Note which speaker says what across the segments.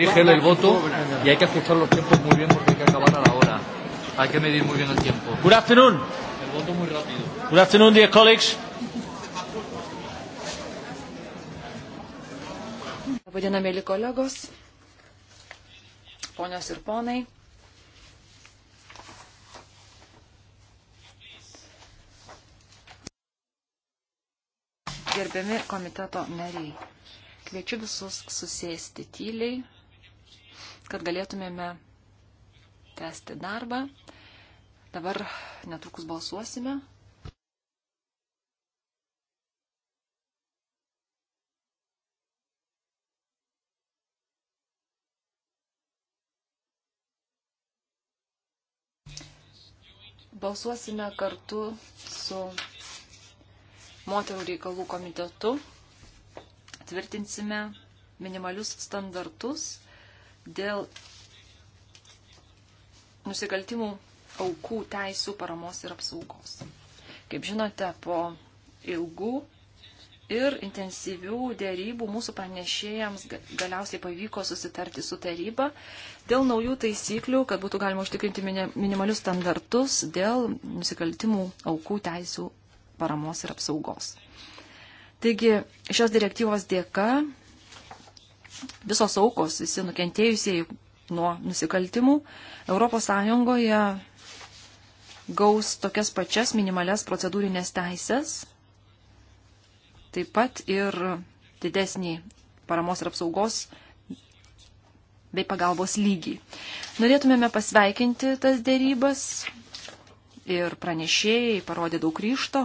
Speaker 1: rige el voto y hay que ajustar los tiempos muy bien porque hay que acabar a la hora. Hay que medir muy bien el tiempo. Good afternoon. El voto muy rápido. Good
Speaker 2: afternoon, dear colleagues. Labadiena, mėly kolegos, ponios ir ponai. Gerbiami komiteto nariai, kviečiu visus susėsti tyliai kad galėtumėme tęsti darbą. Dabar netrukus balsuosime. Balsuosime kartu su moterų reikalų komitetu. Tvirtinsime minimalius standartus dėl nusikaltimų aukų teisų paramos ir apsaugos. Kaip žinote, po ilgų ir intensyvių dėrybų mūsų pranešėjams galiausiai pavyko susitarti su taryba dėl naujų taisyklių, kad būtų galima užtikrinti minimalius standartus dėl nusikaltimų aukų teisų paramos ir apsaugos. Taigi šios direktyvos dėka visos aukos, visi nukentėjusieji nuo nusikaltimų ES gaus tokias pačias minimales procedūrinės teisės, taip pat ir didesnį paramos ir apsaugos bei pagalbos lygį. Norėtumėme pasveikinti tas dėrybas ir pranešėjai parodė daug ryšto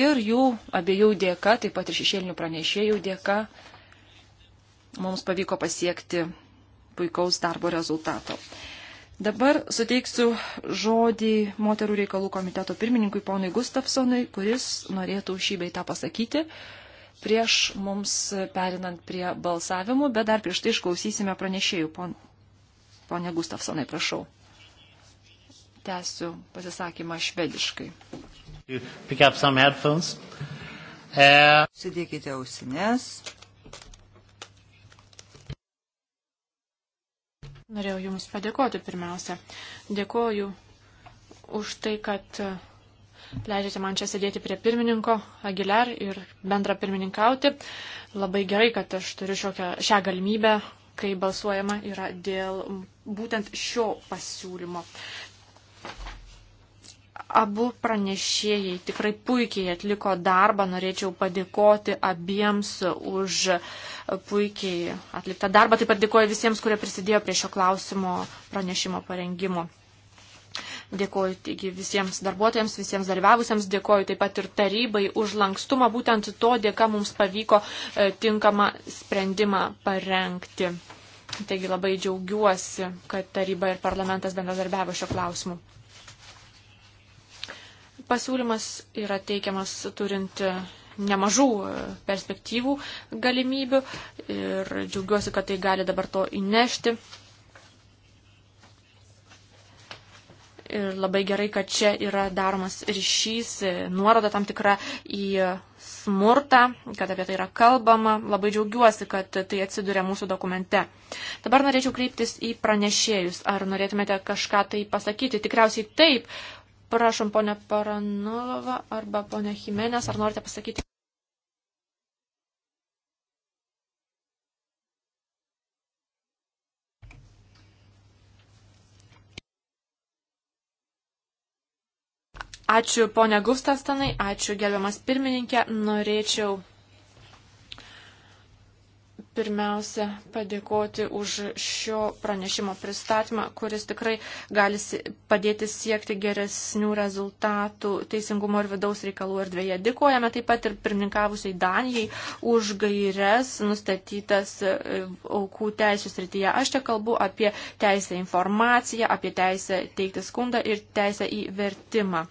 Speaker 2: ir jų abiejų dėka, taip pat ir šešėlinių pranešėjų dėka, mums pavyko pasiekti puikaus darbo rezultato. Dabar suteiksiu žodį moterų reikalų komiteto pirmininkui ponui Gustafsonui, kuris norėtų šį beitą pasakyti prieš mums perinant prie balsavimų, bet dar prieš tai išklausysime pranešėjų. Pon... Pone Gustafsonai, prašau. Tęsiu pasisakymą švediškai.
Speaker 3: Uh, Sudėkite ausinės. Norėjau Jums padėkoti
Speaker 1: pirmiausia. Dėkoju už tai, kad e, leidžiate man čia sėdėti prie pirmininko Aguilar ir bendra pirmininkauti. Labai gerai, kad aš turiu šiokią, šią galimybę, kai balsuojama yra dėl būtent šio pasiūlymo. Abu pranešėjai tikrai puikiai atliko darbą. Norėčiau padėkoti abiems už puikiai atliktą darbą. Taip pat dėkoju visiems, kurie prisidėjo prie šio klausimo pranešimo parengimo. Dėkoju taigi, visiems darbuotojams, visiems dalyvavusiems, dėkoju taip pat ir tarybai už lankstumą, būtent to dėka mums pavyko e, tinkamą sprendimą parengti. Taigi labai džiaugiuosi, kad taryba ir parlamentas bendradarbiavo šio klausimu. Pasiūlymas yra teikiamas turint nemažų e, perspektyvų galimybių ir džiaugiuosi, kad tai gali dabar to įnešti. Ir labai gerai, kad čia yra daromas ryšys, e, nuoroda tam tikra į smurtą, kad apie tai yra kalbama. Labai džiaugiuosi, kad tai atsiduria mūsų dokumente. Dabar norėčiau kreiptis į pranešėjus. Ar norėtumėte kažką tai pasakyti? Tikriausiai taip, Prašom, ponė Paranulova arba ponė Jimenez, ar norite pasakyti? Ačiū, ponė Gustastanai, ačiū, gerbiamas pirmininkė. Norėčiau pirmiausia padėkoti už šio pranešimo pristatymą, kuris tikrai gali padėti siekti geresnių rezultatų teisingumo ir vidaus reikalų erdvėje. Dėkojame taip pat ir pirmininkavusiai Danijai už gairias nustatytas e, aukų teisų srityje. Aš čia kalbu apie teisę informaciją, apie teisę teikti skundą ir teisę į vertimą.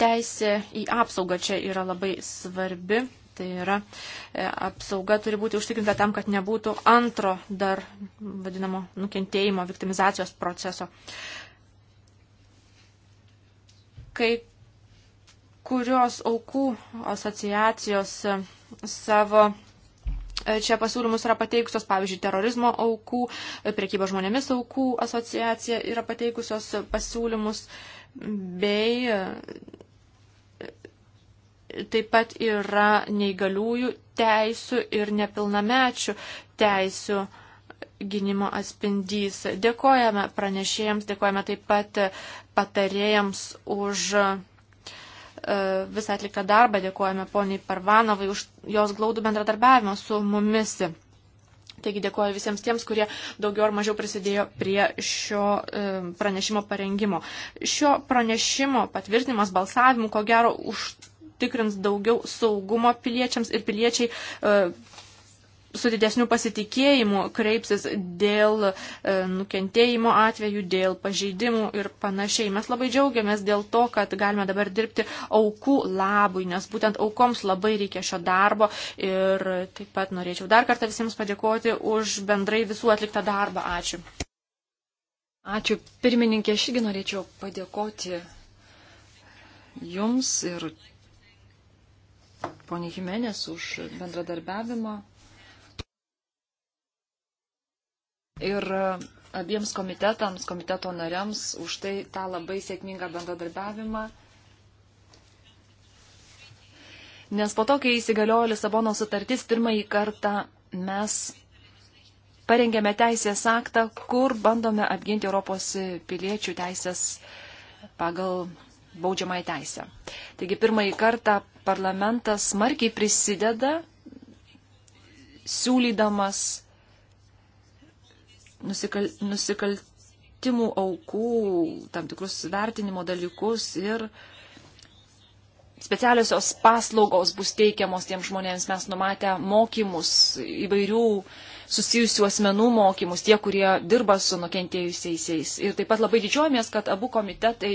Speaker 1: Teisė į apsaugą čia yra labai svarbi Tai yra e, apsauga turi būti užtikrinta tam, kad nebūtų antro dar vadinamo nukentėjimo, viktimizacijos proceso. Kai kurios aukų asociacijos e, savo e, čia pasiūlymus yra pateikusios, pavyzdžiui, terorizmo aukų, priekybo žmonėmis aukų asociacija yra pateikusios pasiūlymus bei taip pat yra neįgaliųjų teisų ir nepilnamečių teisų gynimo atspindys. Dėkojame pranešėjams, dėkojame taip pat patarėjams už e, visą atliktą darbą, dėkojame poniai Parvanovai už jos glaudų bendradarbiavimą su mumis. Taigi dėkoju visiems tiems, kurie daugiau ar mažiau prisidėjo prie šio e, pranešimo parengimo. Šio pranešimo patvirtinimas balsavimu, ko gero, už užtikrins daugiau saugumo piliečiams ir piliečiai e, su didesniu pasitikėjimu kreipsis dėl e, nukentėjimo atvejų, dėl pažeidimų ir panašiai. Mes labai džiaugiamės dėl to, kad galime dabar dirbti aukų labui, nes būtent aukoms labai reikia šio darbo ir taip pat norėčiau dar kartą visiems padėkoti už bendrai visų atliktą darbą. Ačiū. Ačiū pirmininkė, aš irgi norėčiau padėkoti Jums
Speaker 2: ir ponė Jimenės už bendradarbiavimą. Ir abiems komitetams, komiteto nariams už tai tą labai sėkmingą bendradarbiavimą. Nes po to, kai įsigaliojo Lisabono sutartis, pirmąjį kartą mes parengėme teisės aktą, kur bandome apginti Europos piliečių teisės pagal baudžiamąją teisę. Taigi pirmąjį kartą parlamentas smarkiai prisideda siūlydamas nusikal, nusikaltimų aukų, tam tikrus vertinimo dalykus ir specialiosios paslaugos bus teikiamos tiem žmonėms. Mes numatę mokymus įvairių uh, susijusių asmenų mokymus, tie, kurie dirba su nukentėjusiais. Ir taip pat labai didžiuojamės, kad abu komitetai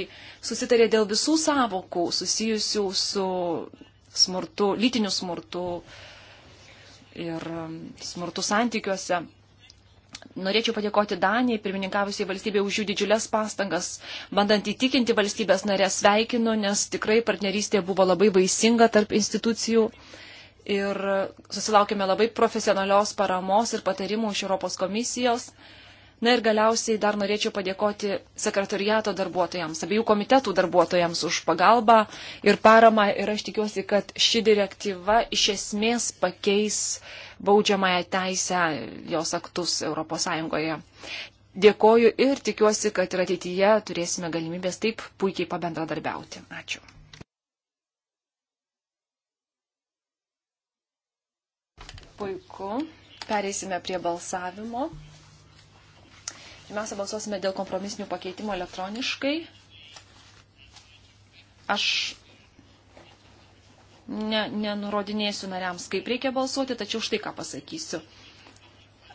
Speaker 2: susitarė dėl visų savokų susijusių su smurtu, lytiniu smurtu ir um, smurtu santykiuose. Norėčiau padėkoti Danijai, pirmininkavusiai valstybė, už jų didžiulės pastangas, bandant įtikinti valstybės narės sveikinu, nes tikrai partnerystė buvo labai vaisinga tarp institucijų. Uh, ir susilaukėme labai profesionalios paramos ir patarimų iš Europos komisijos. Na ir galiausiai dar norėčiau padėkoti sekretariato darbuotojams, abiejų komitetų darbuotojams už pagalbą ir paramą ir aš tikiuosi, kad ši direktyva iš esmės pakeis baudžiamąją teisę jos aktus ES. Dėkoju ir tikiuosi, kad ir ateityje turėsime galimybės taip puikiai pabendradarbiauti. Ačiū. Puiku. Pereisime prie balsavimo. Pirmiausia, balsuosime dėl kompromisinių pakeitimų elektroniškai. Aš ne, nenurodinėsiu nariams, kaip reikia balsuoti, tačiau štai ką pasakysiu.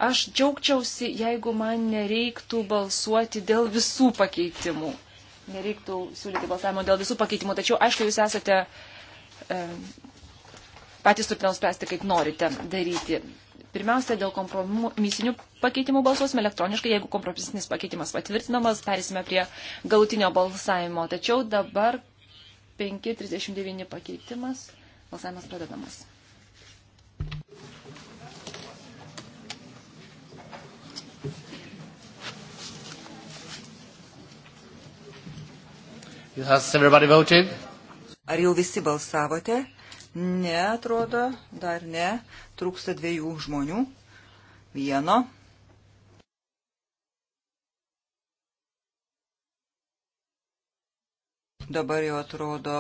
Speaker 2: Aš džiaugčiausi, jeigu man nereiktų balsuoti dėl visų pakeitimų. Nereiktų siūlyti balsavimo dėl visų pakeitimų, tačiau aišku, jūs esate e, patys turite nuspręsti, kaip norite daryti. Pirmiausia, dėl kompromisinių pakeitimų balsuosime elektroniškai. Jeigu kompromisinis pakeitimas patvirtinamas, perėsime prie galutinio balsavimo. Tačiau dabar 5.39 pakeitimas. Balsavimas pradedamas.
Speaker 3: Ar jau visi balsavote? Ne, atrodo, dar ne. Trūksta dviejų žmonių. Vieno. Dabar jau atrodo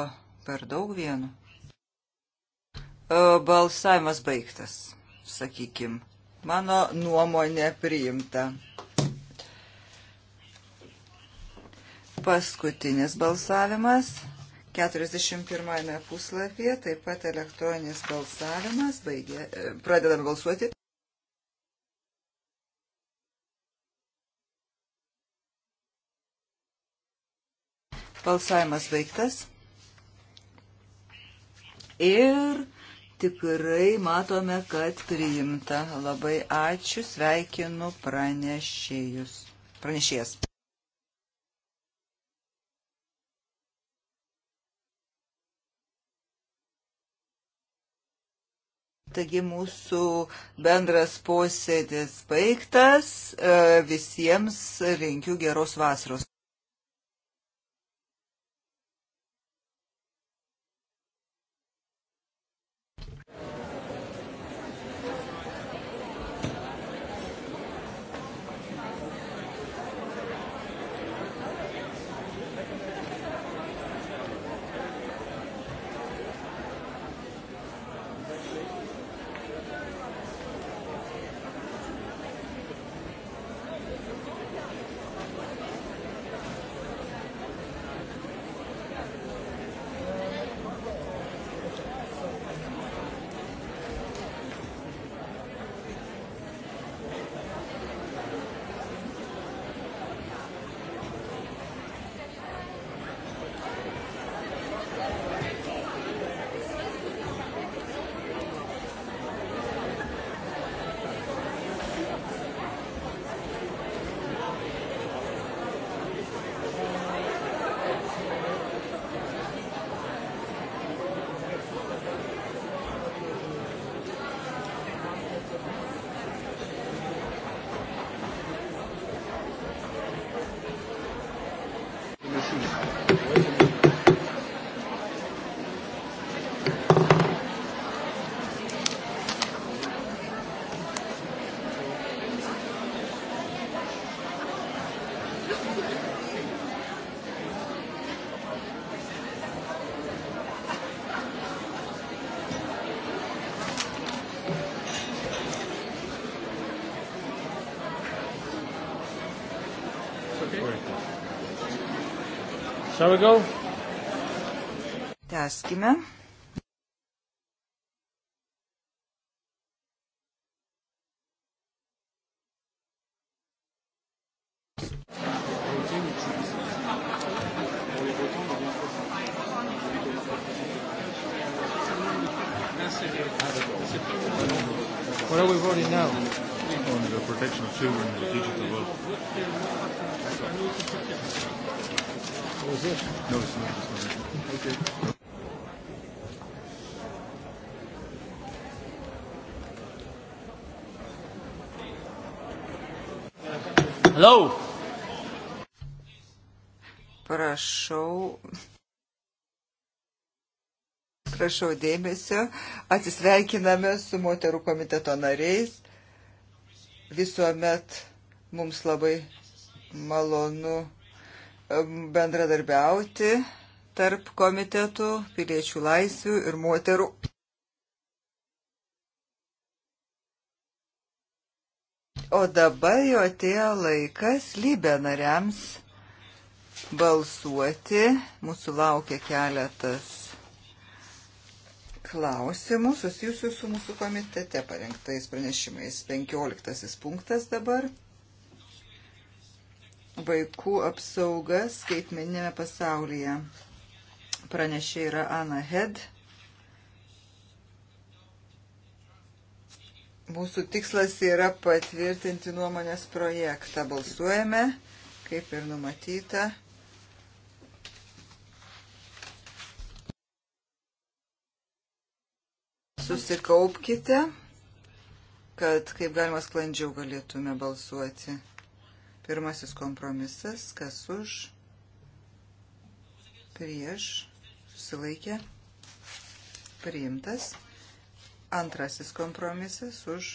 Speaker 3: per daug vienu. E, balsavimas baigtas, sakykim. Mano nuomonė priimta. Paskutinis balsavimas. 41 puslapyje, taip pat elektroninis balsavimas, baigė, e, pradedam balsuoti. Balsavimas baigtas. Ir tikrai matome, kad priimta. Labai ačiū, sveikinu pranešėjus. Pranešėjas. Taigi mūsų bendras posėdis baigtas. E, visiems linkiu geros vasaros. Shall we go? Tęskime. What are we voting now? On the protection of children in the digital world was this? No, it's not. It's not. It. Okay. Hello. Prašau. Prašau dėmesio. Atsisveikiname su moterų komiteto nariais. Visuomet mums labai malonu bendradarbiauti tarp komitetų piliečių laisvių ir moterų. O dabar jau atėjo laikas lybė nariams balsuoti. Mūsų laukia keletas klausimų susijusių su mūsų komitete parengtais pranešimais. 15 punktas dabar vaikų apsauga skaitmeninėme pasaulyje. Pranešė yra Ana Head. Mūsų tikslas yra patvirtinti nuomonės projektą. Balsuojame, kaip ir numatyta. Susikaupkite, kad kaip galima sklandžiau galėtume balsuoti. Pirmasis kompromisas, kas už, prieš, susilaikė, priimtas. Antrasis kompromisas už,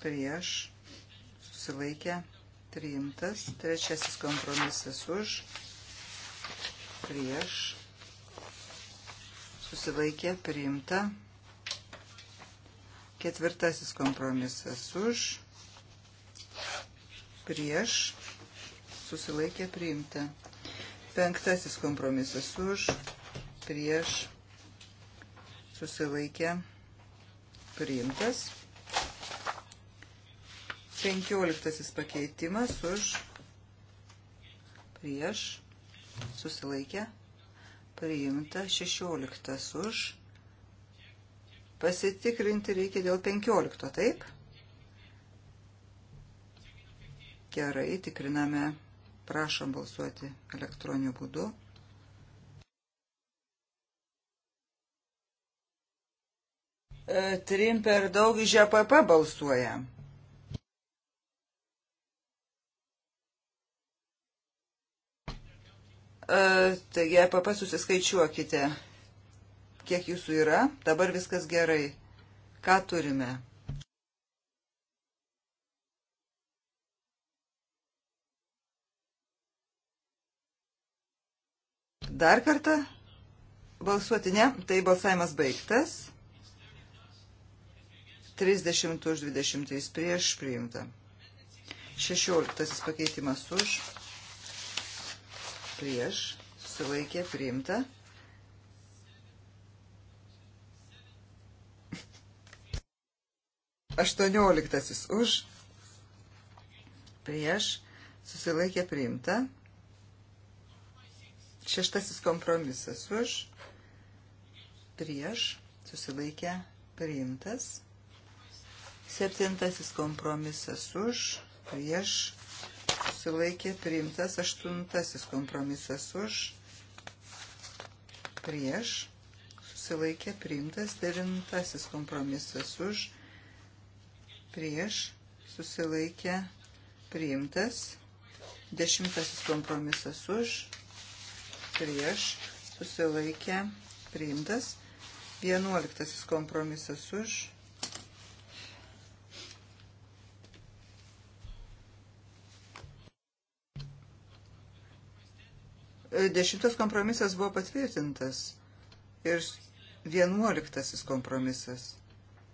Speaker 3: prieš, susilaikė, priimtas. Trečiasis kompromisas už, prieš, susilaikė, priimta. Ketvirtasis kompromisas už, prieš prieš, susilaikė priimta. Penktasis kompromisas už, prieš, susilaikė priimtas. Penkioliktasis pakeitimas už, prieš, susilaikė priimta. Šešioliktas už, pasitikrinti reikia dėl penkiolikto, taip? Taip. Gerai, tikriname. Prašom balsuoti elektroniniu būdu. E, trim per daug iš EPP balsuoja. E, taigi, EPP susiskaičiuokite, kiek jūsų yra. Dabar viskas gerai. Ką turime? Dar kartą balsuoti ne, tai balsavimas baigtas. 30 už 20 prieš priimta. 16 pakeitimas už prieš sulaikė priimta. Aštuonioliktasis už prieš susilaikė priimta. Šeštasis kompromisas už, prieš, susilaikę, priimtas. Septintasis kompromisas už, prieš, susilaikė, priimtas. Aštuntasis kompromisas už, prieš, susilaikė, priimtas. Devintasis kompromisas už, prieš, susilaikė, priimtas. Dešimtasis kompromisas už, prieš, susilaikę, priimtas. Vienuoliktasis kompromisas už. Dešimtas kompromisas buvo patvirtintas ir vienuoliktasis kompromisas.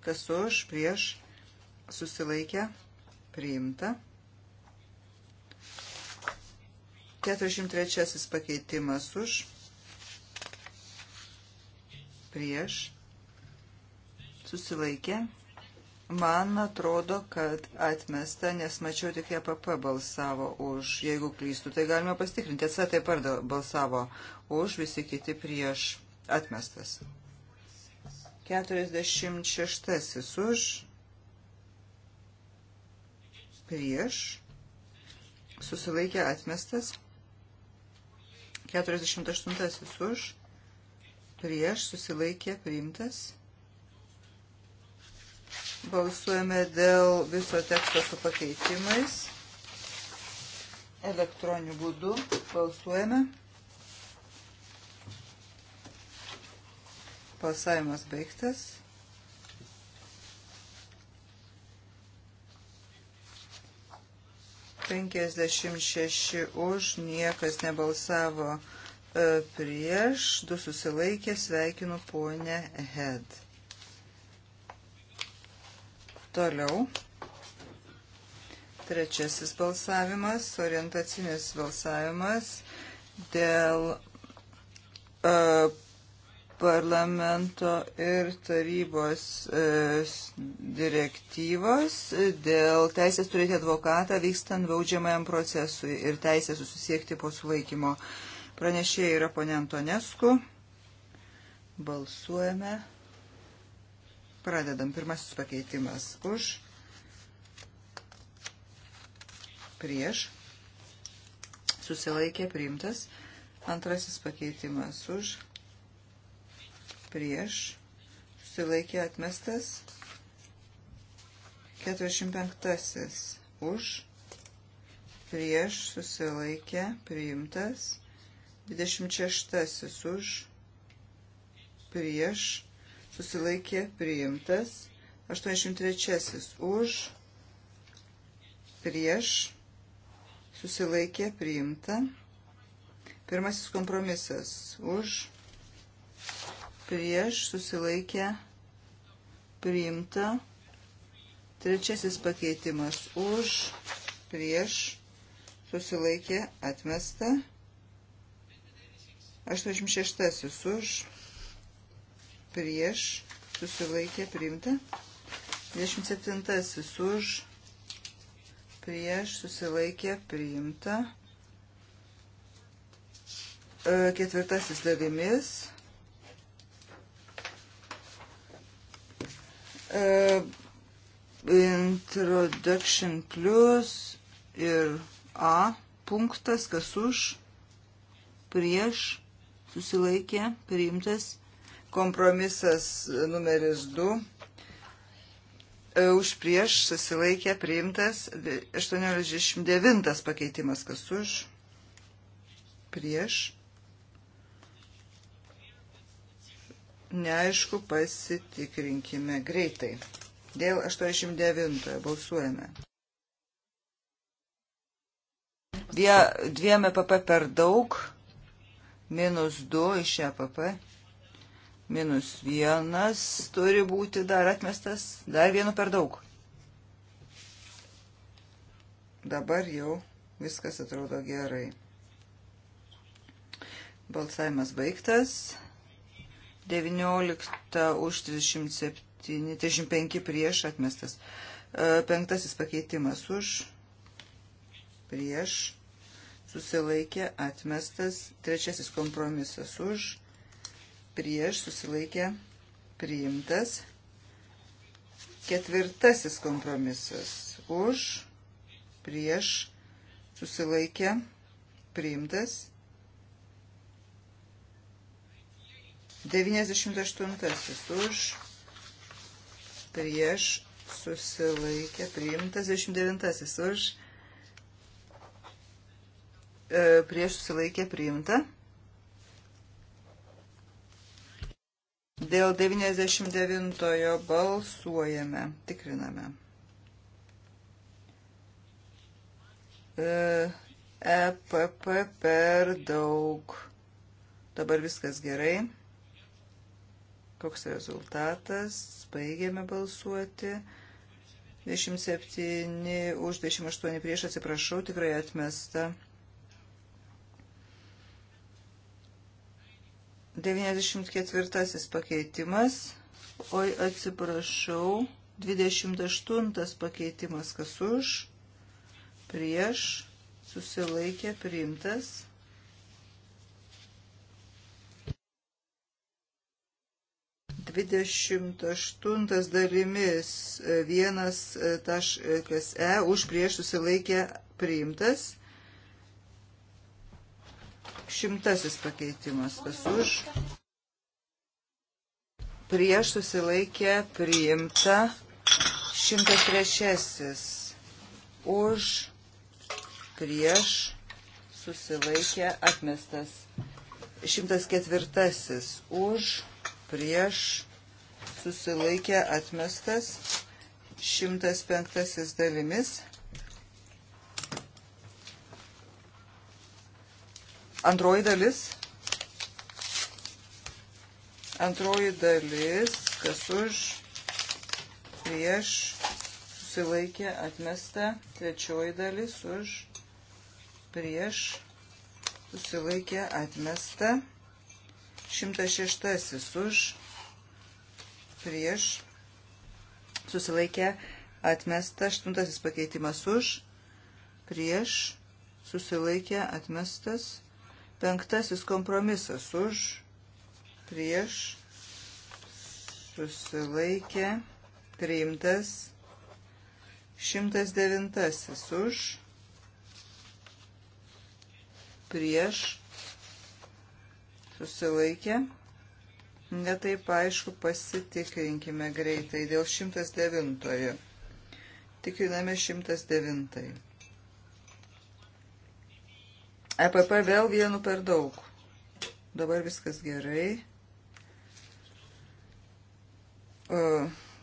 Speaker 3: Kas už, prieš, susilaikę, priimta. 43 pakeitimas už, prieš, susilaikė. Man atrodo, kad atmesta, nes mačiau tik EPP balsavo už, jeigu klystų, tai galima pastikrinti. EC taip pat balsavo už, visi kiti prieš atmestas. 46 už, prieš, susilaikė atmestas. 48 už, prieš, susilaikė, priimtas. Balsuojame dėl viso teksto su pakeitimais. Elektroniniu būdu balsuojame. Balsavimas baigtas. 56 už, niekas nebalsavo e, prieš, du susilaikė, sveikinu ponę Head. Toliau. Trečiasis balsavimas, orientacinis balsavimas dėl uh, parlamento ir tarybos e, direktyvos dėl teisės turėti advokatą vykstant baudžiamajam procesui ir teisės susisiekti po sulaikymo. Pranešėja yra ponė Antonesku. Balsuojame. Pradedam. Pirmasis pakeitimas už. Prieš. Susilaikė priimtas. Antrasis pakeitimas už prieš, susilaikė atmestas, 45 už, prieš, susilaikė, priimtas, 26 už, prieš, susilaikė, priimtas, 83 už, prieš, susilaikė, priimta, pirmasis kompromisas už, prieš, prieš susilaikę priimta. Trečiasis pakeitimas už prieš susilaikė atmesta. 86 už prieš susilaikė priimta. 27 už prieš susilaikė priimta. E, ketvirtasis dalimis E, introduction plus ir A punktas, kas už, prieš, susilaikė, priimtas. Kompromisas numeris 2 e, už prieš susilaikė priimtas 89 pakeitimas, kas už prieš neaišku, pasitikrinkime greitai. Dėl 89 balsuojame. Dvie, dviem EPP per daug, minus 2 iš EPP, minus 1 turi būti dar atmestas, dar vienu per daug. Dabar jau viskas atrodo gerai. Balsavimas baigtas. 19 už 37, 35 prieš atmestas. E, penktasis pakeitimas už prieš susilaikė atmestas. Trečiasis kompromisas už prieš susilaikė priimtas. Ketvirtasis kompromisas už prieš susilaikė priimtas. 98 už, prieš, susilaikė, priimtas, 29 už, prieš, susilaikė, priimta. E, Dėl 99 balsuojame, tikriname. EPP e per daug. Dabar viskas gerai. Koks rezultatas? Baigėme balsuoti. 27 už 28 prieš atsiprašau, tikrai atmesta. 94 pakeitimas. Oi, atsiprašau. 28 pakeitimas kas už, prieš, susilaikė, priimtas. 28 dalimis 1.e e, e, e, už prieš susilaikę priimtas. Šimtasis pakeitimas kas už. Prieš susilaikę priimta. 103 už prieš susilaikę atmestas. 104 už prieš, susilaikė atmestas, 105 dalimis. Antroji dalis. Antroji dalis, kas už, prieš, susilaikė atmesta, trečioji dalis už, prieš, susilaikė atmesta. 106 už, prieš, susilaikė, atmesta, 8 pakeitimas už, prieš, susilaikė, atmestas, 5 kompromisas už, prieš, susilaikė, priimtas, 109 už, prieš, susilaikė. Netaip aišku, pasitikrinkime greitai dėl 109. Tikriname 109. EPP vėl vienu per daug. Dabar viskas gerai.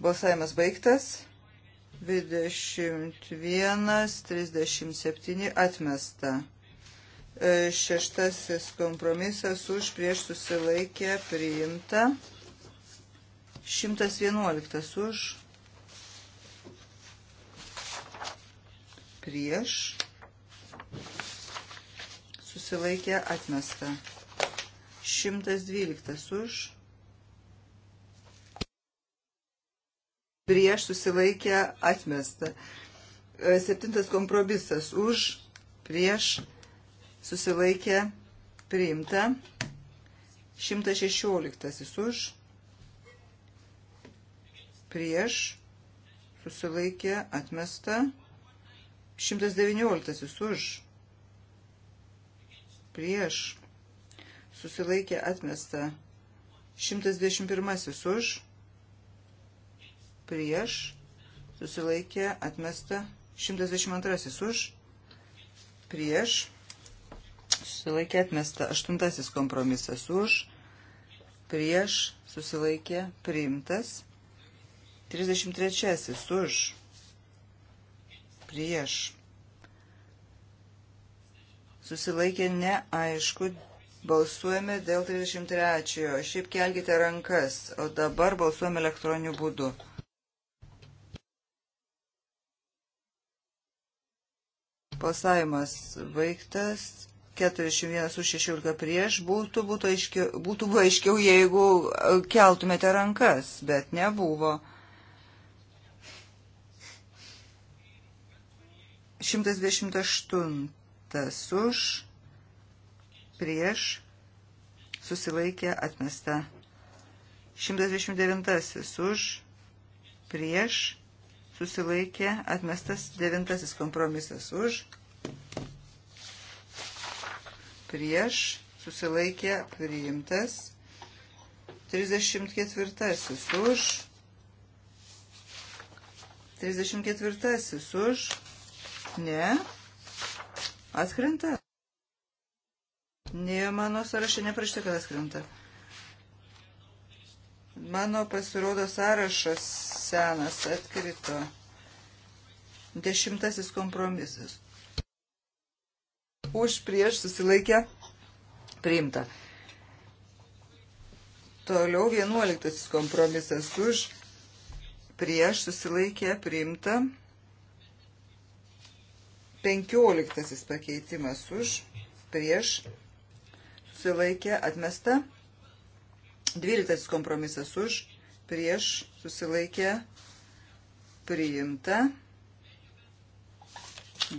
Speaker 3: Balsavimas baigtas. 21, 37 atmesta. E, šeštasis kompromisas už prieš susilaikę priimta. 111 už prieš susilaikė atmesta. 112 už prieš susilaikė atmesta. E, septintas kompromisas už prieš susilaikė atmesta susilaikė priimta. 116 už prieš susilaikė atmesta. 119 už prieš susilaikė atmesta. 121 už prieš susilaikė atmesta. 122 už prieš susilaikė atmesta. Aštuntasis kompromisas už, prieš, susilaikė priimtas. 33 už, prieš, susilaikė neaišku. Balsuojame dėl 33-ojo. Šiaip kelkite rankas, o dabar balsuojame elektroniniu būdu. Balsavimas baigtas. 41 už 16 prieš, būtų, būtų, aiškiau, būtų buvo aiškiau, jeigu e, keltumėte rankas, bet nebuvo. 128 už, prieš, susilaikė atmesta. 129 už, prieš, susilaikė atmestas 9 kompromisas už, prieš, susilaikė priimtas. 34 už, 34 už, ne, atkrenta. Ne, mano sąrašė neprašyta, kad atkrenta. Mano pasirodo sąrašas senas atkrito. Dešimtasis kompromisas už prieš susilaikę priimta. Toliau 11 kompromisas už prieš susilaikę priimta. 15 pakeitimas už prieš susilaikę atmesta. 12 kompromisas už prieš susilaikę priimta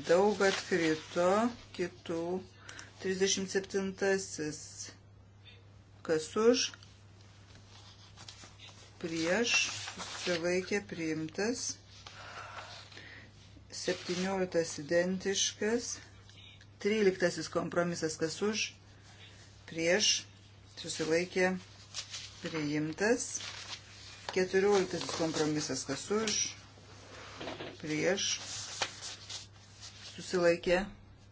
Speaker 3: daug atkrito kitų. 37. Kas už, prieš, susilaikė priimtas. 17. Identiškas. 13. Kompromisas kas už, prieš, susilaikė priimtas. 14. Kompromisas kas už, prieš, susilaikė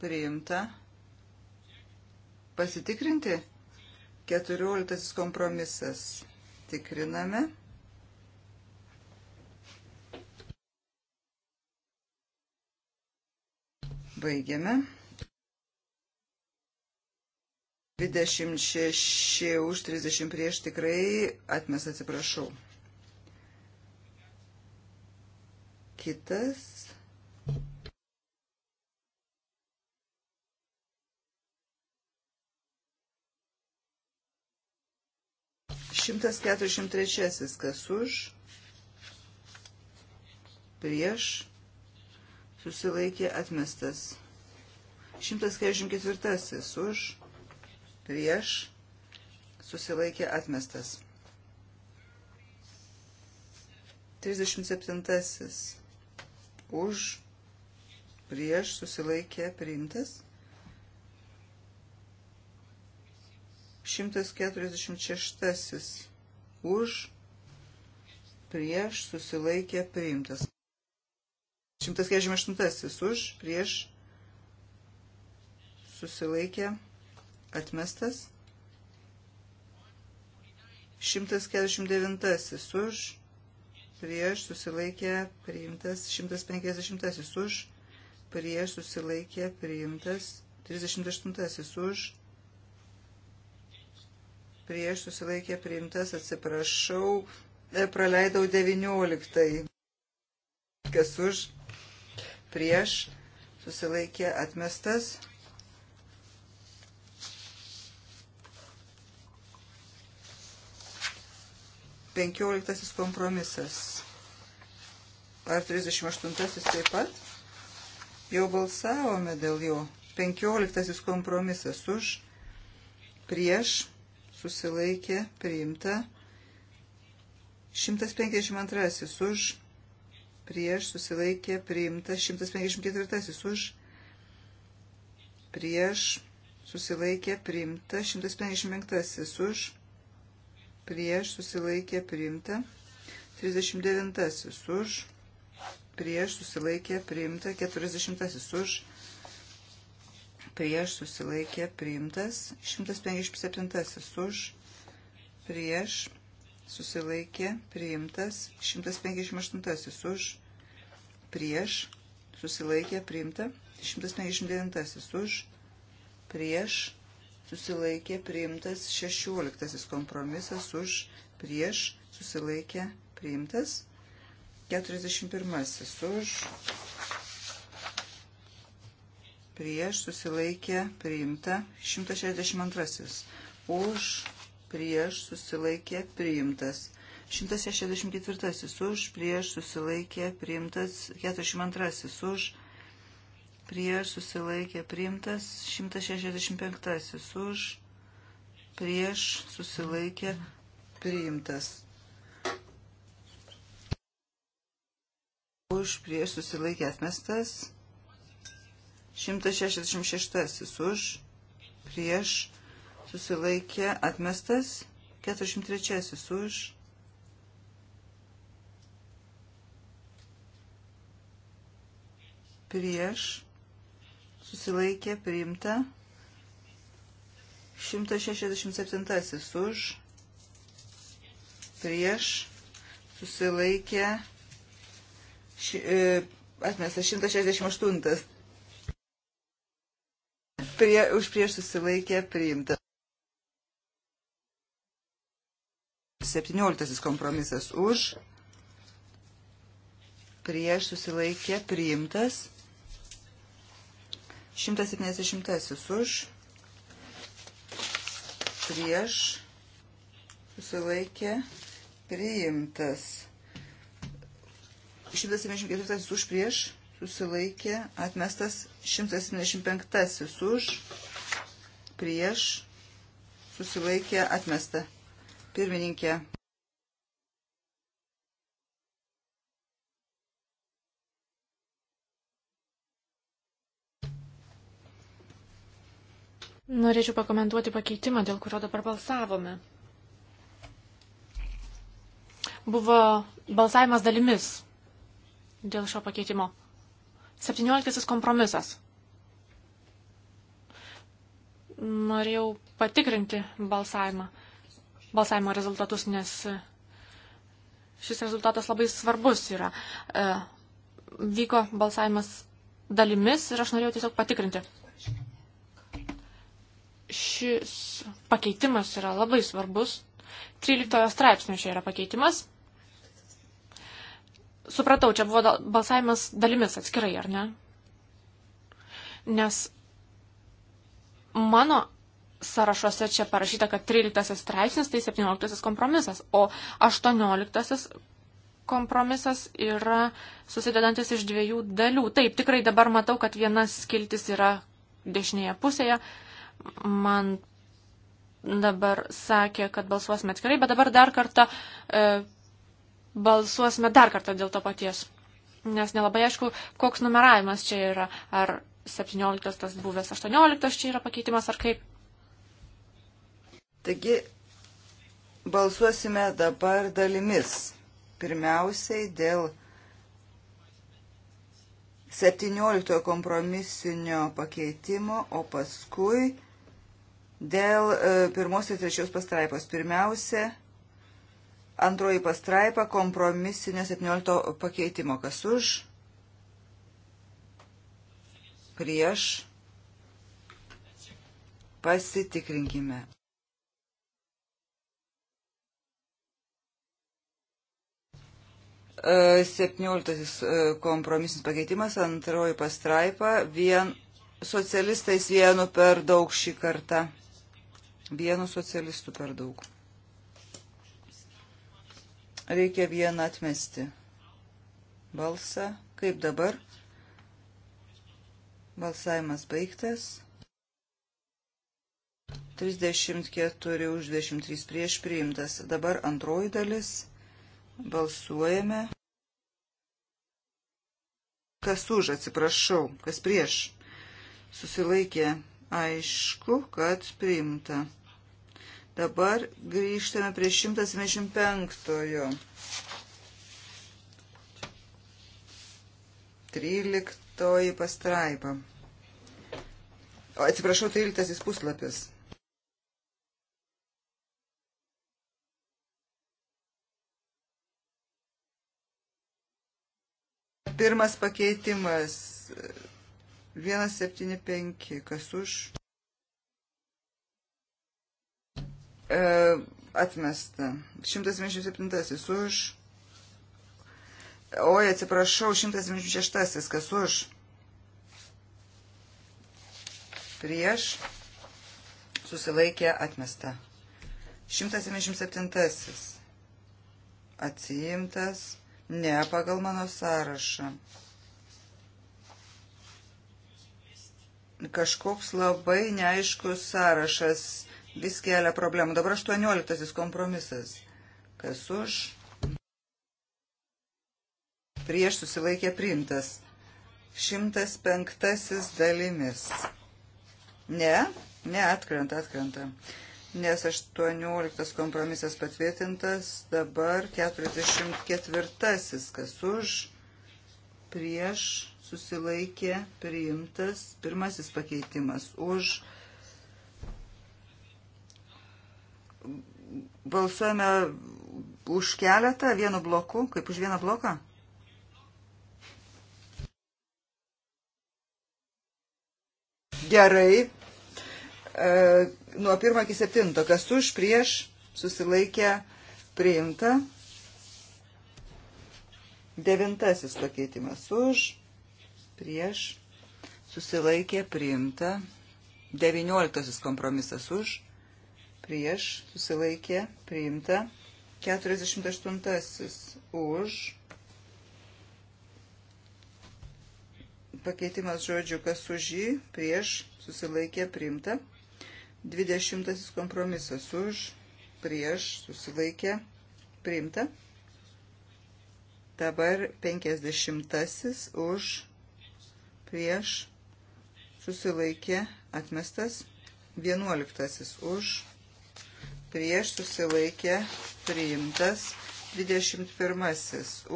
Speaker 3: priimta. Pasitikrinti 14 kompromisas. Tikriname. Baigiame. 26 už 30 prieš tikrai atmes atsiprašau. Kitas 143 kas už, prieš, susilaikė atmestas. 144 už, prieš, susilaikė atmestas. 37 už, prieš, susilaikė priimtas. 146 už, prieš, susilaikė, priimtas. 148 už, prieš, susilaikė, atmestas. 149 už, prieš, susilaikė, priimtas. 150 už, prieš, susilaikė, priimtas. 38 už, prieš susilaikė priimtas, atsiprašau, e, praleidau 19. Kas už, prieš susilaikė atmestas. Penkioliktasis kompromisas. Ar 38-asis taip pat? Jau balsavome dėl jo. Penkioliktasis kompromisas už, prieš, susilaikė priimta. 152 už prieš susilaikė priimta. 154 už prieš susilaikė priimta. 155 už prieš susilaikė priimta. 39 už prieš susilaikė priimta. 40 už prieš prieš susilaikė priimtas, 157 už, prieš susilaikė priimtas, 158 už, prieš susilaikė priimta, 159 už, prieš susilaikė priimtas, 16 kompromisas už, prieš susilaikė priimtas, 41 už, prieš susilaikė priimta 162. Už prieš susilaikė priimtas 164. Už prieš susilaikė priimtas 42. Už prieš susilaikė priimtas 165. Už prieš susilaikė priimtas. Už prieš susilaikė atmestas 166 už, prieš, susilaikė, atmestas, 403 už. Prieš, susilaikė, priimta, 167 už, prieš, susilaikė, ši, e, atmestas, 168 prie, už prieš susilaikė priimta. 17 kompromisas už, prieš susilaikė priimtas, 170 už, prieš susilaikė priimtas, 174 už prieš susilaikė, atmestas 175 už, prieš, susilaikė, atmesta. Pirmininkė.
Speaker 1: Norėčiau pakomentuoti pakeitimą, dėl kurio dabar balsavome. Buvo balsavimas dalimis dėl šio pakeitimo. 17 kompromisas. Norėjau patikrinti balsavimą, balsavimo rezultatus, nes e, šis rezultatas labai svarbus yra. E, vyko balsavimas dalimis ir aš norėjau tiesiog patikrinti. Šis pakeitimas yra labai svarbus. 13 straipsnio čia yra pakeitimas supratau, čia buvo balsavimas dalimis atskirai, ar ne? Nes mano sąrašuose čia parašyta, kad 13 straipsnis tai 17 kompromisas, o 18 kompromisas yra susidedantis iš dviejų dalių. Taip, tikrai dabar matau, kad vienas skiltis yra dešinėje pusėje. Man dabar sakė, kad balsuosime atskirai, bet dabar dar kartą e, balsuosime dar kartą dėl to paties. Nes nelabai aišku, koks numeravimas čia yra. Ar 17 tas buvęs 18 čia yra pakeitimas, ar kaip.
Speaker 3: Taigi, balsuosime dabar dalimis. Pirmiausiai dėl 17 kompromisinio pakeitimo, o paskui dėl e, pirmos ir trečios pastraipos. Pirmiausia, Antroji pastraipa kompromisinė 17 pakeitimo. Kas už? Prieš. Pasitikrinkime. E, septynioliktasis e, kompromisinis pakeitimas, antroji pastraipa, vien socialistais vienu per daug šį kartą. Vienu socialistu per daug. Reikia vieną atmesti. Balsą. Kaip dabar? Balsavimas baigtas. 34 už 23 prieš priimtas. Dabar antroji dalis. Balsuojame. Kas už, atsiprašau, kas prieš. Susilaikė aišku, kad priimta. Dabar grįžtame prie 175. 13 pastraipa. O, atsiprašau, 13 puslapis. Pirmas pakeitimas. 175. Kas už? E, atmesta. 177 už. Oi, atsiprašau, 176 kas už. Prieš. Susilaikė atmesta. 177 atsiimtas. Ne pagal mano sąrašą. Kažkoks labai neaiškus sąrašas vis kelia problemų. Dabar 18 kompromisas. Kas už? Prieš susilaikė priimtas. 105 dalimis. Ne, ne, atkrenta, atkrenta. Nes 18 kompromisas patvirtintas, dabar 44, kas už, prieš, susilaikė, priimtas, pirmasis pakeitimas už, prieš Balsuojame už keletą vienu bloku, kaip už vieną bloką. Gerai. E, nuo 1 iki 7. Kas už, prieš, susilaikė, priimta. Devintasis pakeitimas už, prieš, susilaikė, priimta. Devynioliktasis kompromisas už, prieš, susilaikė, priimta. 48 už. Pakeitimas žodžių, kas už jį, prieš, susilaikė, priimta. 20 kompromisas už, prieš, susilaikė, priimta. Dabar 50 už, prieš, susilaikė, atmestas. 11 už, prieš prieš susilaikė priimtas 21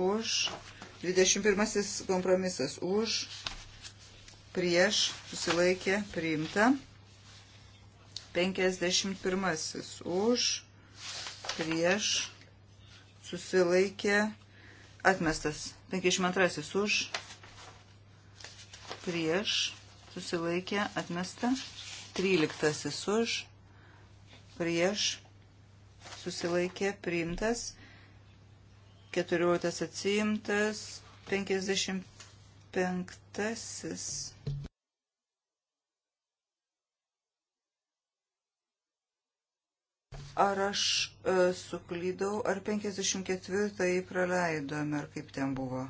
Speaker 3: už 21 kompromisas už prieš susilaikė priimta 51 už prieš susilaikė atmestas 52 už prieš susilaikė atmesta 13 už prieš, susilaikė, priimtas, 14 atsiimtas, 55. Ar aš e, suklydau, ar 54-ąjį praleidome, ar kaip ten buvo?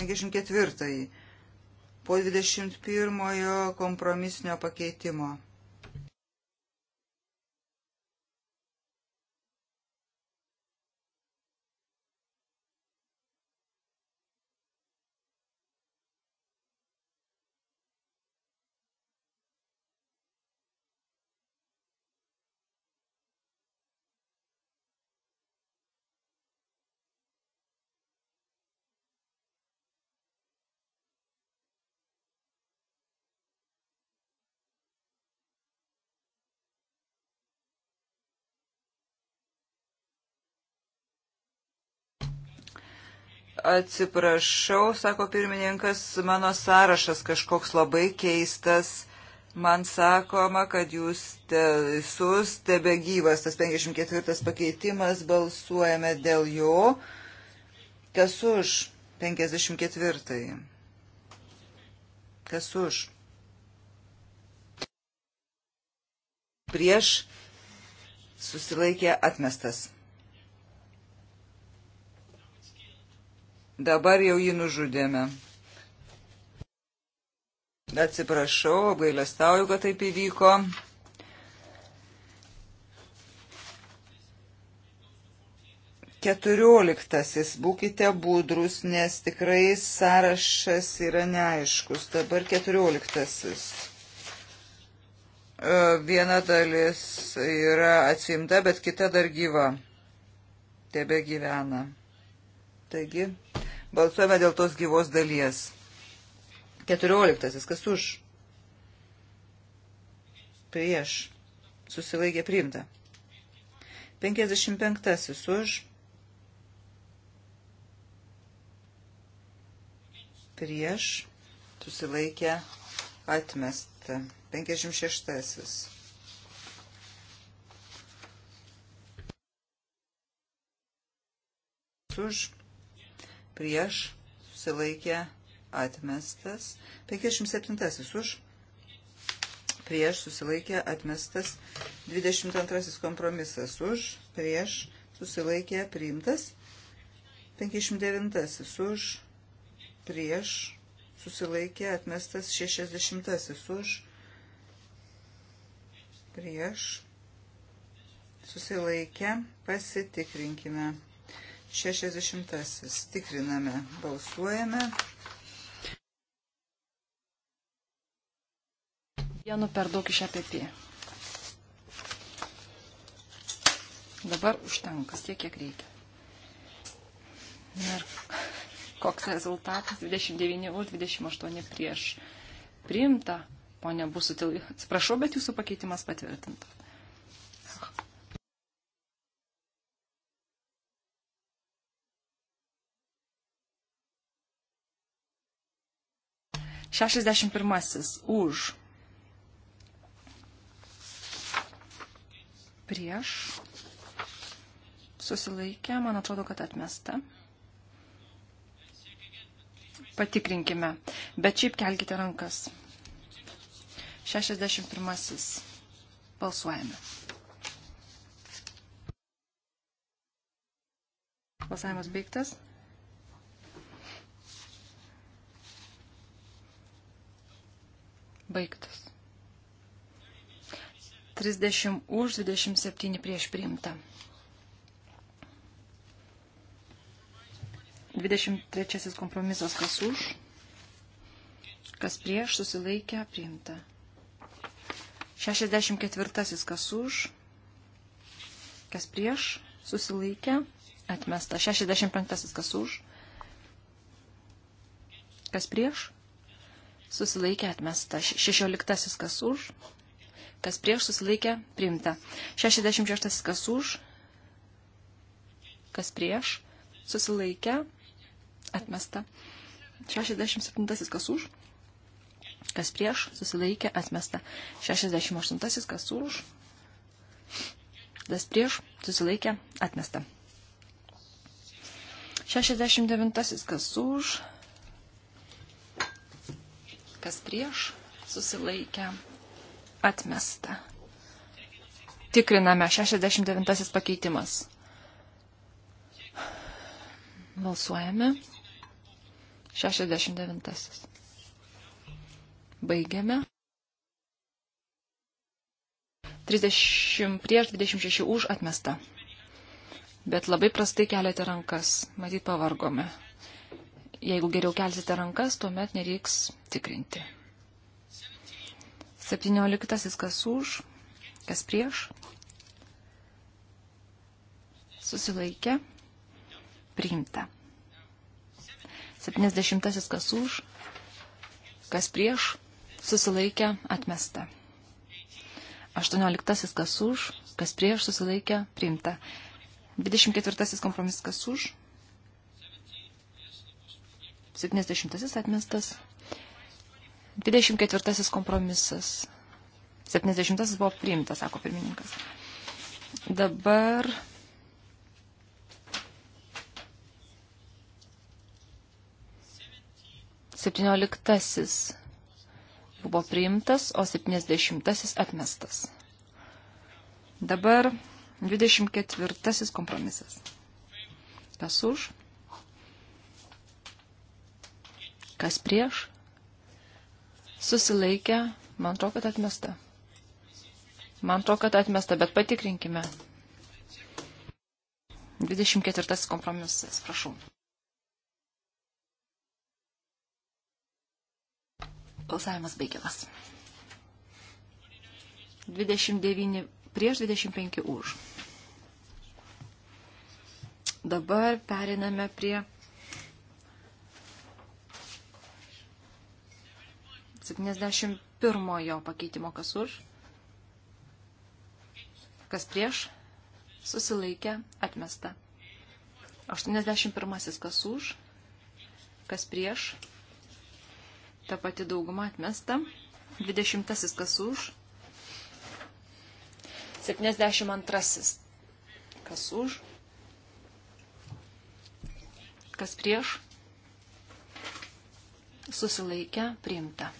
Speaker 3: 54-ąjį po 21-ojo kompromisinio pakeitimo. Atsiprašau, sako pirmininkas, mano sąrašas kažkoks labai keistas. Man sakoma, kad jūs teisus, tebe gyvas tas 54 pakeitimas, balsuojame dėl jo. Kas už 54? Kas už? Prieš susilaikė atmestas. Dabar jau jį nužudėme. Atsiprašau, apgailestauju, kad taip įvyko. Keturioliktasis, būkite būdrus, nes tikrai sąrašas yra neaiškus. Dabar keturioliktasis. E, viena dalis yra atsimta, bet kita dar gyva. Tebe gyvena. Taigi, Balsuojame dėl tos gyvos dalies. Keturioliktasis, kas už? Prieš. Susilaikė priimta. Penkiasdešimt penktasis už. Prieš. Susilaikė atmesta. Penkiasdešimt šeštasis. Už prieš, susilaikė, atmestas. 57 už, prieš, susilaikė, atmestas. 22 kompromisas už, prieš, susilaikė, priimtas. 59 už, prieš, susilaikė, atmestas. 60 už, prieš, susilaikė, pasitikrinkime. 60. Tikriname, balsuojame. Vienu per daug iš APP.
Speaker 2: Dabar užtenkas tiek, kiek reikia. Ir koks rezultatas 29 už 28 prieš. Priimta, ponia, bus sutil. Atsiprašau, bet jūsų pakeitimas patvirtintas. 61 už. Prieš. Susilaikė, man atrodo, kad atmesta. Patikrinkime. Bet šiaip kelkite rankas. 61. Balsuojame. Balsavimas baigtas. Baigtas. 30 už, 27 prieš priimta. 23 kompromisas kas už, kas prieš, susilaikę, priimta. 64 kas už, kas prieš, susilaikę, atmesta. 65 kas už, kas prieš, susilaikė atmesta. Šešioliktasis kas už, kas prieš susilaikė priimta. Šešiasdešimt šeštasis kas už, kas prieš susilaikė atmesta. Šešiasdešimt septintasis kas už, kas prieš susilaikė atmesta. Šešiasdešimt aštuntasis kas už, kas prieš susilaikė atmesta. 69 kas už, kas prieš, susilaikę, atmesta. Tikriname 69 pakeitimas. Balsuojame. 69. Baigiame. 30 prieš 26 už atmesta. Bet labai prastai keliate rankas. Matyt, pavargome. Jeigu geriau kelsite rankas, tuomet nereiks tikrinti. 17. Kas už, kas prieš. Susilaikė. Priimta. 70. Kas už, kas prieš. Susilaikė. Atmesta. 18. Kas už, kas prieš. Susilaikė. Priimta. 24. Kompromisas kas už 70 atmestas. 24 kompromisas. 70 buvo priimtas, sako pirmininkas. Dabar septynioliktasis buvo priimtas, o septyniasdešimtasis atmestas. Dabar dvidešimt ketvirtasis kompromisas. Kas už? Kas prieš? Susilaikę. Man atrodo, kad atmesta. Man atrodo, kad atmesta, bet patikrinkime. 24 kompromisas, prašau. Balsavimas baigiamas. 29 prieš 25 už. Dabar periname prie 71 pakeitimo kas už, kas prieš, susilaikė, atmesta. 81 kas už, kas prieš, ta pati dauguma atmesta. 20 kas už, 72 kas už, kas prieš, susilaikę priimta.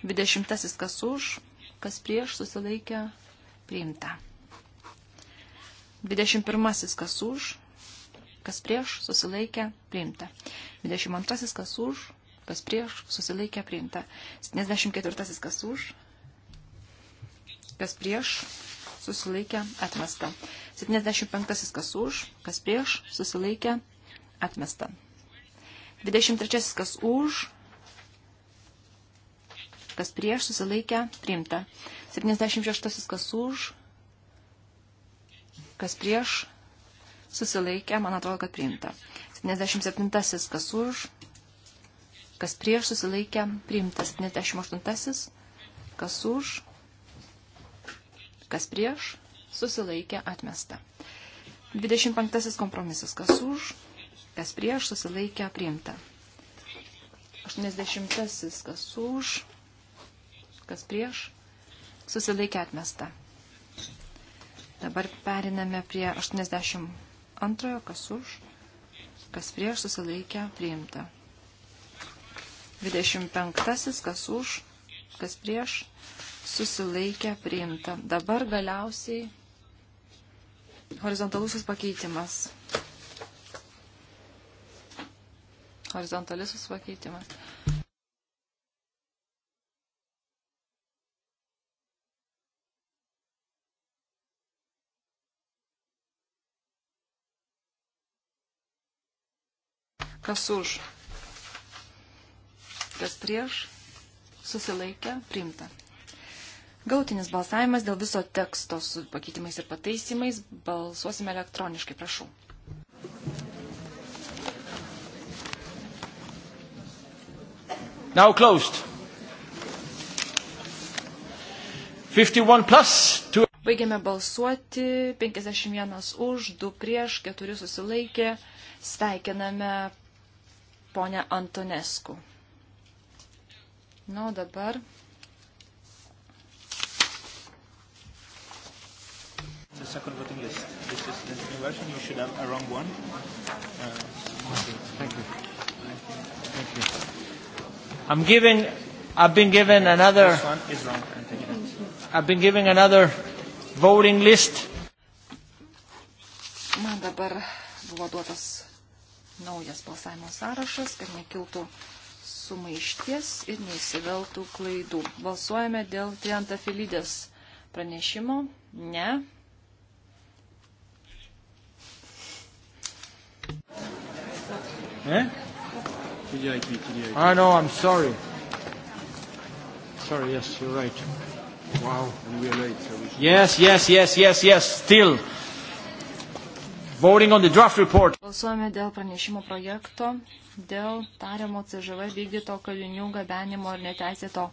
Speaker 2: Dvidešimtasis kas už, kas prieš susilaikė priimta. Dvidešimt pirmasis kas už, kas prieš susilaikė priimta. Dvidešimt antrasis kas už, kas prieš susilaikė priimta. 74 kas už, kas prieš susilaikė atmesta. 75 kas už, kas prieš susilaikė atmesta. 23 kas už, kas prieš, susilaikę, priimta. 76 kas už, kas prieš, susilaikę, man atrodo, kad priimta. 77 kas už, kas prieš, susilaikę, priimta. 78 kas už, kas prieš, susilaikė, atmesta. 25 kompromisas, kas už, kas prieš, susilaikė, priimta. 80 kas už, kas prieš, susilaikė atmesta. Dabar periname prie 82, kas už, kas prieš, susilaikė priimta. 25, kas už, kas prieš, susilaikė priimta. Dabar galiausiai horizontalusis pakeitimas. Horizontalusis pakeitimas. Kas už? Kas prieš? Susilaikę? Priimta. Gautinis balsavimas dėl viso teksto su pakeitimais ir pataisimais. Balsuosime elektroniškai, prašau. Now closed.
Speaker 1: 51 plus. Two...
Speaker 2: Baigėme balsuoti. 51 už, 2 prieš, 4 susilaikė. Sveikiname ponę Antonesku. Na, nu, dabar.
Speaker 1: The second
Speaker 3: voting list. This is the new version. You should have a wrong one. Uh, Thank you. Thank you. I'm giving. I've been given another. This one is wrong.
Speaker 2: I've been given another voting list. Man dabar buvo duotas naujas balsavimo sąrašas, kad nekiltų sumaišties ir neįsiveltų klaidų. Balsuojame dėl Triantafilidės pranešimo. Ne.
Speaker 3: Eh? TDIP, TDIP. Ah, no,
Speaker 1: I'm sorry.
Speaker 2: Sorry, yes, you're right. Wow, and we are late. So we should... Yes,
Speaker 1: yes, yes, yes, yes, still.
Speaker 2: Balsuojame dėl pranešimo projekto, dėl tariamo CŽV vykdyto kalinių gabenimo ir neteisėto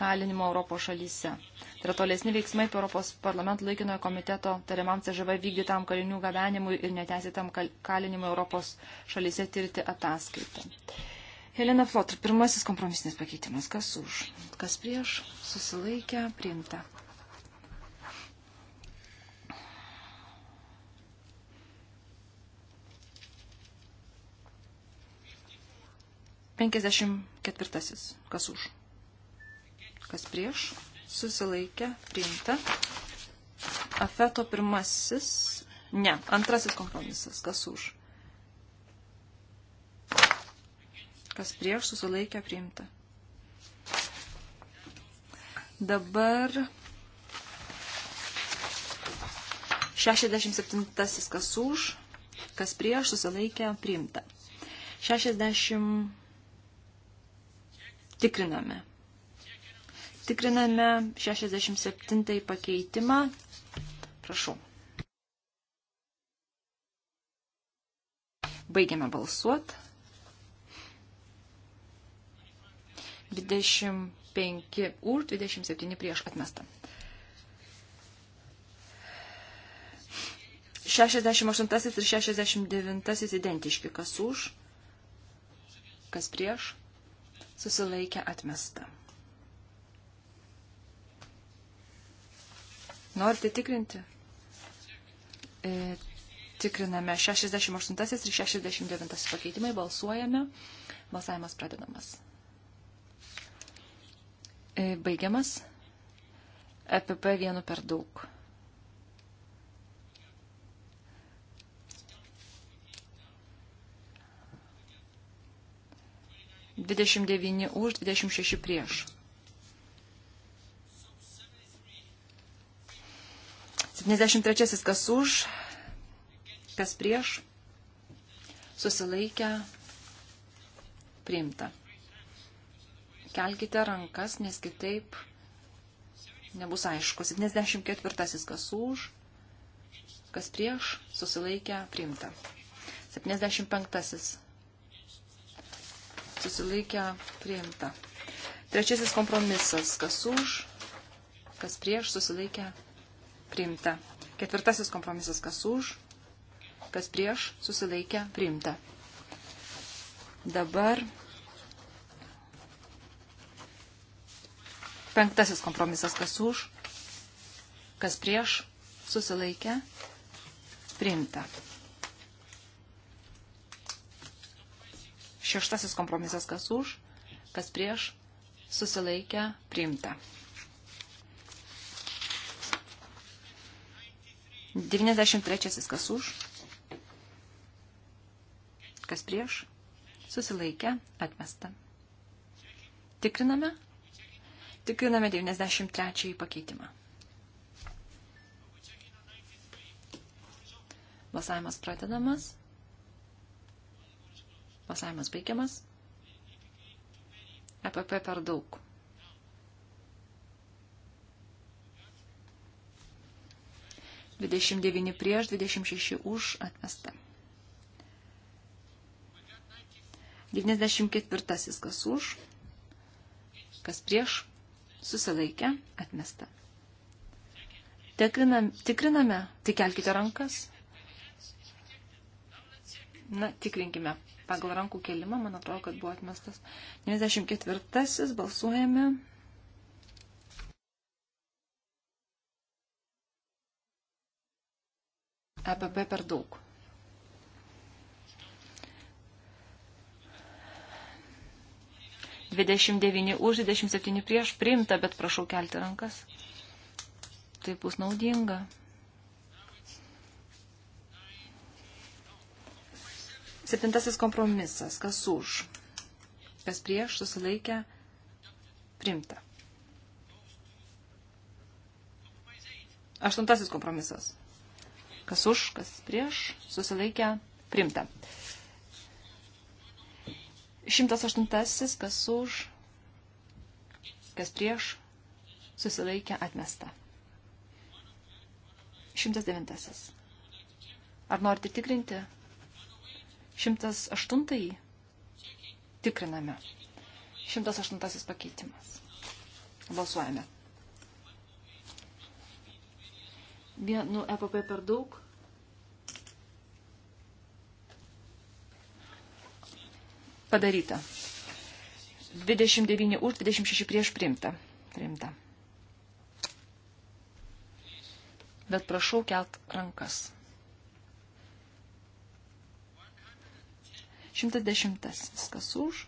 Speaker 2: kalinimo Europos šalyse. Tai yra tolesni veiksmai tai Europos parlamento laikinojo komiteto tariamam CŽV vykdytam kalinių gabenimui ir neteisėtam kalinimui Europos šalyse tirti ataskaitą. Helena Flotr, pirmasis kompromisinis pakeitimas. Kas už? Kas prieš? Susilaikę, priimta. 54. Kas už? Kas prieš? Susilaikė, priimta. Afeto pirmasis. Ne, antrasis kompromisas. Kas už? Kas prieš? Susilaikė, priimta. Dabar 67. Kas už? Kas prieš? Susilaikė, priimta. 60. Tikriname. Tikriname 67 pakeitimą. Prašau. Baigiame balsuot. 25 už, 27 prieš atmestą. 68 ir 69 identiški, kas už, kas prieš, susilaikė atmesta. Norite tikrinti? E, tikriname 68 ir 69 pakeitimai, balsuojame, balsavimas pradedamas. E, baigiamas. EPP vienu per daug. 29 už, 26 prieš. 73 kas už, kas prieš, susilaikę, priimta. Kelkite rankas, nes kitaip nebus aišku. 74 kas už, kas prieš, susilaikę, priimta. 75 susilaikę priimta. Trečiasis kompromisas, kas už, kas prieš susilaikę priimta. Ketvirtasis kompromisas, kas už, kas prieš susilaikę priimta. Dabar penktasis kompromisas, kas už, kas prieš susilaikę priimta. Šeštasis kompromisas kas už, kas prieš, susilaikę, priimta. 93 kas už, kas prieš, susilaikę, atmesta. Tikriname. Tikriname 93 pakeitimą. Balsavimas pradedamas. Pasavimas baigiamas. EPP per daug. Dvidešimt devyni prieš, dvidešimt šeši už atmesta. Devyniasdešimt ketvirtasis kas už, kas prieš, susilaikė, atmesta. Tikrinam, tikriname, tik kelkite rankas. Na, tikrinkime pagal rankų kelimą, man atrodo, kad buvo atmestas. 94. Balsuojame. EPP per daug. Dvidešimt devyni už, dvidešimt septyni prieš, priimta, bet prašau kelti rankas. Tai bus naudinga. Septintasis kompromisas. Kas už? Kas prieš? Susilaikę? Primta. Aštuntasis kompromisas. Kas už, kas prieš? Susilaikę? Primta. Šimtas aštuntasis. Kas už? Kas prieš? Susilaikę? Atmesta. Šimtas devintasis. Ar norite tikrinti? 108 tikriname. 108 pakeitimas. Balsuojame. Vienu EPP per daug. Padaryta. 29 už, 26 prieš priimta. Priimta. Bet prašau kelt rankas. 110. Kas už,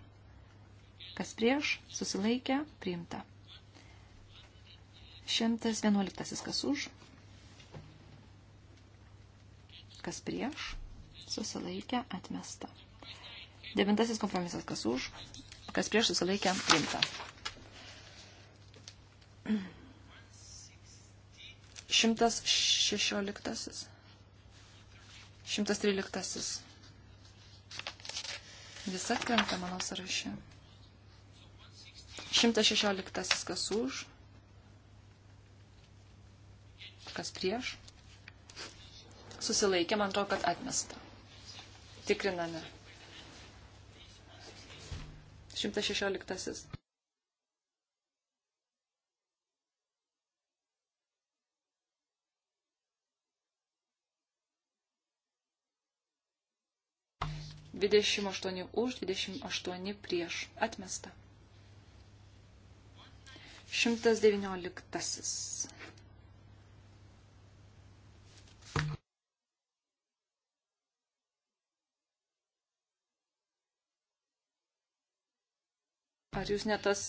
Speaker 2: kas prieš, susilaikė, priimta. 111. Kas už, kas prieš, susilaikė, atmesta. 9. Kompromisas. Kas už, kas prieš, susilaikė, priimta. 116. 113. Jis atkrenta mano sąraše. 116 kas už, kas prieš. Susilaikė, man atrodo, kad atmesta. Tikriname. 116. 28 už, 28 prieš. Atmesta. 119. Ar jūs ne tas,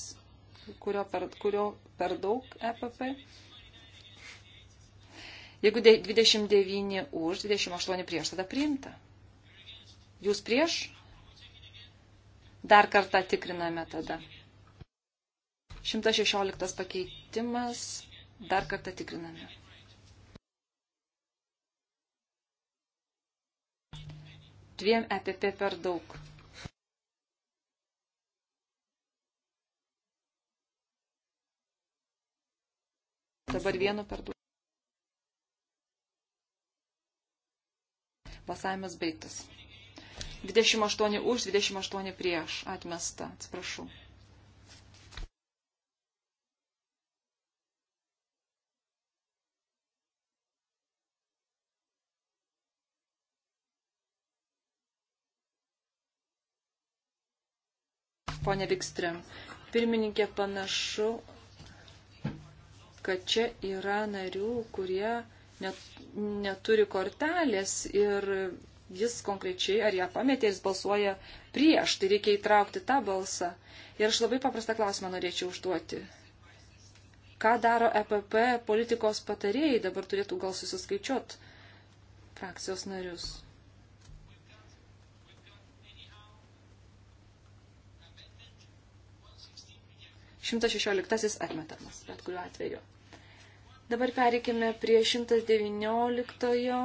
Speaker 2: kurio per, kurio per daug EPP? Jeigu 29 už, 28 prieš, tada priimta. Jūs prieš? Dar kartą tikriname tada. 116 pakeitimas. Dar kartą tikriname. Dviem EPP per daug. Dabar vienu per daug. Balsavimas baigtas. 28 už, 28 prieš atmesta, atsiprašau. Pone Vikstrėm, pirmininkė panašu, kad čia yra narių, kurie net, neturi kortelės ir jis konkrečiai ar ją pametė, jis balsuoja prieš, tai reikia įtraukti tą balsą. Ir aš labai paprastą klausimą norėčiau užduoti. Ką daro EPP politikos patarėjai, dabar turėtų gal susiskaičiuot frakcijos narius. Šimtas šešioliktasis atmetamas, bet kuriuo atveju. Dabar pereikime prie 119.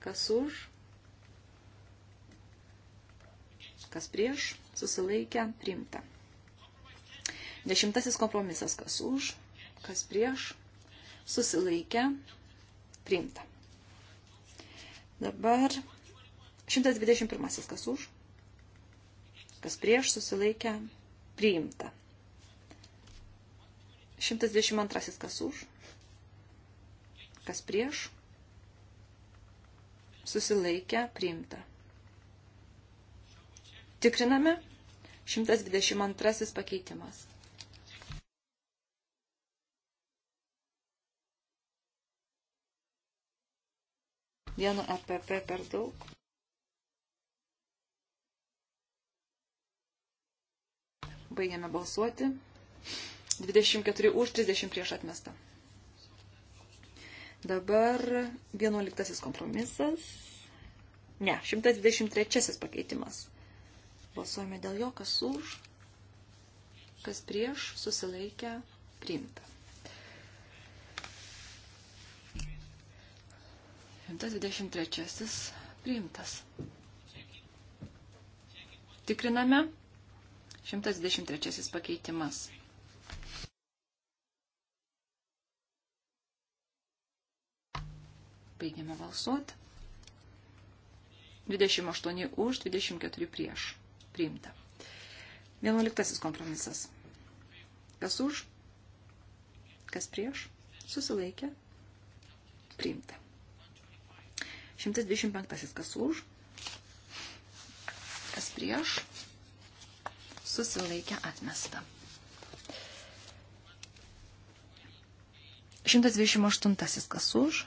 Speaker 2: Kas už? kas prieš, susilaikę, priimta. Dešimtasis kompromisas, kas už, kas prieš, susilaikę, priimta. Dabar 121, kas už, kas prieš, susilaikę, priimta. 122, kas už, kas prieš, susilaikę, priimta. Tikriname 122 pakeitimas.
Speaker 3: Vieno EPP per daug.
Speaker 2: Baigiame balsuoti. 24 už 30 prieš atmestą. Dabar 11 kompromisas. Ne, 123 pakeitimas. Balsuojame dėl jo, kas už, kas prieš, susilaikę, priimta. 123 priimtas. Tikriname 123 pakeitimas. Baigiame balsuoti. 28 už, 24 prieš priimta. Vienuoliktasis kompromisas. Kas už, kas prieš, susilaikė, priimta. 125. Kas už, kas prieš, susilaikė, atmesta. 128. Kas už,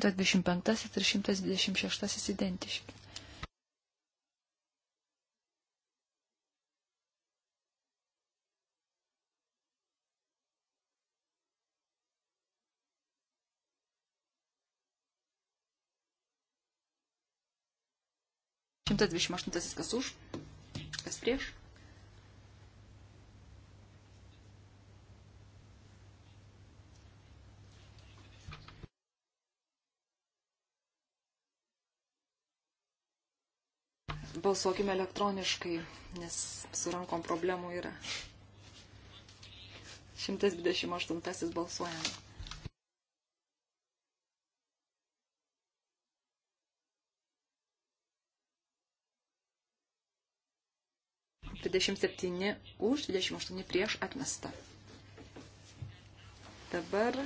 Speaker 2: 125 ir 126 identiški. Šimtas dvidešimt aštuntasis kas už, kas prieš. balsuokime elektroniškai, nes su rankom problemų yra. 128 balsuojame. Dvidešimt septyni už, dvidešimt aštuoni prieš atmesta. Dabar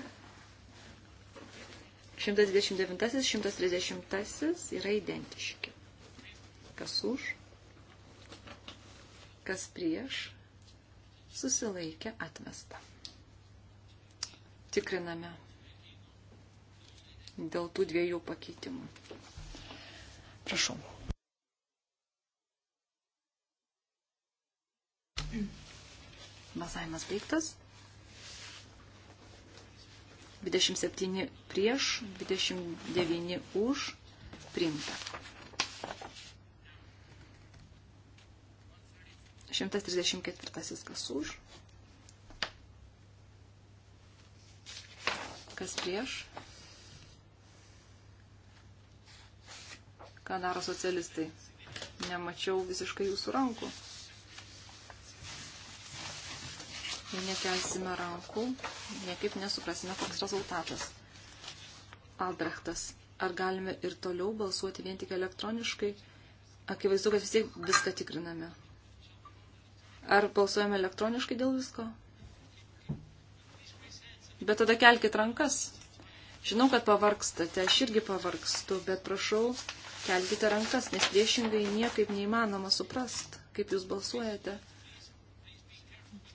Speaker 2: 129, 130 yra identiški kas už, kas prieš, susilaikė atmesta. Tikriname dėl tų dviejų pakeitimų. Prašau. Balsavimas baigtas. 27 prieš, 29 už, priimta. 134 kas už, kas prieš, ką daro socialistai. Nemačiau visiškai jūsų rankų. Jei nekelsime rankų, niekaip nesuprasime, koks rezultatas. Albrechtas, ar galime ir toliau balsuoti vien tik elektroniškai? Akivaizdu, kad vis tiek viską tikriname. Ar balsuojame elektroniškai dėl visko? Bet tada kelkite rankas. Žinau, kad pavargstate, aš irgi pavargstu, bet prašau, kelkite rankas, nes priešingai niekaip neįmanoma suprast, kaip jūs balsuojate.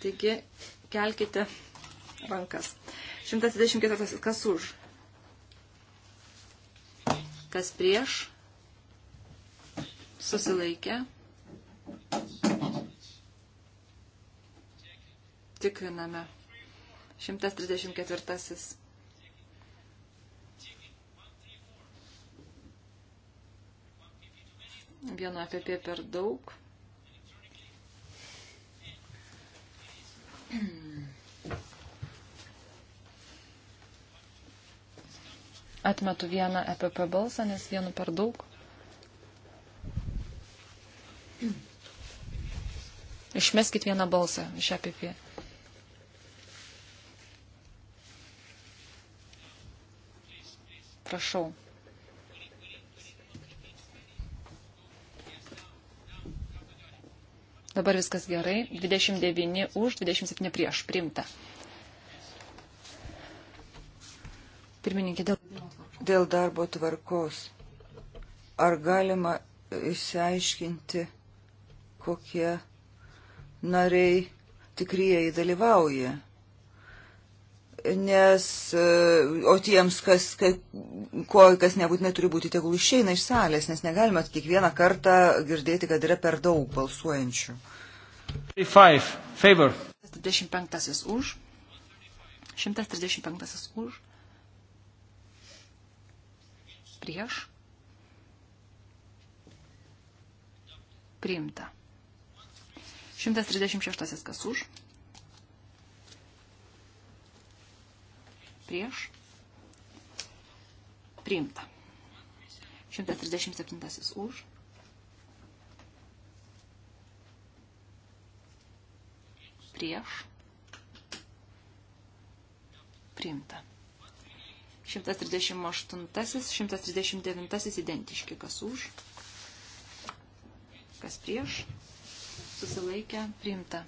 Speaker 2: Taigi, kelkite rankas. 124. Kas už? Kas prieš? Susilaikė. Tikriname. 134. Vieno FP per daug. Atmetu vieną EPP balsą, nes vienu per daug. Išmeskit vieną balsą iš EPP. prašau. Dabar viskas gerai. 29 už, 27 prieš. Primta.
Speaker 3: Pirmininkė, dėl, dėl darbo tvarkos. Ar galima išsiaiškinti, kokie nariai tikrieji dalyvauja? nes, e, o tiems, kas, kai, ko, kas nebūtinai turi būti, tegul išeina iš salės, nes negalima kiekvieną kartą girdėti, kad yra per daug balsuojančių. 135 už.
Speaker 2: 135 už. Prieš. Priimta. 136 kas už. prieš priimta. 137 už. Prieš. Priimta. 138, 139 identiški, kas už, kas prieš, susilaikę, priimta.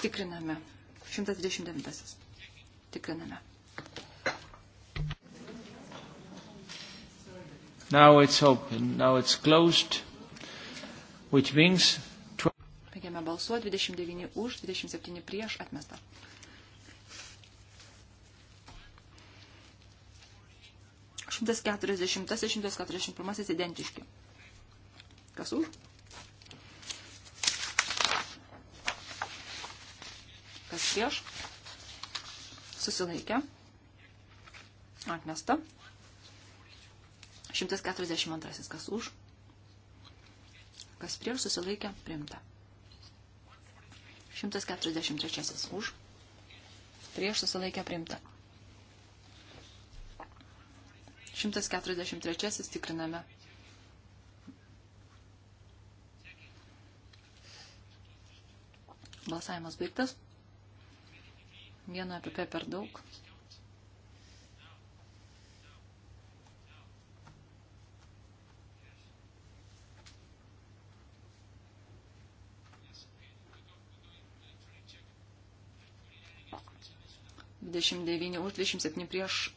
Speaker 2: Tikriname. 129. Tikriname. Now it's open, now it's closed, which means... Baigiame balsuoti, 29 už, 27 prieš, atmesta. 140, 141 identiški. Kas už? kas prieš, susilaikė, atmesta. 142 kas už, kas prieš, susilaikė, priimta. 143 už, prieš, susilaikė, priimta. 143 tikriname. Balsavimas baigtas. Vieno apie per daug. Dvidešimt devyni už, dvidešimt septyni prieš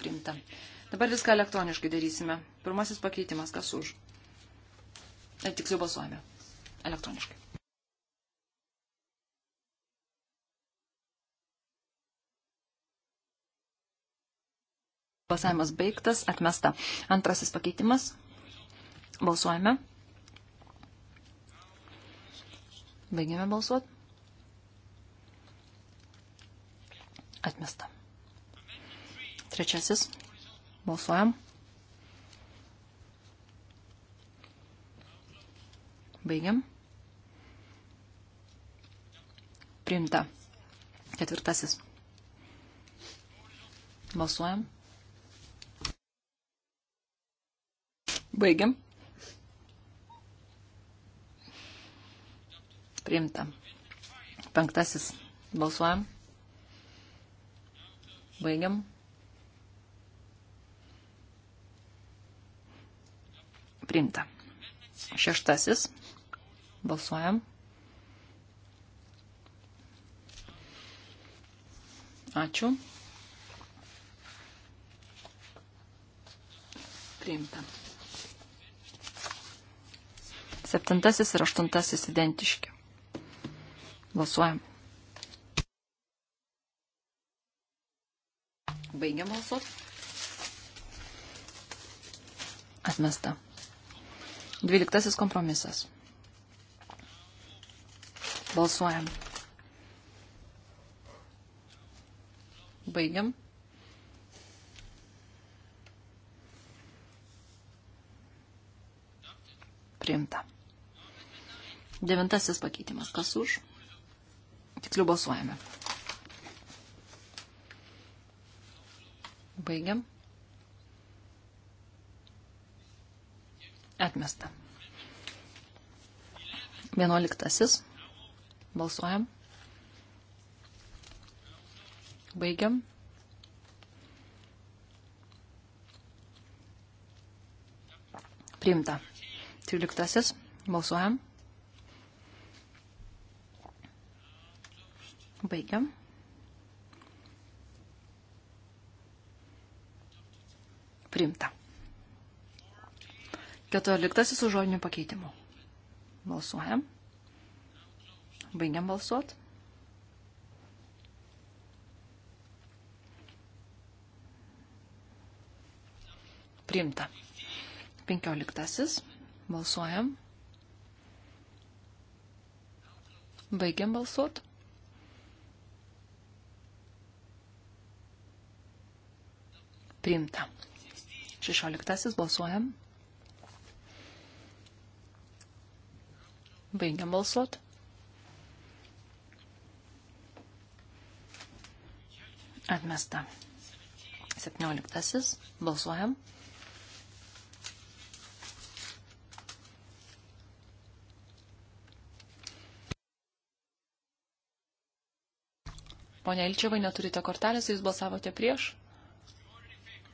Speaker 2: primta. Dabar viską elektroniškai darysime. Pirmasis pakeitimas, kas už. Tiksliau balsuojame. Elektroniškai. Balsavimas baigtas, atmesta. Antrasis pakeitimas. Balsuojame. Baigėme balsuoti. Atmesta. Trečiasis. Balsuojam. Baigiam. Priimta. Ketvirtasis. Balsuojam. Baigiam. Priimta. Penktasis. Balsuojam. Baigiam. Priimta. Šeštasis. Balsuojam. Ačiū. Priimta. Septintasis ir aštuntasis identiški. Balsuojam. Baigiam balsuoti. Atmesta. Dvyliktasis kompromisas. Balsuojam. Baigiam. Priimta. Devintasis pakeitimas. Kas už? Tiksliau balsuojame. Baigiam. Atmesta. Vienuoliktasis. Balsuojam. Baigiam. Priimta. Tryliktasis. Balsuojam. Baigiam. Primta. Keturioliktasis su žodiniu pakeitimu. Balsuojam. Baigiam balsuot. Priimta. Penkioliktasis. Balsuojam. Baigiam balsuot. Priimta. 16. Balsuojam. Baigiam balsuot. Atmesta. 17. Balsuojam. Pone Ilčiavai, neturite kortelės, jūs balsavote prieš?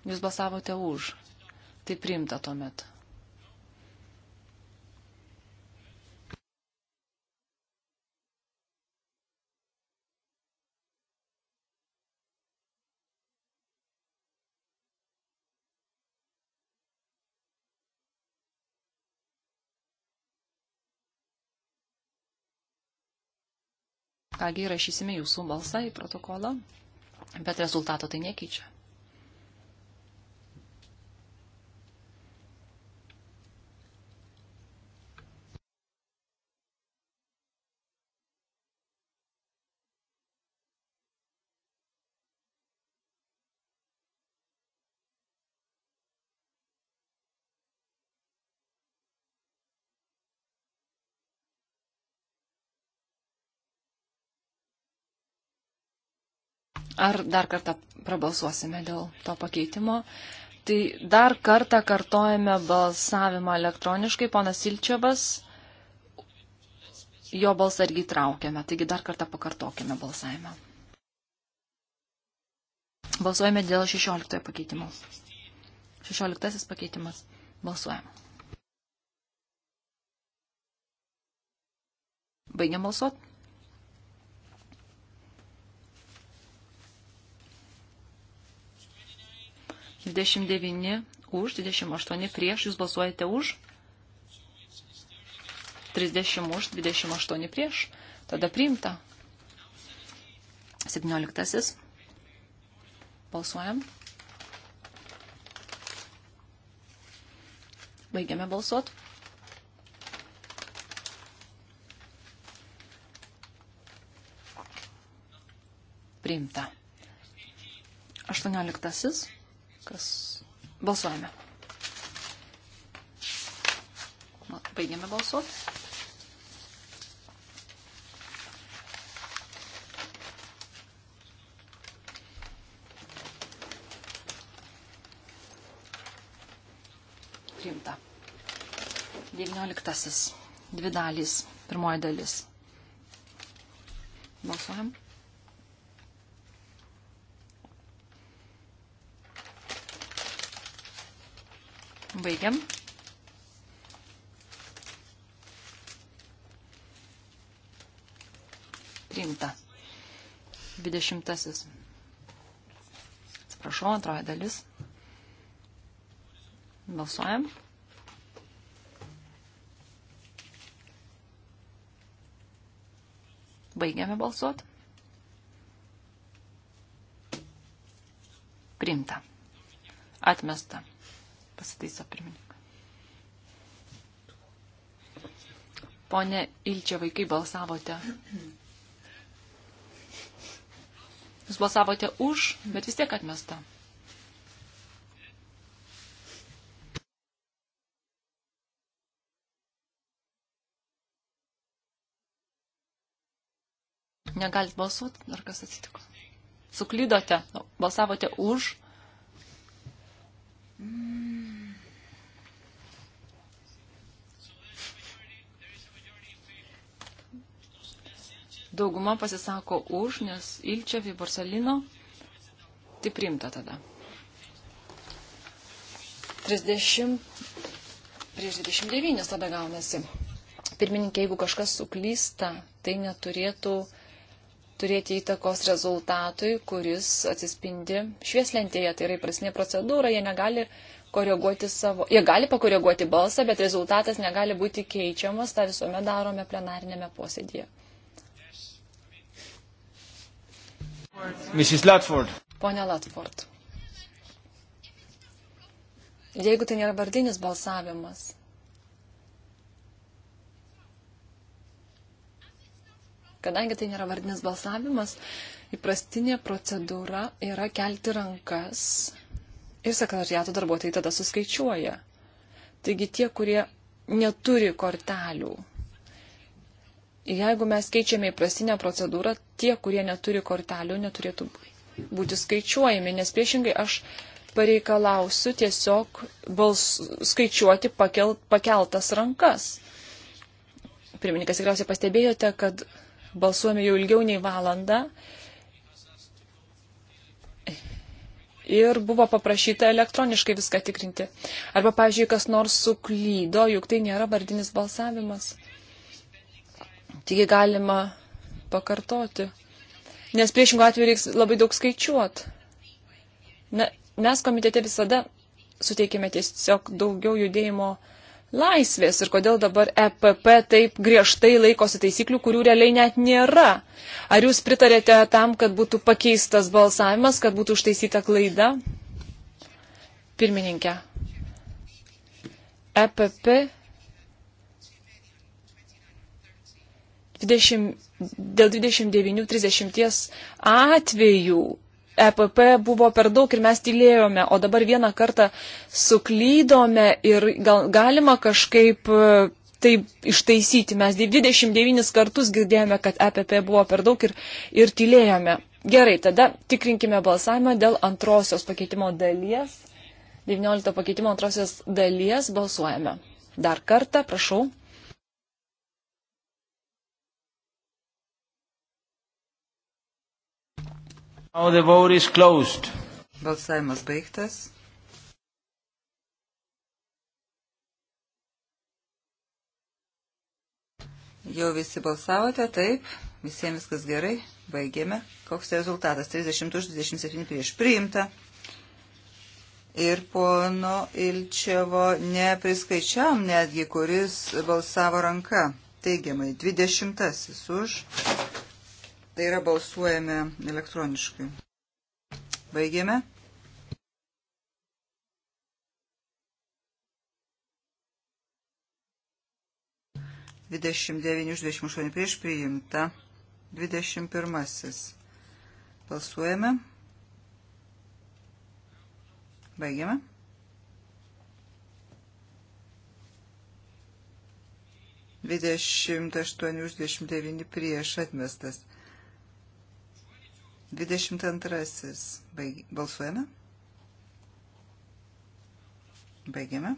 Speaker 2: Jūs balsavote už. Tai priimta tuomet. Kągi įrašysime jūsų balsą į protokolą, bet rezultato tai nekeičia. ar dar kartą prabalsuosime dėl to pakeitimo. Tai dar kartą kartojame balsavimą elektroniškai, ponas Ilčiabas, jo balsą irgi traukiame, taigi dar kartą pakartokime balsavimą. Balsuojame dėl 16 pakeitimo. 16 pakeitimas. Balsuojame. Baigiam balsuoti. 29 už, 28 prieš, jūs balsuojate už, 30 už, 28 prieš, tada priimta. 17. Balsuojam. Baigiame balsuot. Priimta. 18. Kas balsuojame? Baigiame balsuoti. Priimta. 19. Dvi dalys. Pirmoji dalis. Balsuojam. Baigiam. Priimta. 20. Atsiprašau, antroji dalis. Balsuojam. Baigiame balsuoti. Priimta. Atmesta pasitaiso pirmininką. Pone Ilčia, vaikai balsavote. Jūs balsavote už, bet vis tiek atmesta. Negalit balsuoti, ar kas atsitiko? Suklydote, nu, balsavote už. Mm. dauguma pasisako už, nes Ilčev į Borsalino, tai primta tada. 30 prieš 29 tada gaunasi. Pirmininkė, jeigu kažkas suklysta, tai neturėtų turėti įtakos rezultatui, kuris atsispindi švieslentėje. Tai yra įprasnė procedūra, jie negali koreguoti savo, jie gali pakoreguoti balsą, bet rezultatas negali būti keičiamas, tą visuomet darome plenarinėme posėdėje. Mrs. Latford. Pone Latford. Jeigu tai nėra vardinis balsavimas. Kadangi tai nėra vardinis balsavimas, įprastinė procedūra yra kelti rankas ir sekretariato darbuotojai tada suskaičiuoja. Taigi tie, kurie neturi kortelių, Jeigu mes keičiame įprastinę procedūrą, tie, kurie neturi kortelių, neturėtų būti skaičiuojami, nes priešingai aš pareikalausiu tiesiog bals, skaičiuoti pakel, pakeltas rankas. Pirmininkas, tikriausiai pastebėjote, kad balsuojame jau ilgiau nei valandą ir buvo paprašyta elektroniškai viską tikrinti. Arba, pavyzdžiui, kas nors suklydo, juk tai nėra vardinis balsavimas. Taigi galima pakartoti. Nes priešingų atveju reiks labai daug skaičiuot. Na, mes komitete visada suteikėme tiesiog daugiau judėjimo laisvės ir kodėl dabar EPP taip griežtai laikosi taisyklių, kurių realiai net nėra. Ar jūs pritarėte tam, kad būtų pakeistas balsavimas, kad būtų užtaisyta klaida? Pirmininkė. EPP 20, dėl 29-30 atvejų EPP buvo per daug ir mes tylėjome, o dabar vieną kartą suklydome ir gal, galima kažkaip e, tai ištaisyti. Mes 29 kartus girdėjome, kad EPP buvo per daug ir, ir tylėjome. Gerai, tada tikrinkime balsavimą dėl antrosios pakeitimo dalies. 19 pakeitimo antrosios dalies balsuojame. Dar kartą, prašau.
Speaker 3: Now the vote is closed. Balsavimas baigtas. Jau visi balsavote, taip, visiems viskas gerai, baigėme. Koks tai rezultatas? 30 už 27 prieš priimta. Ir pono Ilčevo nepriskaičiam netgi, kuris balsavo ranka. Teigiamai, 20 už Tai yra balsuojame elektroniškai. Baigėme. Dvidešimt devyni už dvidešimt aštuoni prieš priimta. Dvidešimt pirmasis. Balsuojame. Baigėme. Dvidešimt aštuoni už dvidešimt devyni prieš atmestas. 22. Baig... Balsuojame. Baigiame.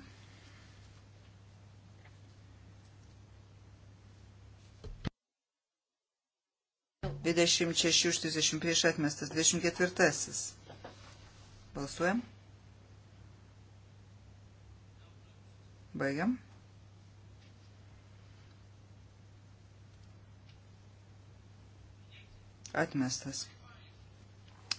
Speaker 3: Dvidešimt šeši už trisdešimt prieš atmestas. Dvidešimt ketvirtasis. Balsuojam. Baigiam. Atmestas.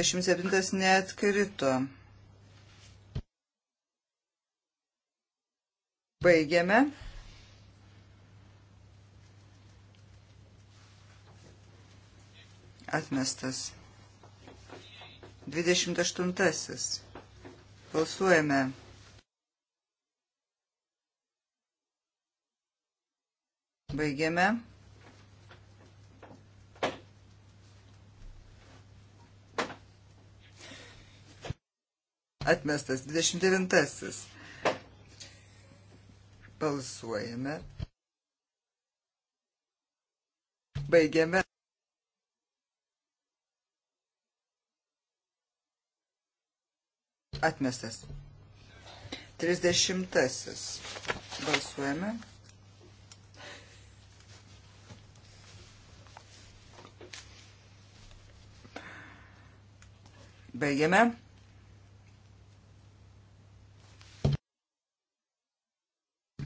Speaker 3: 27 neatkrito. Baigiame. Atmestas. 28. Balsuojame. Baigiame. Atmestas 29. Balsuojame. Baigiame. Atmestas. 30. Balsuojame. Baigiame.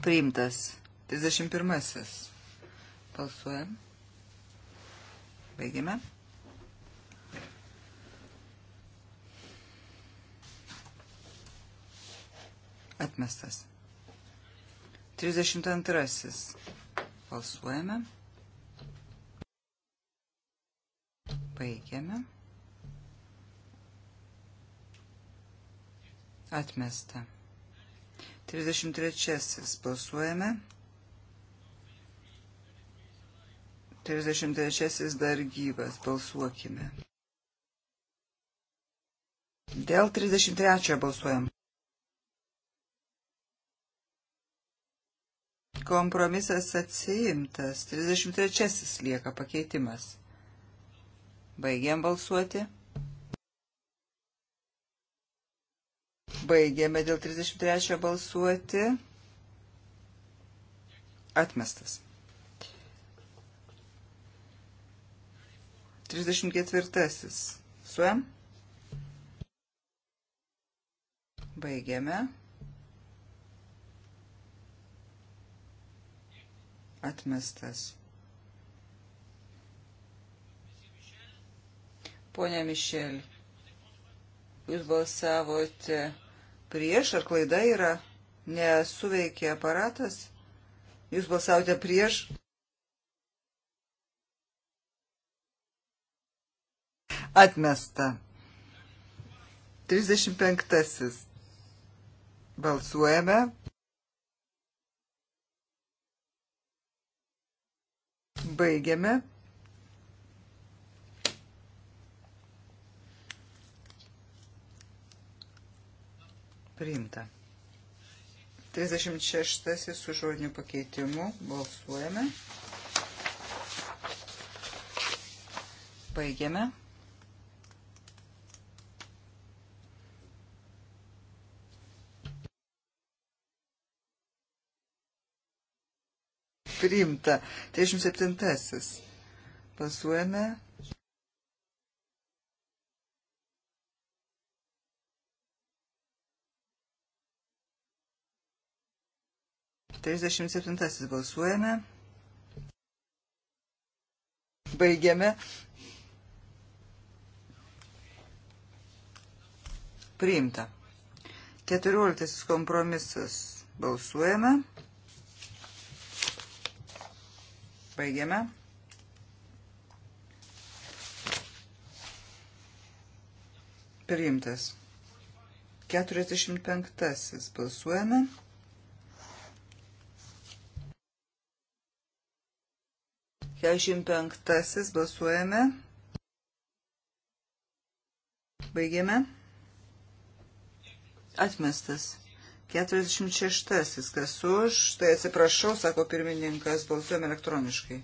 Speaker 3: priimtas. 31. Balsuojam. Baigime. Atmestas. 32. Balsuojame. Baigiame. Atmesta. 33 balsuojame. 33 dar gyvas, balsuokime. Dėl 33 balsuojam. Kompromisas atsiimtas. 33 lieka pakeitimas. Baigiam balsuoti. Baigėme dėl 33 balsuoti. Atmestas. 34. Suem. Baigėme. Atmestas. Pone Mišel, Jūs balsavote prieš, ar klaida yra, nesuveikė aparatas? Jūs balsavote prieš? Atmesta. 35. Balsuojame. Baigiame. Priimta. 36 su žodiniu pakeitimu. Balsuojame. Baigiame. Priimta. 37. Balsuojame. 37 balsuojame. Baigiame. Priimta. 14 kompromisas balsuojame. Baigiame. Priimtas. 45 balsuojame. 65 balsuojame. Baigėme. Atmestas. 46. Kas už? Tai atsiprašau, sako pirmininkas, balsuojame elektroniškai.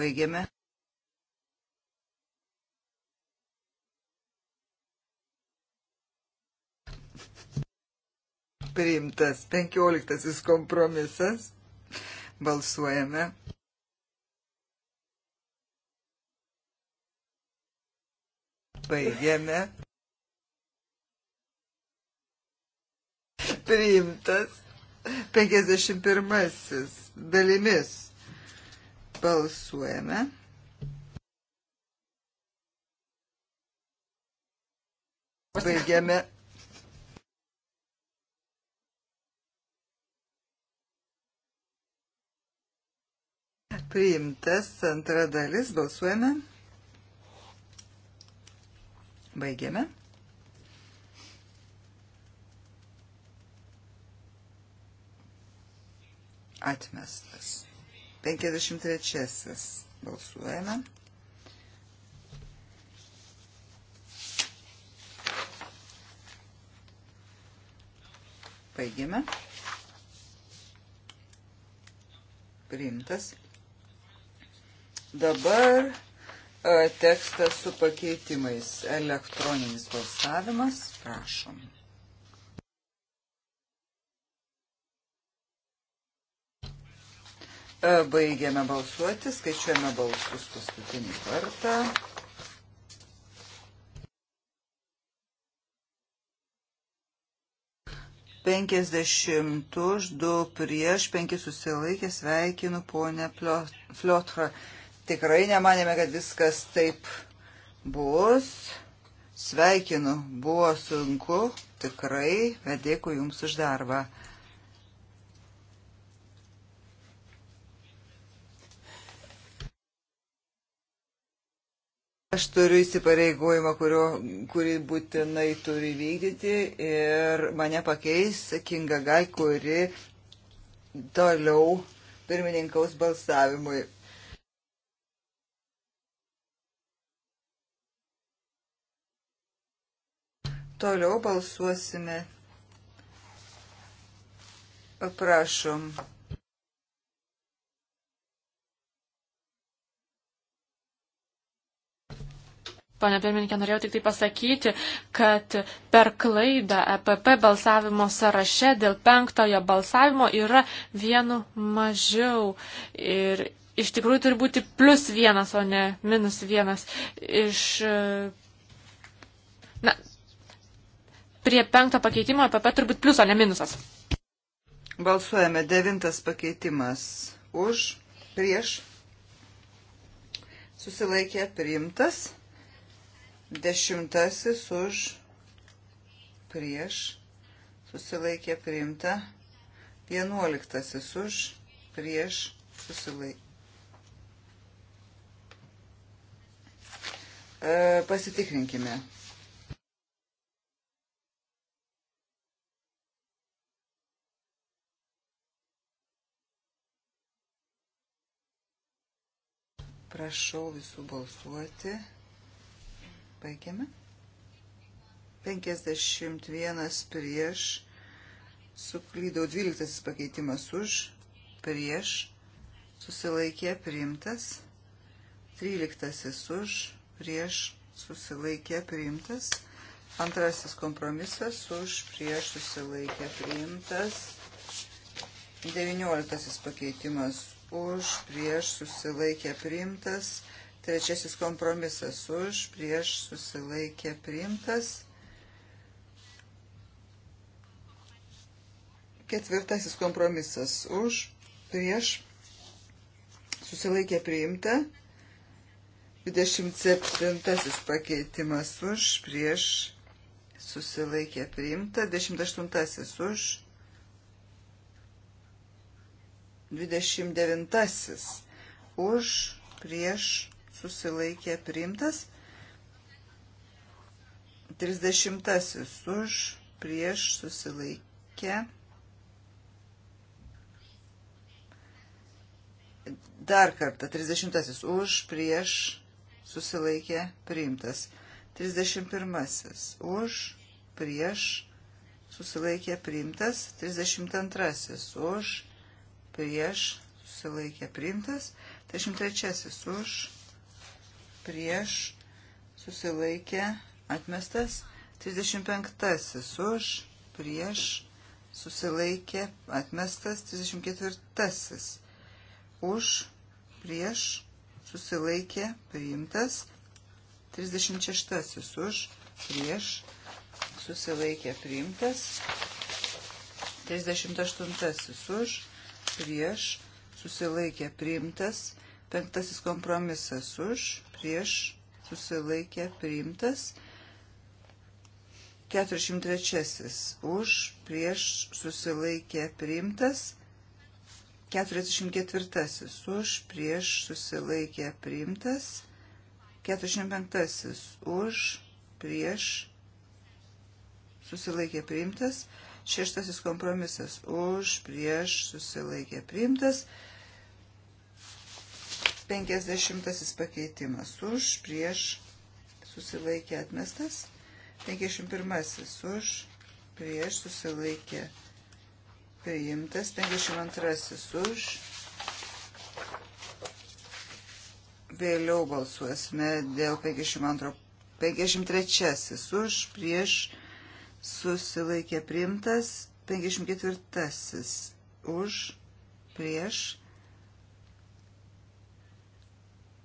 Speaker 3: Baigėme. priimtas. 15 kompromisas. Balsuojame. Baigiame. Priimtas. 51 dalimis. Balsuojame. Baigiame. Priimtas antra dalis. Balsuojame. Baigiame. Atmestas. 53. Balsuojame. Baigiame. Priimtas. Dabar e, tekstas su pakeitimais. Elektroninis balsavimas. Prašom. E, baigiame balsuoti, skaičiuojame balsus paskutinį kartą. Penkiasdešimt už, du prieš, penki susilaikė, sveikinu ponę Fliotrą. Pliot, tikrai nemanėme, kad viskas taip bus. Sveikinu, buvo sunku, tikrai, bet dėkui Jums už darbą. Aš turiu įsipareigojimą, kurio, kurį būtinai turi vykdyti ir mane pakeis Kinga Gai, kuri toliau pirmininkaus balsavimui. Toliau balsuosime. Prašom.
Speaker 1: Pane pirmininkė, norėjau tik tai pasakyti, kad per klaidą EPP balsavimo sąraše dėl penktojo balsavimo yra vienu mažiau. Ir iš tikrųjų turi būti plus vienas, o ne minus vienas. Iš, na, prie
Speaker 3: penkto pakeitimo
Speaker 1: EPP turbūt plius, o ne
Speaker 3: minusas. Balsuojame devintas pakeitimas už, prieš, susilaikė priimtas, dešimtasis už, prieš, susilaikė priimta, vienuoliktasis už, prieš, susilaikė. E, pasitikrinkime. Prašau visų balsuoti. Baigiame. 51 prieš. Suklydau 12 pakeitimas už. Prieš. Susilaikė priimtas. 13 už. Prieš. Susilaikė priimtas. Antrasis kompromisas už. Prieš. Susilaikė priimtas. 19 pakeitimas už, prieš susilaikė priimtas. Trečiasis kompromisas už, prieš susilaikė priimtas. Ketvirtasis kompromisas už, prieš susilaikė priimta. 27 pakeitimas už, prieš susilaikė priimta. 28 už, 29. Už, prieš, susilaikė priimtas. 30. Už, prieš, susilaikė. Dar kartą. 30. Už, prieš, susilaikė priimtas. 31. Už, prieš, susilaikė priimtas. 32. Už, prieš, susilaikė priimtas. 33 už, prieš, susilaikė atmestas. 35 už, prieš, susilaikė atmestas. 34 už, prieš, susilaikė priimtas. 36 už, prieš, susilaikė priimtas. 38 už, prieš, susilaikė priimtas. Penktasis kompromisas už, prieš, susilaikė priimtas. 43. Už, prieš, susilaikė priimtas. 44. Už, prieš, susilaikė priimtas. 45. Už, prieš, susilaikė priimtas. Šeštasis kompromisas už, prieš, susilaikė priimtas. Penkiasdešimtasis pakeitimas už, prieš, susilaikė atmestas. Penkiasdešimt pirmasis už, prieš, susilaikė priimtas. Penkiasdešimt antrasis už. Vėliau balsuosime dėl 52 53 už prieš susilaikė priimtas, 54-asis už, prieš,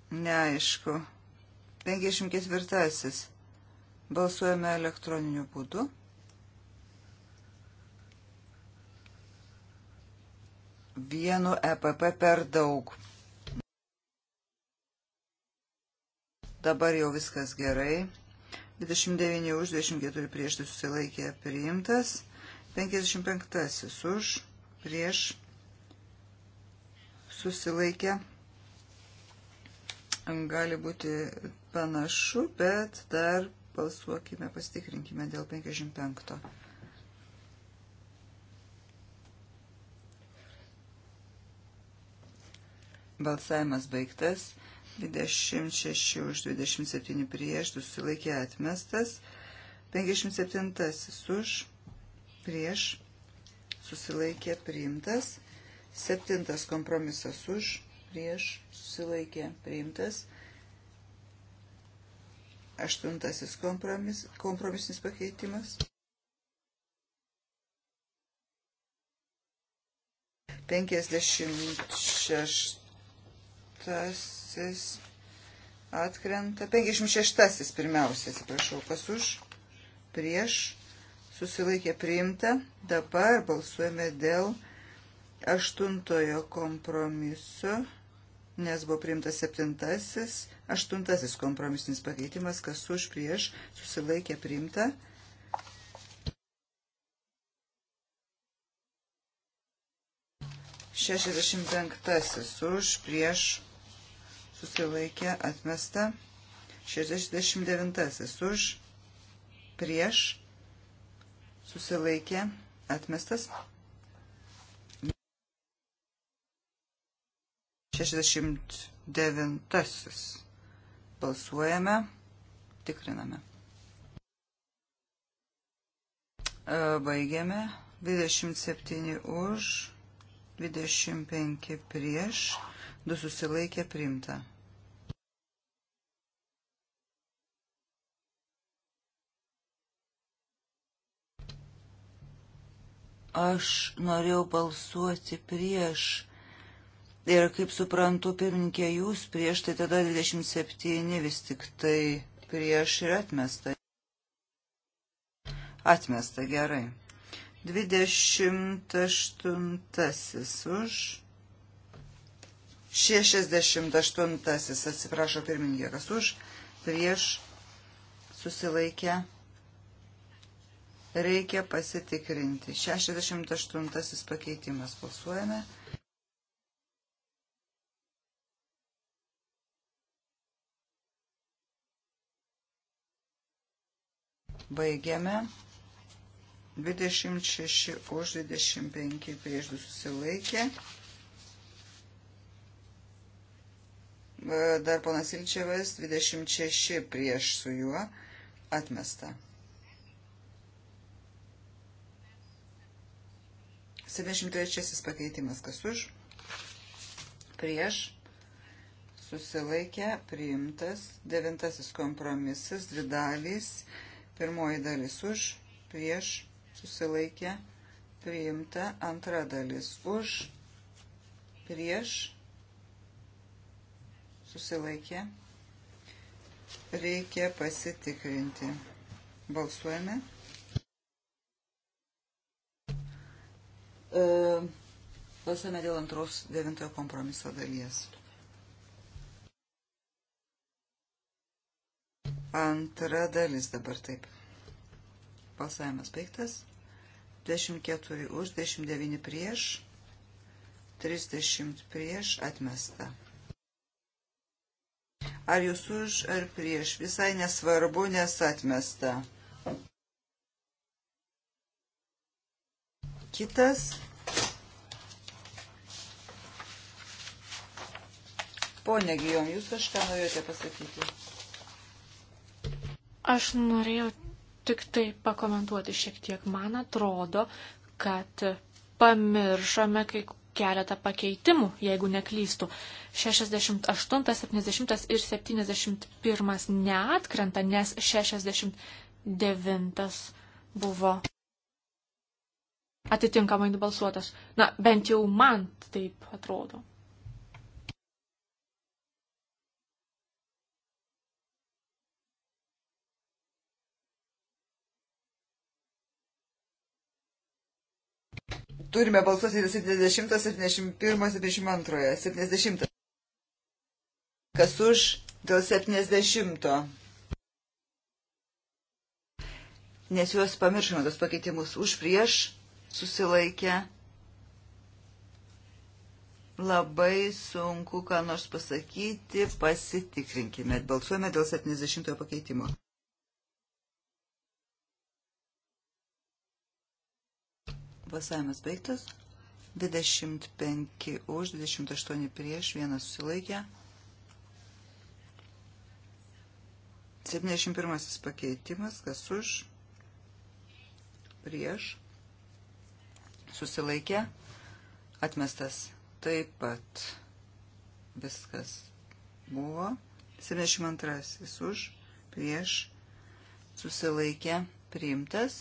Speaker 3: neaišku, 54-asis, balsuojame elektroniniu būdu. Vienu EPP per daug. Dabar jau viskas gerai. 29 už, 24 prieš tai susilaikė priimtas. 55 už, prieš susilaikė. Gali būti panašu, bet dar balsuokime, pasitikrinkime dėl 55. Balsavimas baigtas. 26 už 27 prieš, susilaikė atmestas, 57 už prieš, susilaikė priimtas, 7 kompromisas už prieš, susilaikė priimtas, 8 kompromis, kompromisinis pakeitimas. 56 atkrenta. 56 pirmiausia, atsiprašau, kas už, prieš, susilaikė priimta. Dabar balsuojame dėl aštuntojo kompromiso, nes buvo priimtas septintasis, aštuntasis kompromisinis pakeitimas, kas už, prieš, susilaikė priimta. Šešiasdešimt penktasis už, prieš, susilaikė atmesta 69 už prieš susilaikė atmestas 69 balsuojame tikriname e, baigiame 27 už 25 prieš 2 susilaikė primta Aš norėjau balsuoti prieš. Ir kaip suprantu, pirmininkė, jūs prieš, tai tada 27 vis tik tai prieš ir atmesta. Atmesta, gerai. 28 už. 68 atsiprašo pirmininkė, kas už, prieš susilaikę reikia pasitikrinti. 68 pakeitimas. Balsuojame. Baigiame. 26 už 25 prieš du susilaikė. Dar ponas Ilčiavas 26 prieš su juo atmesta. 73 pakeitimas kas už, prieš, susilaikę, priimtas. Devintasis kompromisas, dvi dalys, pirmoji dalis už, prieš, susilaikę, priimta. Antra dalis už, prieš, susilaikė, reikia pasitikrinti. Balsuojame. E, balsuojame dėl antros devintojo kompromiso dalies. Antra dalis dabar taip. Balsavimas baigtas. 24 už, 29 prieš, 30 prieš atmesta. Ar jūs už ar prieš? Visai nesvarbu, nes atmesta. Kitas. Pone Gijom, jūs kažką norėjote pasakyti?
Speaker 1: Aš norėjau tik tai pakomentuoti šiek tiek. Man atrodo, kad pamiršome kai keletą pakeitimų, jeigu neklystų. 68, 70 ir 71 neatkrenta, nes 69 buvo atitinkamai nubalsuotas. Na, bent jau man taip atrodo.
Speaker 3: Turime balsuoti 70, 71, 72. 70. Kas už dėl 70? Nes juos pamiršome, tos pakeitimus už prieš susilaikę. Labai sunku, ką nors pasakyti, pasitikrinkime. Balsuojame dėl 70 pakeitimo. Balsavimas baigtas. 25 už, 28 prieš, vienas susilaikė. 71 pakeitimas, kas už, prieš, susilaikė, atmestas taip pat viskas buvo. 72 už, prieš, susilaikė, priimtas.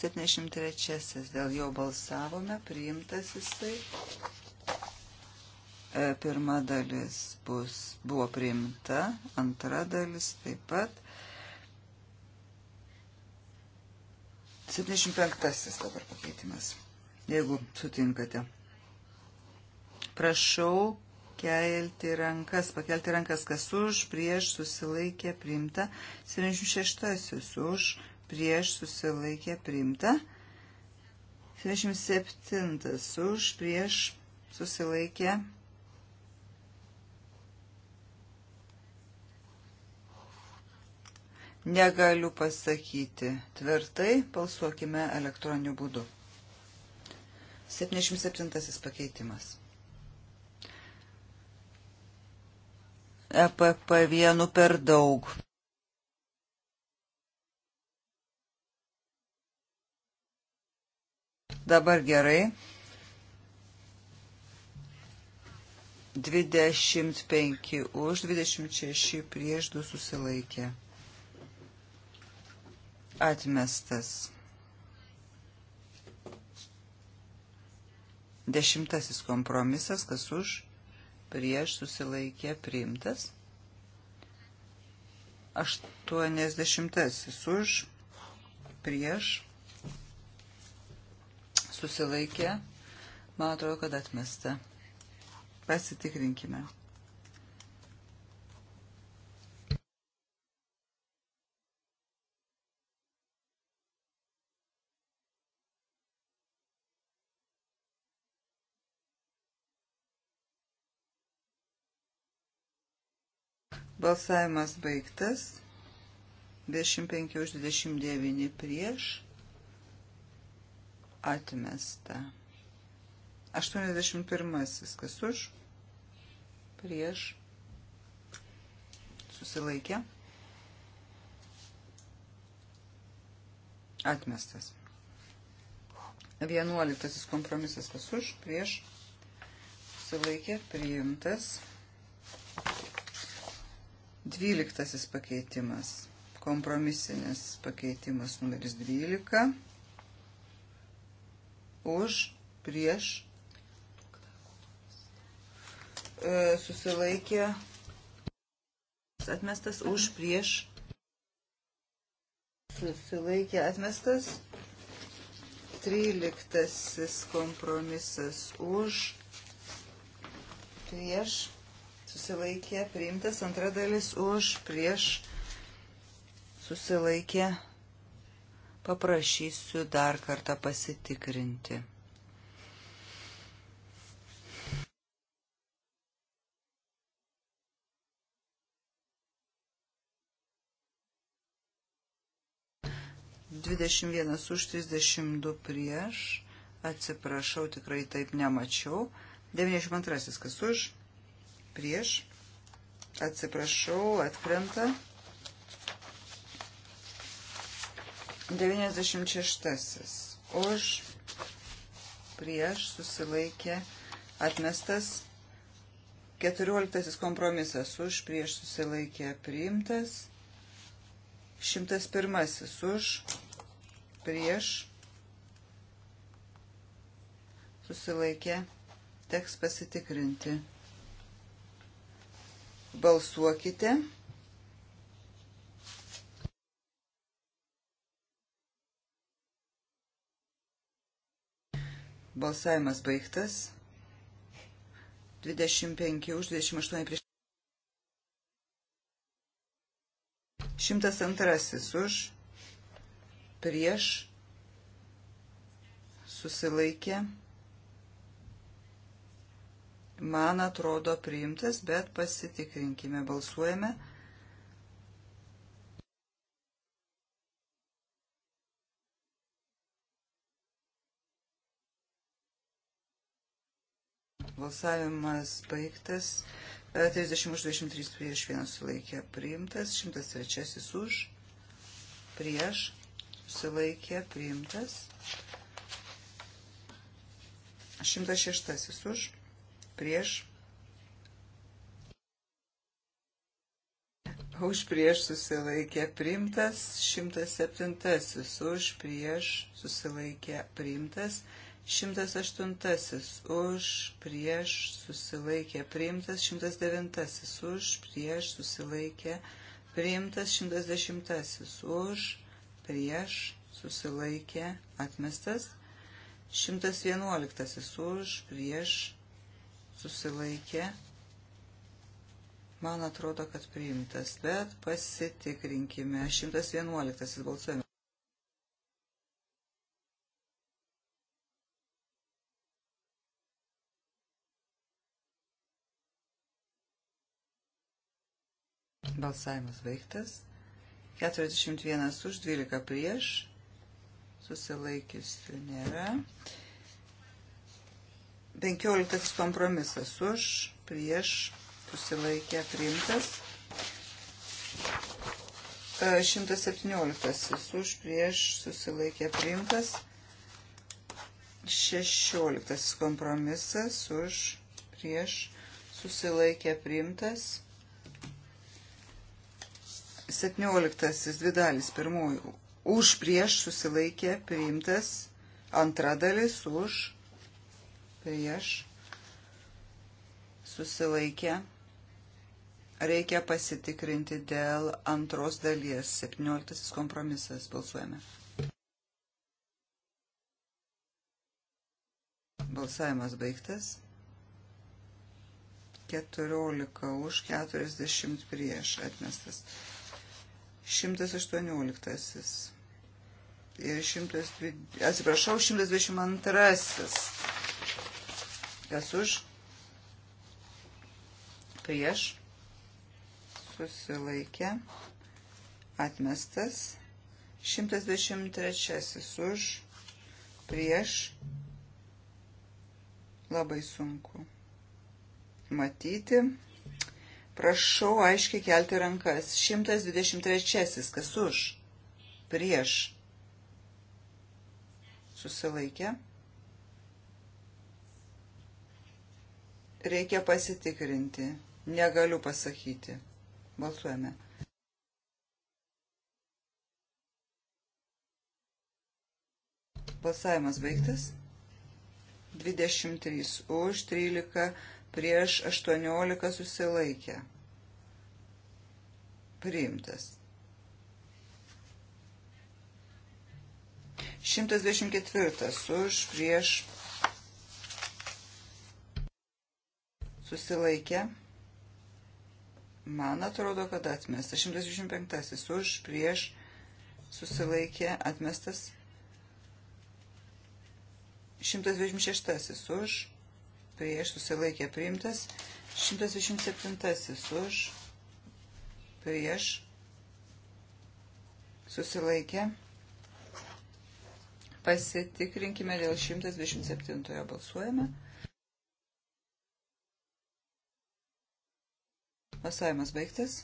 Speaker 3: 73 dėl jo balsavome, priimtas jisai. E, pirma dalis bus, buvo priimta, antra dalis taip pat. 75 dabar pakeitimas, jeigu sutinkate. Prašau kelti rankas, pakelti rankas, kas už, prieš, susilaikė, primta. 76-asis už, prieš, susilaikė, primta. 77-as už, prieš, susilaikė, primta. negaliu pasakyti tvirtai, balsuokime elektroniniu būdu. 77 pakeitimas. EPP vienu per daug. Dabar gerai. 25 už, 26 prieš 2 susilaikė atmestas. Dešimtasis kompromisas, kas už, prieš susilaikė priimtas. Aštuoniasdešimtasis už, prieš susilaikė, man atrodo, kad atmesta. Pasitikrinkime. Balsavimas baigtas. 25 už 29 prieš. Atmesta. 81 kas už. Prieš. Susilaikė. Atmestas. 11 kompromisas kas už. Prieš. Susilaikė. Priimtas. Priimtas. Dvyliktasis pakeitimas. Kompromisinis pakeitimas numeris 12. Už, prieš. E, susilaikė. Atmestas už, prieš. Susilaikė atmestas. Tryliktasis kompromisas už, prieš susilaikė priimtas, antra dalis už prieš susilaikė. Paprašysiu dar kartą pasitikrinti. Dvidešimt vienas už trisdešimt du prieš. Atsiprašau, tikrai taip nemačiau. Devyniasdešimt antrasis kas už prieš, atsiprašau, atkrenta. 96. Už, prieš, susilaikė, atmestas. 14. Kompromisas už, prieš, susilaikė, priimtas. 101. Už, prieš, susilaikė, teks pasitikrinti. Balsuokite. Balsavimas baigtas. 25 už 28 prieš. 102 už prieš susilaikė man atrodo priimtas, bet pasitikrinkime, balsuojame. Balsavimas baigtas. 30 e, už 23 prieš 1 sulaikė priimtas. 103 už prieš sulaikė priimtas. 106 už prieš, už prieš susilaikė priimtas, 107 už prieš susilaikė priimtas, 108 už prieš susilaikė priimtas, 109 už prieš susilaikė priimtas, 110 už prieš susilaikė atmestas, 111 už prieš susilaikė. Man atrodo, kad priimtas, bet pasitikrinkime. 111 balsuojame. Balsavimas baigtas. 41 už 12 prieš. Susilaikiusių nėra. 15 kompromisas už, prieš, susilaikė priimtas. 117 e, už, prieš, susilaikė priimtas. 16 kompromisas už, prieš, susilaikė priimtas. 17 dvi dalis pirmųjų už, prieš, susilaikė priimtas. Antra dalis už, prieš susilaikę. Reikia pasitikrinti dėl antros dalies. 17 kompromisas. Balsuojame. Balsavimas baigtas. 14 už 40 prieš atmestas. 118. Ir 120, atsiprašau, 122 Kas už? Prieš. Susilaikė. Atmestas. 123 už. Prieš. Labai sunku. Matyti. Prašau aiškiai kelti rankas. 123 kas už? Prieš. Susilaikė. Reikia pasitikrinti. Negaliu pasakyti. Balsuojame. Balsavimas baigtas. 23 už, 13 prieš, 18 susilaikę. Priimtas. 124 už, prieš, susilaikė. Man atrodo, kad atmestas. 125 už, prieš, susilaikė, atmestas. 126 už, prieš, susilaikė, priimtas. 127 už, prieš, susilaikė. Pasitikrinkime dėl 127 balsuojame. Balsavimas baigtas.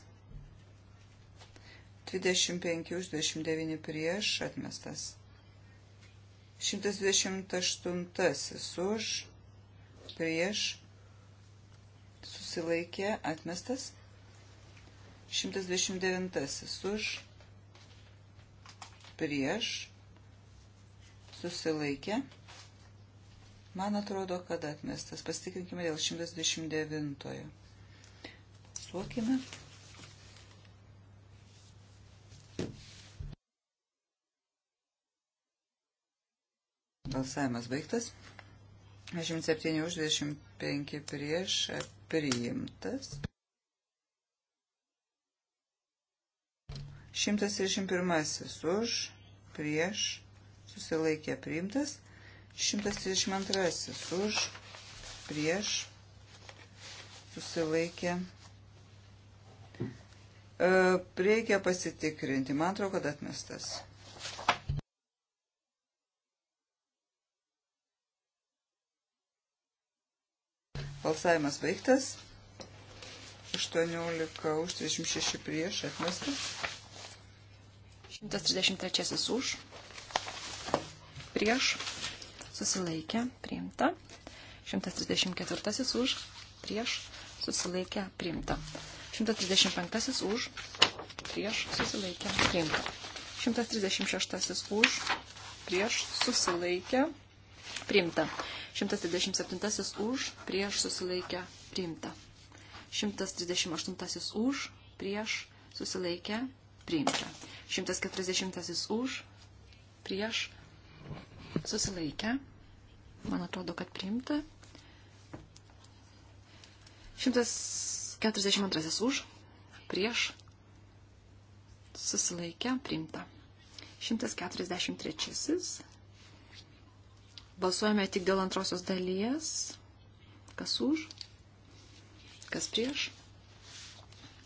Speaker 3: 25 už 29 prieš atmestas. 128 už prieš susilaikė atmestas. 129 už prieš susilaikė. Man atrodo, kad atmestas. Pasitikrinkime dėl 129. Balsuokime. Balsavimas baigtas. 27 už 25 prieš priimtas. 131 už prieš susilaikė priimtas. 132 už prieš susilaikė priimtas E, reikia pasitikrinti. Man atrodo, kad atmestas. Balsavimas baigtas. 18 už 36 prieš atmestas.
Speaker 2: 133 už. Prieš. Susilaikė. Priimta. 134 už. Prieš. Susilaikė. Priimta. 135 už, prieš susilaikę priimta. 136 už, prieš susilaikę priimta. 137 už, prieš susilaikę priimta. 138 už, prieš susilaikę priimta. 140 už, prieš susilaikę. Man atrodo, kad priimta. 100 42 už, prieš, susilaikę, priimta. 143. Balsuojame tik dėl antrosios dalies. Kas už, kas prieš,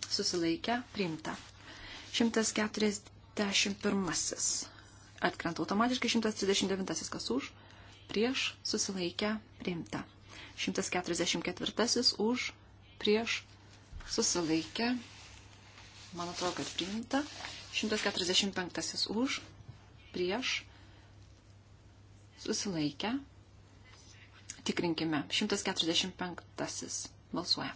Speaker 2: susilaikę, priimta. 141. Atkrenta automatiškai 139. Kas už, prieš, susilaikę, priimta. 144. Už, prieš, susilaikė, man atrodo, kad priimta. 145 už, prieš, susilaikė. Tikrinkime, 145 balsuoja.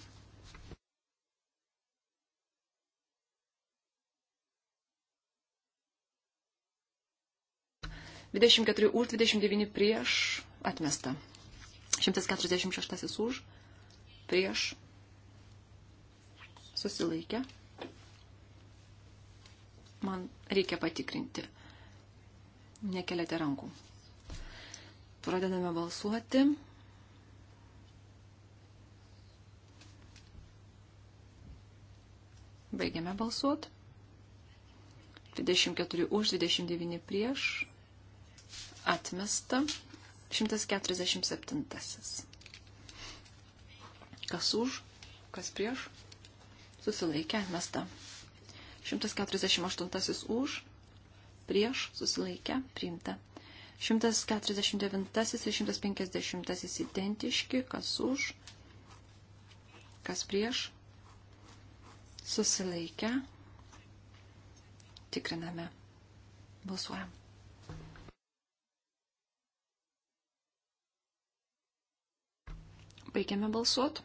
Speaker 2: Dvidešimt keturi už, dvidešimt devyni prieš, atmesta. Šimtas keturiasdešimt šeštasis už, prieš, susilaikė. Man reikia patikrinti. Nekeliate rankų. Pradedame balsuoti. Baigiame balsuoti. 24 už, 29 prieš. Atmesta. 147. Kas už, kas prieš, susilaikė, mesta. 148 už, prieš, susilaikė, priimta. 149 ir 150 identiški, kas už, kas prieš, susilaikę, tikriname, balsuojam. Baigiame balsuot.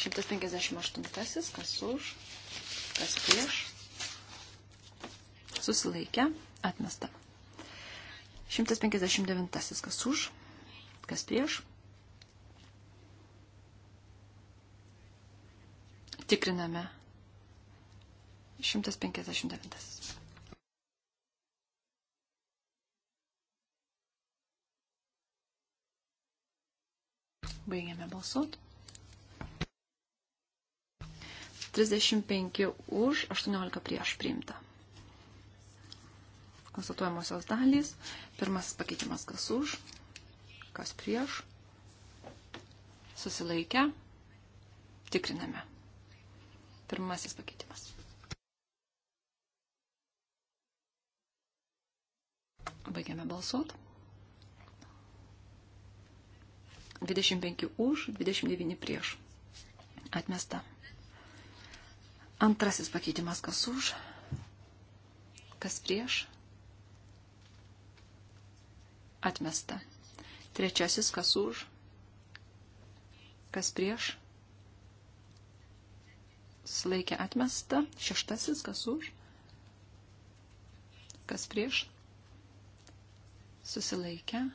Speaker 2: 158. Kas už, kas prieš. Susilaikė, atmesta. 159. Kas už, kas prieš. Tikriname. 159. Baigiame balsuoti. 35 už, 18 prieš priimta. Konstatuojamosios dalys. Pirmasis pakeitimas kas už, kas prieš. Susilaikę. Tikriname. Pirmasis pakeitimas. Baigiame balsuot. 25 už, 29 prieš. Atmesta. Antrasis pakeitimas kas už, kas prieš, atmesta. Trečiasis kas už, kas prieš, sulaikė atmesta. Šeštasis kas už, kas prieš, susilaikę,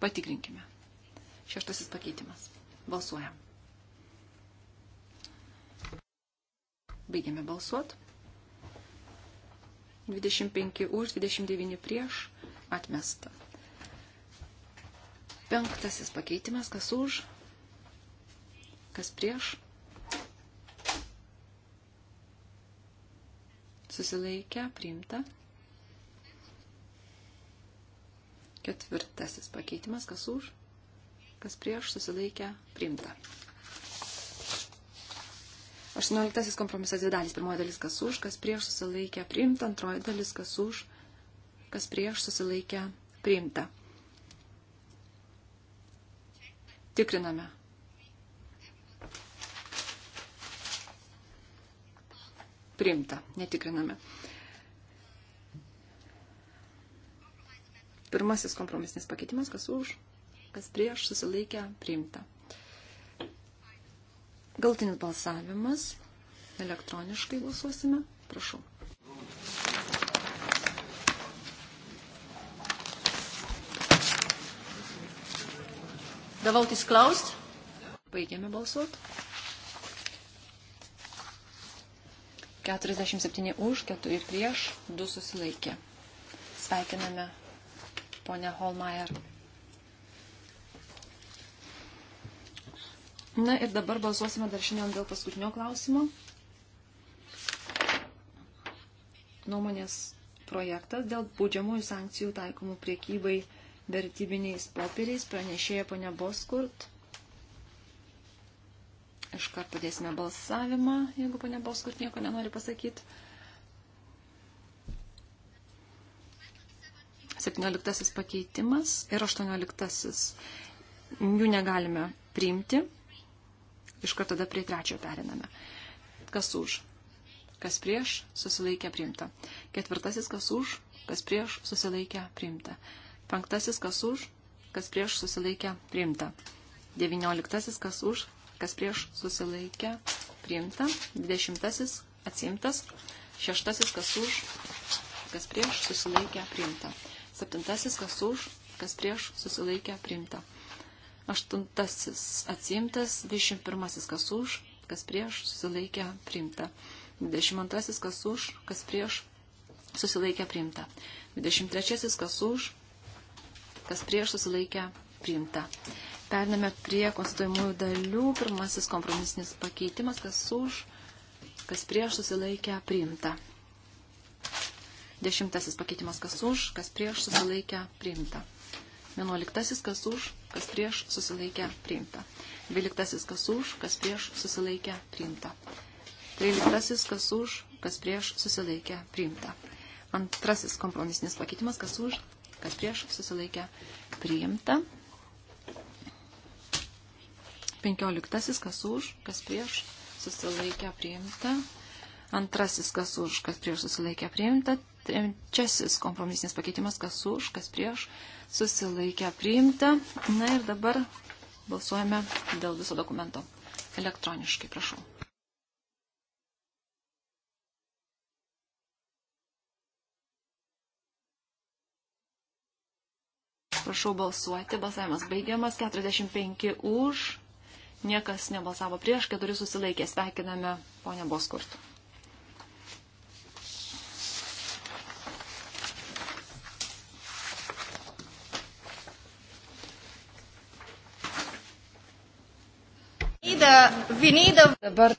Speaker 2: patikrinkime. Šeštasis pakeitimas. Balsuojam. Baigiame balsuot. 25 už, 29 prieš, atmesta. Penktasis pakeitimas, kas už, kas prieš. Susilaikę, priimta. Ketvirtasis pakeitimas, kas už, kas prieš, susilaikę, priimta. 18 kompromisas dvi dalys. Pirmoji dalis kas už, kas prieš susilaikę priimta. Antroji dalis kas už, kas prieš susilaikę priimta. Tikriname. Priimta, netikriname. Pirmasis kompromisinis pakeitimas, kas už, kas prieš susilaikę priimta. Galtinis balsavimas. Elektroniškai balsuosime. Prašau. The vote is closed. Baigėme balsuoti. 47 už, 4 prieš, 2 susilaikė. Sveikiname ponę Holmeier. Na ir dabar balsuosime dar šiandien dėl paskutinio klausimo. Nuomonės projektas dėl būdžiamųjų sankcijų taikomų priekybai vertybiniais popieriais pranešėja ponia Boskurt. Iškart padėsime balsavimą, jeigu ponia Boskurt nieko nenori pasakyti. 17 pakeitimas ir 18. Jų negalime priimti, Iš karto tada prie trečiojo periname. Kas už? Kas prieš? Susilaikė priimta. Ketvirtasis kas už? Kas prieš? Susilaikė priimta. Penktasis kas už? Kas prieš? Susilaikė priimta. Devynioliktasis kas už? Kas prieš? Susilaikė priimta. Dvidešimtasis atsimtas. Šeštasis kas už? Kas prieš? Susilaikė priimta. Septintasis kas už? Kas prieš? Susilaikė priimta. Aštuntasis atsimtas, 21 kas už, kas prieš, susilaikė priimta. 22 kas už, kas prieš, susilaikė priimta. 23 kas už, kas prieš, susilaikė priimta. Pername prie konstatuojamųjų dalių. Pirmasis kompromisinis pakeitimas, kas už, kas prieš, susilaikė priimta. Dešimtasis pakeitimas, kas už, kas prieš, susilaikė priimta. 11. Kas už, kas prieš susilaikę priimta. 12. Kas už, kas prieš susilaikę priimta. 13. Kas už, kas prieš susilaikę priimta. Antrasis kompromisinis pakeitimas, kas už, kas prieš susilaikę priimta. 15. Kas už, kas prieš susilaikę priimta. Antrasis, kas už, kas prieš susilaikę priimta. Trečiasis kompromisinis pakeitimas, kas už, kas prieš susilaikę priimta. Na ir dabar balsuojame dėl viso dokumento elektroniškai, prašau. Prašau balsuoti. Balsavimas baigiamas. 45 už. Niekas nebalsavo prieš, keturi susilaikė. Sveikiname ponę Boskurtų.
Speaker 1: uh, we
Speaker 2: need a... Dabar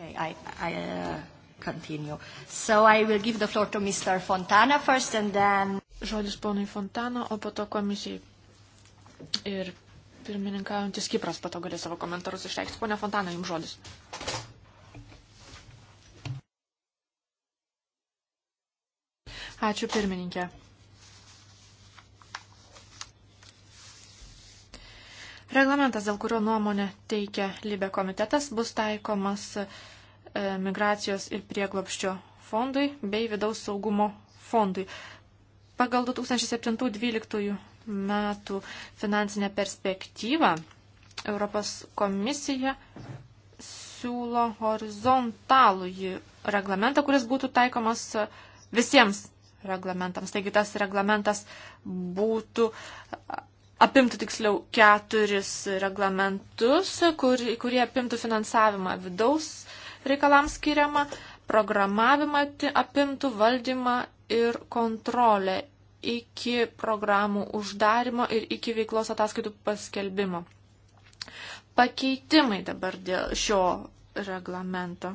Speaker 2: Okay,
Speaker 1: I, I uh, continue. So I will give the floor to Mr. Fontana first and then... Žodis ponui Fontana, o po to komisijai. Ir pirmininkaujantis Kipras pato galės savo komentarus išreikšti. Pone Fontana, jums žodis. Ačiū pirmininkė. Reglamentas, dėl kurio nuomonę teikia Libė komitetas, bus taikomas e, migracijos ir prieglopščio fondui bei vidaus saugumo fondui. Pagal 2007-2012 metų finansinę perspektyvą Europos komisija siūlo horizontalų reglamentą, kuris būtų taikomas visiems reglamentams. Taigi tas reglamentas būtų apimtų tiksliau keturis reglamentus, kur, kurie apimtų finansavimą vidaus reikalams skiriamą, programavimą apimtų valdymą ir kontrolę iki programų uždarimo ir iki veiklos ataskaitų paskelbimo. Pakeitimai dabar dėl šio reglamento,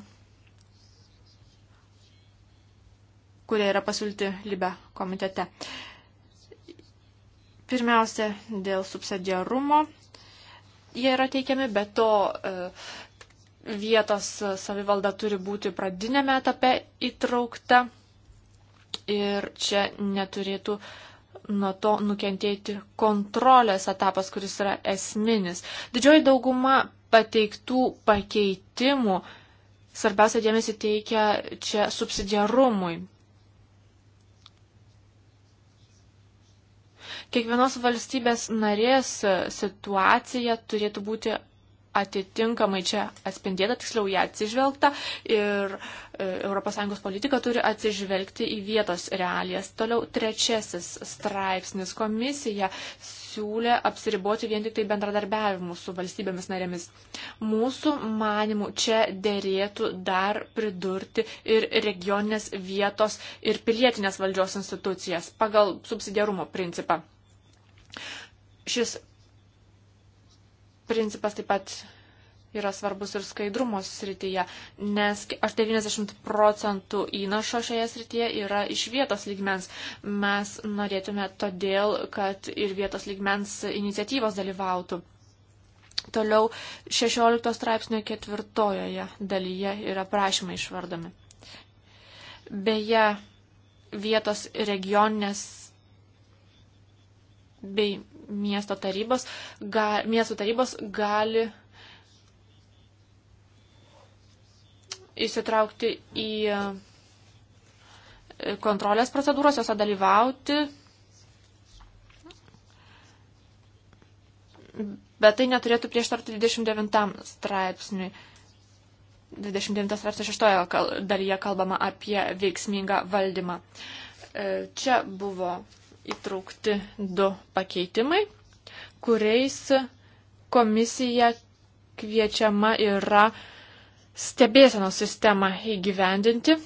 Speaker 1: kurie yra pasiūlyti Libe komitete. Uh, Pirmiausia, dėl subsidiarumo jie yra teikiami, bet to e, vietos savivalda turi būti pradinėme etape įtraukta ir čia neturėtų nuo to nukentėti kontrolės etapas, kuris yra esminis. Didžioji dauguma pateiktų pakeitimų svarbiausia dėmesį teikia čia subsidiarumui. Kiekvienos valstybės narės situacija turėtų būti atitinkamai čia atspindėta, tiksliau ją atsižvelgta ir e, ES politika turi atsižvelgti į vietos realijas. Toliau trečiasis straipsnis komisija siūlė apsiriboti vien tik tai bendradarbiavimu su valstybėmis narėmis. Mūsų manimų čia dėrėtų dar pridurti ir regioninės vietos ir pilietinės valdžios institucijas pagal subsidiarumo principą. Šis principas taip pat yra svarbus ir skaidrumo srityje, nes 90 procentų įnašo šioje srityje yra iš vietos lygmens. Mes norėtume todėl, kad ir vietos lygmens iniciatyvos dalyvautų. Toliau 16 straipsnio ketvirtojoje dalyje yra prašymai išvardomi. Beje, vietos regioninės bei miesto tarybos, ga, miesto tarybos gali įsitraukti į e, kontrolės procedūros, jose dalyvauti. Bet tai neturėtų prieštarti 29 straipsniui. 29 straipsnio 6 dalyje kalbama apie veiksmingą valdymą. E, čia buvo įtraukti du pakeitimai, kuriais komisija kviečiama yra stebėsenos sistemą įgyvendinti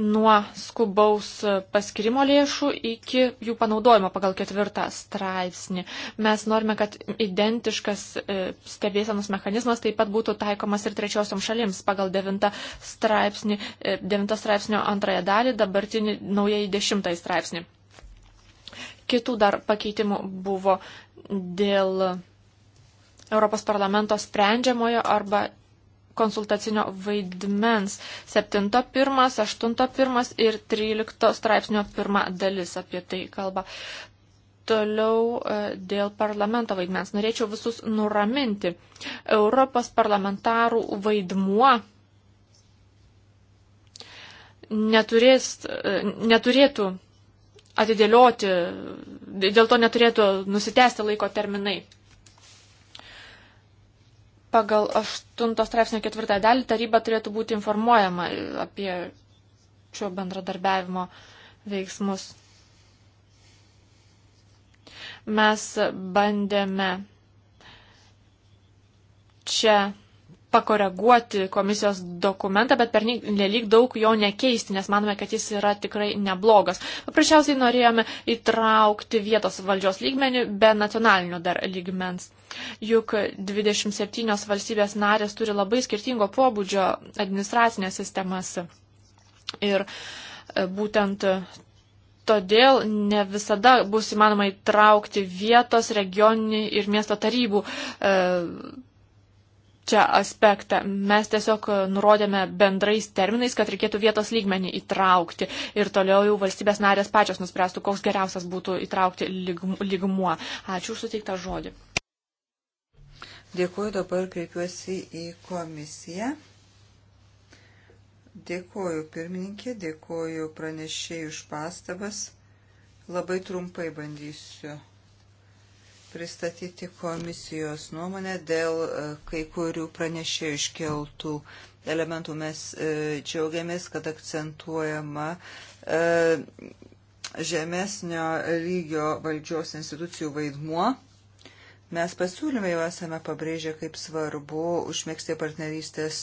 Speaker 1: nuo skubaus paskirimo lėšų iki jų panaudojimo pagal ketvirtą straipsnį. Mes norime, kad identiškas e, stebėsenos mechanizmas taip pat būtų taikomas ir trečiosiom šalims pagal devintą straipsnį, e, devintą straipsnio antrąją dalį, dabartinį naujai dešimtąjį straipsnį. Kitų dar pakeitimų buvo dėl Europos parlamento sprendžiamojo arba konsultacinio vaidmens 7.1, 8.1 ir 13 straipsnio 1 dalis apie tai kalba. Toliau e, dėl parlamento vaidmens. Norėčiau visus nuraminti. Europos parlamentarų vaidmuo neturės, e, neturėtų atidėlioti, dėl to neturėtų nusitęsti laiko terminai. Pagal 8 straipsnio 4 dalį taryba turėtų būti informuojama apie šio bendradarbiavimo veiksmus. Mes bandėme čia pakoreguoti komisijos dokumentą, bet per nelik daug jo nekeisti, nes manome, kad jis yra tikrai neblogas. Paprasčiausiai norėjome įtraukti vietos valdžios lygmenį be nacionalinio dar lygmens. Juk 27 valstybės narės turi labai skirtingo pobūdžio administracinės sistemas. Ir e, būtent todėl ne visada bus įmanoma įtraukti vietos, regioninį ir miesto tarybų e, čia aspektą. Mes tiesiog nurodėme bendrais terminais, kad reikėtų vietos lygmenį įtraukti ir toliau jau valstybės narės pačios nuspręstų, koks geriausias būtų įtraukti lygmuo.
Speaker 3: Ačiū už suteiktą žodį. Dėkuoju, dabar kreipiuosi į komisiją. Dėkuoju pirmininkė, dėkuoju pranešėjai už pastabas. Labai trumpai bandysiu pristatyti komisijos nuomonę dėl e, kai kurių pranešėjų iškeltų elementų. Mes e, džiaugiamės, kad akcentuojama e, žemesnio lygio valdžios institucijų vaidmuo. Mes pasiūlyme jau esame pabrėžę, kaip svarbu užmėgsti partnerystės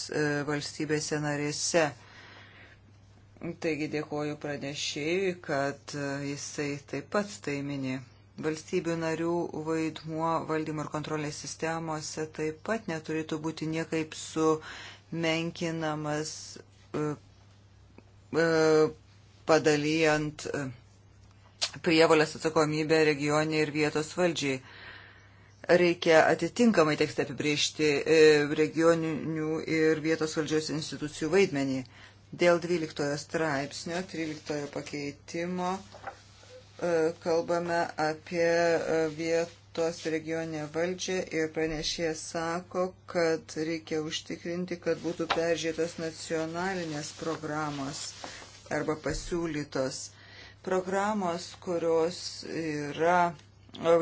Speaker 3: valstybėse narėse. Taigi dėkoju pranešėjui, kad jisai taip pat tai mini valstybių narių vaidmuo valdymo ir kontrolės sistemose taip pat neturėtų būti niekaip sumenkinamas e, e, padalyjant e, prievalės atsakomybę regioniai ir vietos valdžiai. Reikia atitinkamai tekste apibriežti regioninių ir vietos valdžios institucijų vaidmenį. Dėl 12 straipsnio, 13 pakeitimo E, kalbame apie e, vietos regioninę valdžią ir pranešėjas sako, kad reikia užtikrinti, kad būtų peržiūrėtos nacionalinės programos arba pasiūlytos programos, kurios yra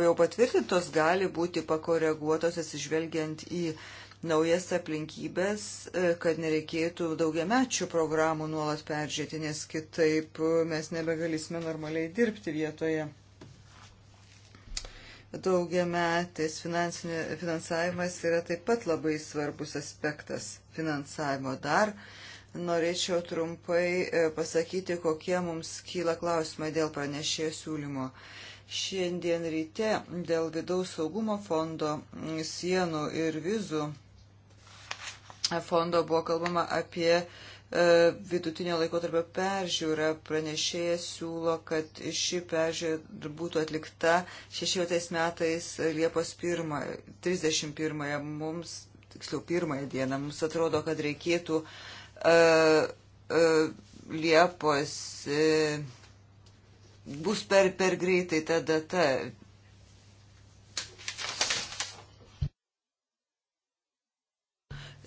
Speaker 3: jau patvirtintos, gali būti pakoreguotos atsižvelgiant į uh, naujas aplinkybės, e, kad nereikėtų daugiamečių programų nuolat peržiūrėti, nes kitaip e, mes nebegalėsime normaliai dirbti vietoje. Daugiametis finansavimas yra taip pat labai svarbus aspektas finansavimo dar. Norėčiau trumpai e, pasakyti, kokie mums kyla klausimai dėl pranešėjo siūlymo šiandien ryte dėl vidaus saugumo fondo sienų ir vizų fondo buvo kalbama apie e, vidutinio laikotarpio peržiūrą. Pranešėjas siūlo, kad ši peržiūra būtų atlikta 16 metais Liepos 1, 31 mums, tiksliau, 1 dieną. Mums atrodo, kad reikėtų uh, uh, Liepos. Uh, bus per, per greitai ta data.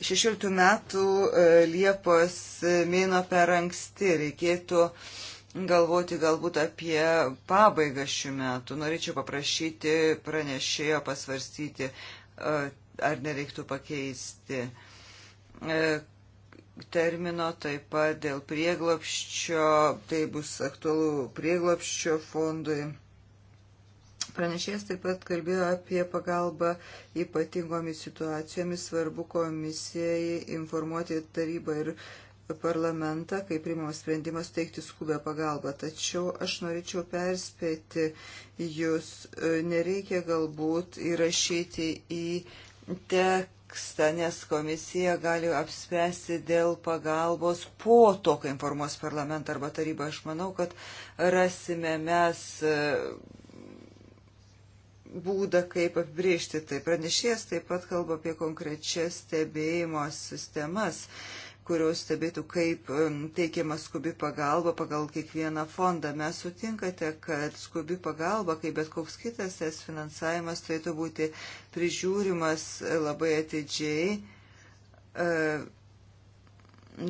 Speaker 3: 16 metų e, Liepos mėno per anksti reikėtų galvoti galbūt apie pabaigą šių metų. Norėčiau paprašyti pranešėjo pasvarstyti, e, ar nereiktų pakeisti e, termino, taip pat dėl prieglopščio, tai bus aktualu prieglopščio fondui. Pranešėjas taip pat kalbėjo apie pagalbą ypatingomis situacijomis. Svarbu komisijai informuoti tarybą ir parlamentą, kai primamas sprendimas teikti skubę pagalbą. Tačiau aš norėčiau perspėti jūs, e, nereikia galbūt įrašyti į tekstą, nes komisija gali apspręsti dėl pagalbos po to, kai informuos parlamentą arba tarybą. Aš manau, kad rasime mes e, būdą, kaip apibriežti tai. Pranešėjas taip pat kalba apie konkrečias stebėjimo sistemas, kurios stebėtų, kaip um, teikiama skubi pagalba pagal kiekvieną fondą. Mes sutinkate, kad skubi pagalba, kaip bet koks kitas es finansavimas, turėtų būti prižiūrimas e, labai atidžiai. E,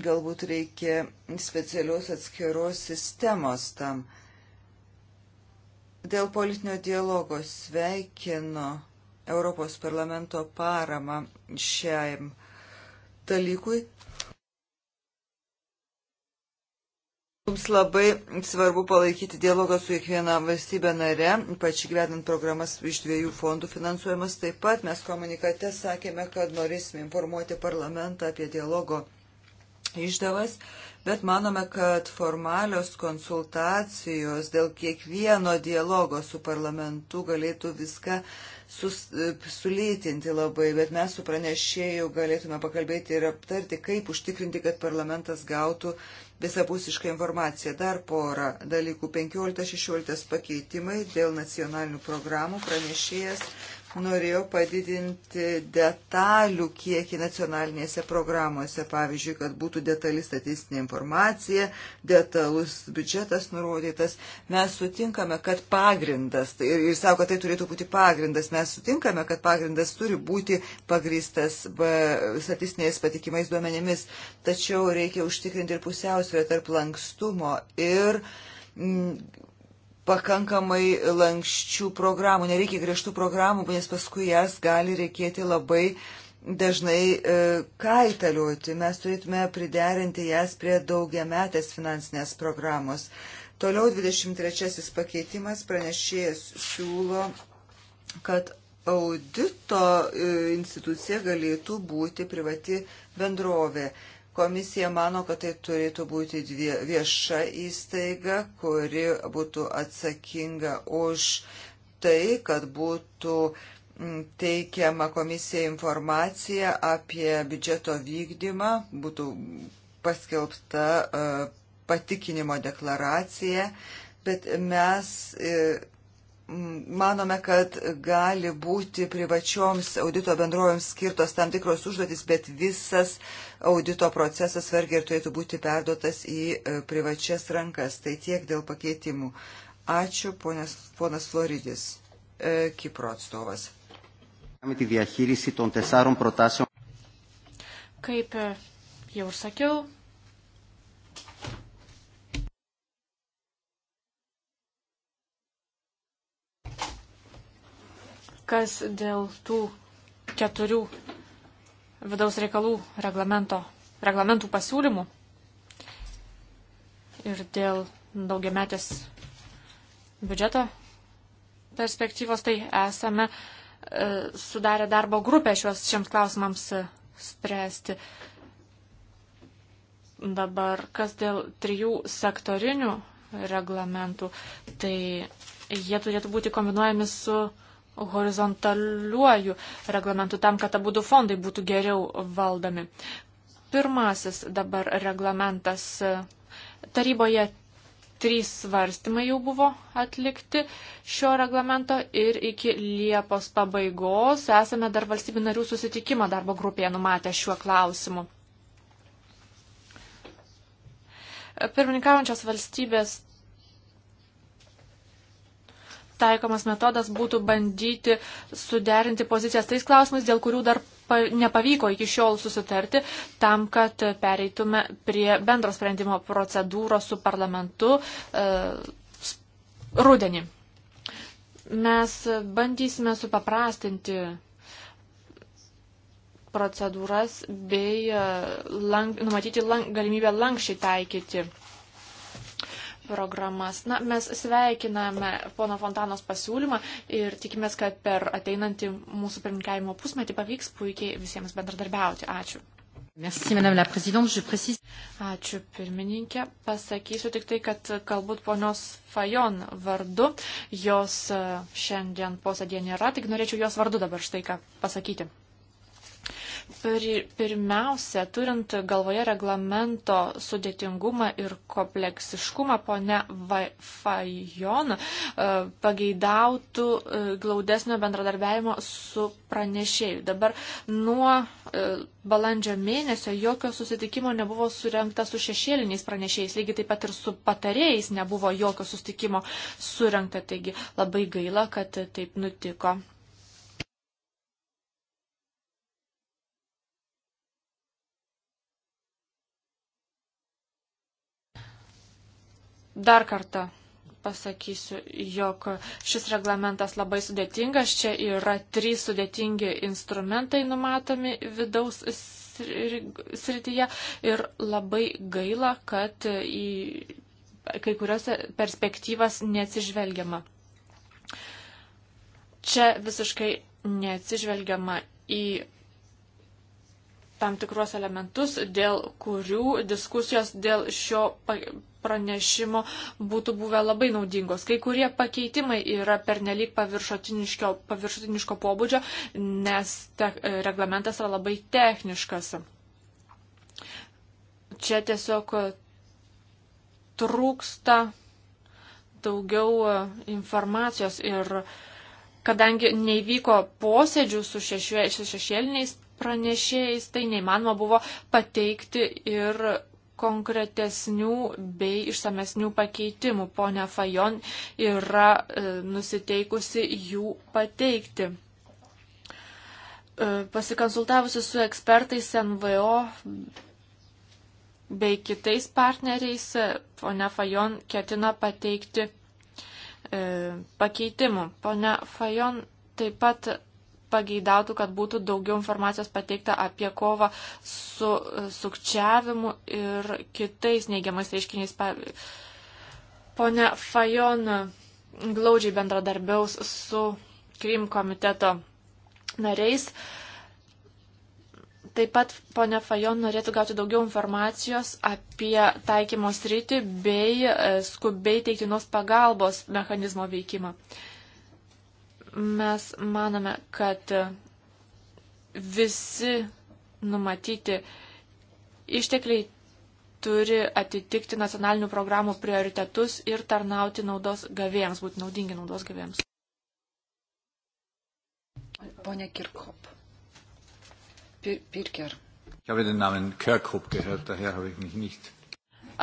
Speaker 3: galbūt reikia specialios atskiros sistemos tam Dėl politinio dialogo sveikino Europos parlamento paramą šiam dalykui. Mums labai svarbu palaikyti dialogą su kiekviena valstybė nare, ypač gyvenant programas iš dviejų fondų finansuojamas. Taip pat mes komunikate sakėme, kad norėsime informuoti parlamentą apie dialogo išdavas, bet manome, kad formalios konsultacijos dėl kiekvieno dialogo su parlamentu galėtų viską sus, sulėtinti labai, bet mes su pranešėju galėtume pakalbėti ir aptarti, kaip užtikrinti, kad parlamentas gautų visapusišką informaciją. Dar porą dalykų. 15-16 pakeitimai dėl nacionalinių programų pranešėjas norėjo padidinti detalių kiekį nacionalinėse programuose, pavyzdžiui, kad būtų detali statistinė informacija, detalus biudžetas nurodytas. Mes sutinkame, kad pagrindas, tai ir, ir savo, kad tai turėtų būti pagrindas, mes sutinkame, kad pagrindas turi būti pagristas statistiniais patikimais duomenėmis, tačiau reikia užtikrinti ir pusiausvę tarp lankstumo ir mm, pakankamai lankščių programų, nereikia griežtų programų, nes paskui jas gali reikėti labai dažnai e, kaitaliuoti. Mes turėtume priderinti jas prie daugiametės finansinės programos. Toliau 23 pakeitimas pranešėjas siūlo, kad audito e, institucija galėtų būti privati bendrovė. E, Komisija mano, kad tai turėtų būti vieša įstaiga, kuri būtų atsakinga už tai, kad būtų teikiama komisija informacija apie biudžeto vykdymą, būtų paskelbta e, patikinimo deklaracija, bet mes e, manome, kad gali būti privačioms audito bendrovėms skirtos tam tikros užduotis, bet visas uh, audito procesas vargiai ir turėtų būti perduotas į e, privačias rankas. Tai tiek dėl pakeitimų. Ačiū, ponas, ponas Floridis, e, Kipro atstovas.
Speaker 1: Kaip e, jau sakiau, kas dėl tų keturių vidaus reikalų reglamentų pasiūlymų ir dėl daugiametės biudžeto perspektyvos, tai esame e, sudarę darbo grupę šios šiems klausimams e, spręsti. Dabar, kas dėl trijų sektorinių reglamentų, tai jie turėtų būti kombinuojami su horizontaliuoju reglamentu tam, kad abu fondai būtų geriau valdomi. Pirmasis dabar reglamentas taryboje trys svarstymai jau buvo atlikti šio reglamento ir iki Liepos pabaigos esame dar valstybių narių susitikimą darbo grupėje numatę šiuo klausimu. Pirmininkaujančios valstybės taikomas metodas būtų bandyti suderinti pozicijas tais klausimais, dėl kurių dar nepavyko iki šiol susitarti, tam, kad pereitume prie bendro sprendimo procedūros su parlamentu e, rudenį. Mes bandysime supaprastinti procedūras bei e, lank, numatyti lank, galimybę lankščiai taikyti programas. Na, mes sveikiname pono Fontanos pasiūlymą ir tikimės, kad per ateinantį mūsų pirmininkavimo pusmetį pavyks puikiai visiems bendradarbiauti. Ačiū. Merci, Madame la Présidente. Je précise. Ačiū pirmininkė. Pasakysiu tik tai, kad galbūt ponios Fajon vardu, jos e, šiandien posėdien nėra, tik norėčiau jos vardu dabar štai ką pasakyti. Pirmiausia, turint galvoje reglamento sudėtingumą ir kompleksiškumą, ponia Fajon e, pageidautų e, glaudesnio bendradarbiavimo su pranešėju. Dabar nuo e, balandžio mėnesio jokio susitikimo nebuvo surenkta su šešėliniais pranešėjais, lygiai taip pat ir su patarėjais nebuvo jokio susitikimo surenkta, taigi labai gaila, kad taip nutiko. Dar kartą pasakysiu, jog šis reglamentas labai sudėtingas. Čia yra trys sudėtingi instrumentai numatomi vidaus srityje ir labai gaila, kad į kai kuriuose perspektyvas neatsižvelgiama. Čia visiškai neatsižvelgiama į tam tikrus elementus, dėl kurių diskusijos dėl šio pranešimo būtų buvę labai naudingos. Kai kurie pakeitimai yra pernelyg paviršutiniško, paviršutiniško pobūdžio, nes te, reglamentas yra labai techniškas. Čia tiesiog trūksta daugiau informacijos ir kadangi neįvyko posėdžių su, šešvė, su šešėliniais pranešėjais, tai neįmanoma buvo pateikti ir konkretesnių bei išsamesnių pakeitimų. Pone Fajon yra e, nusiteikusi jų pateikti. E, pasikonsultavusi su ekspertais NVO bei kitais partneriais, e, pone Fajon ketina pateikti e, pakeitimų. Pone Fajon taip pat pageidautų, kad būtų daugiau informacijos pateikta apie kovą su e, sukčiavimu ir kitais neigiamais reiškiniais. Pone Fajon glaudžiai bendradarbiaus su Krim komiteto nariais. Taip pat ponia Fajon norėtų gauti daugiau informacijos apie taikymo sritį bei e, skubiai teiktinos pagalbos mechanizmo veikimą. Uh, Mes manome, kad visi numatyti ištekliai turi atitikti nacionalinių programų prioritetus ir tarnauti naudos gavėjams, būti naudingi naudos gavėjams. Pone Kirkhop. Pir Pirker. Ich habe den Namen Kirkhop gehört, daher habe ich mich nicht.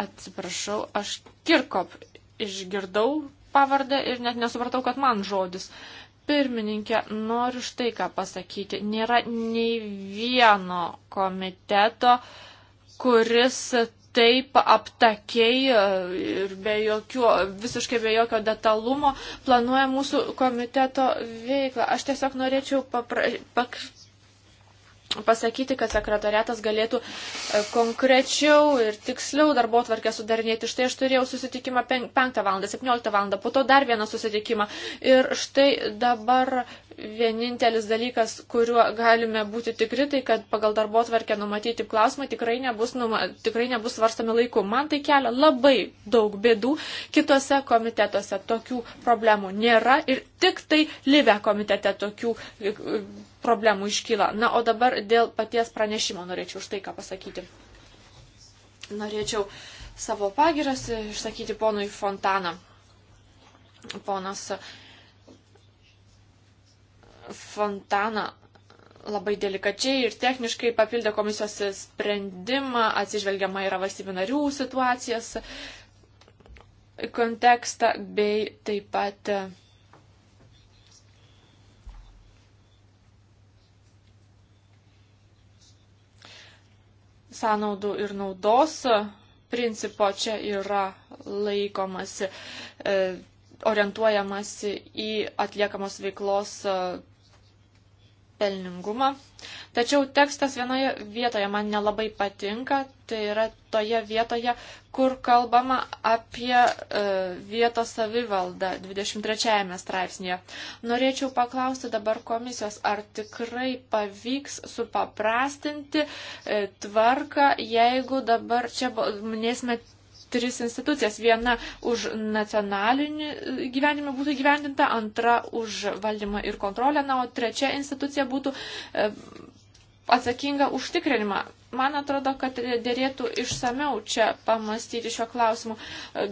Speaker 1: Atsiprašau, aš Kirkhop išgirdau pavardę ir net nesupratau, kad man žodis. Uh, pirmininkė, noriu štai ką pasakyti. Nėra nei vieno komiteto, kuris taip aptakiai e, ir be jokio, visiškai be jokio detalumo planuoja mūsų komiteto veiklą. Aš tiesiog norėčiau papra, pak, pasakyti, kad sekretariatas galėtų e, konkrečiau ir tiksliau darbo tvarkę sudarinėti. Štai aš turėjau susitikimą 5 val. 17 val. po to dar vieną susitikimą. Ir štai dabar vienintelis dalykas, kuriuo galime būti tikri, tai kad pagal darbo tvarkę numatyti klausimą tikrai nebus, numa, tikrai nebus svarstami laiku. Man tai kelia labai daug bėdų. Kitose komitetuose tokių problemų nėra ir tik tai Live komitete tokių e, e, problemų iškyla. Na, o dabar dėl paties pranešimo norėčiau štai ką pasakyti. Norėčiau savo pagiras išsakyti ponui Fontaną. Ponas Fontana labai delikačiai ir techniškai papildė komisijos sprendimą, atsižvelgiama yra valstybių narių situacijas, kontekstą bei taip pat e, sąnaudų ir naudos principo čia yra laikomasi, e, orientuojamasi į atliekamos veiklos e, pelningumą. Tačiau tekstas vienoje vietoje man nelabai patinka, tai yra toje vietoje, kur kalbama apie e, vietos savivaldą 23 straipsnėje. Norėčiau paklausti dabar komisijos, ar tikrai pavyks supaprastinti e, tvarką, jeigu dabar čia minėsime tris institucijas. Viena už nacionalinį gyvenimą būtų gyvendinta, antra už valdymą ir kontrolę, na, o trečia institucija būtų e, atsakinga užtikrinimą. Man atrodo, kad dėrėtų išsameu čia pamastyti šio klausimu, e,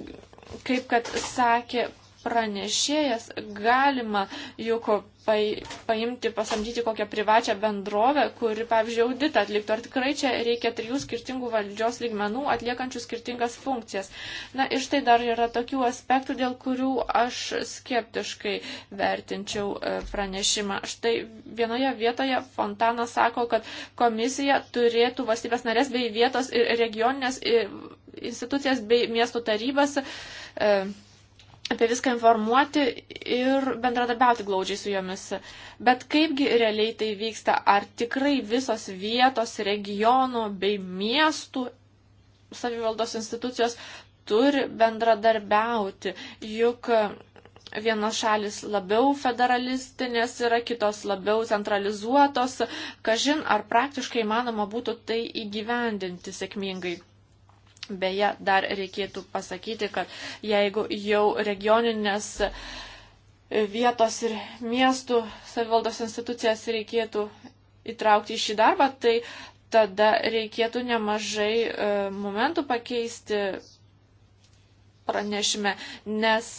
Speaker 1: kaip kad sakė pranešėjas, galima juk paimti, pasamdyti kokią privačią bendrovę, kuri, pavyzdžiui, auditą atliktų. Ar tikrai čia reikia trijų skirtingų valdžios lygmenų atliekančių skirtingas funkcijas? Na ir štai dar yra tokių aspektų, dėl kurių aš skeptiškai vertinčiau e, pranešimą. Štai vienoje vietoje Fontanas sako, kad komisija turėtų valstybės narės bei vietos ir regioninės e, institucijas bei miestų tarybas. E, apie viską informuoti ir bendradarbiauti glaudžiai su jomis. Bet kaipgi realiai tai vyksta? Ar tikrai visos vietos, regionų bei miestų savivaldos institucijos turi bendradarbiauti? Juk vienos šalis labiau federalistinės yra, kitos labiau centralizuotos. Kažin, ar praktiškai manoma būtų tai įgyvendinti sėkmingai? Beje, dar reikėtų pasakyti, kad jeigu jau regioninės vietos ir miestų savivaldos institucijas reikėtų įtraukti į šį darbą, tai tada reikėtų nemažai e, momentų pakeisti pranešime, nes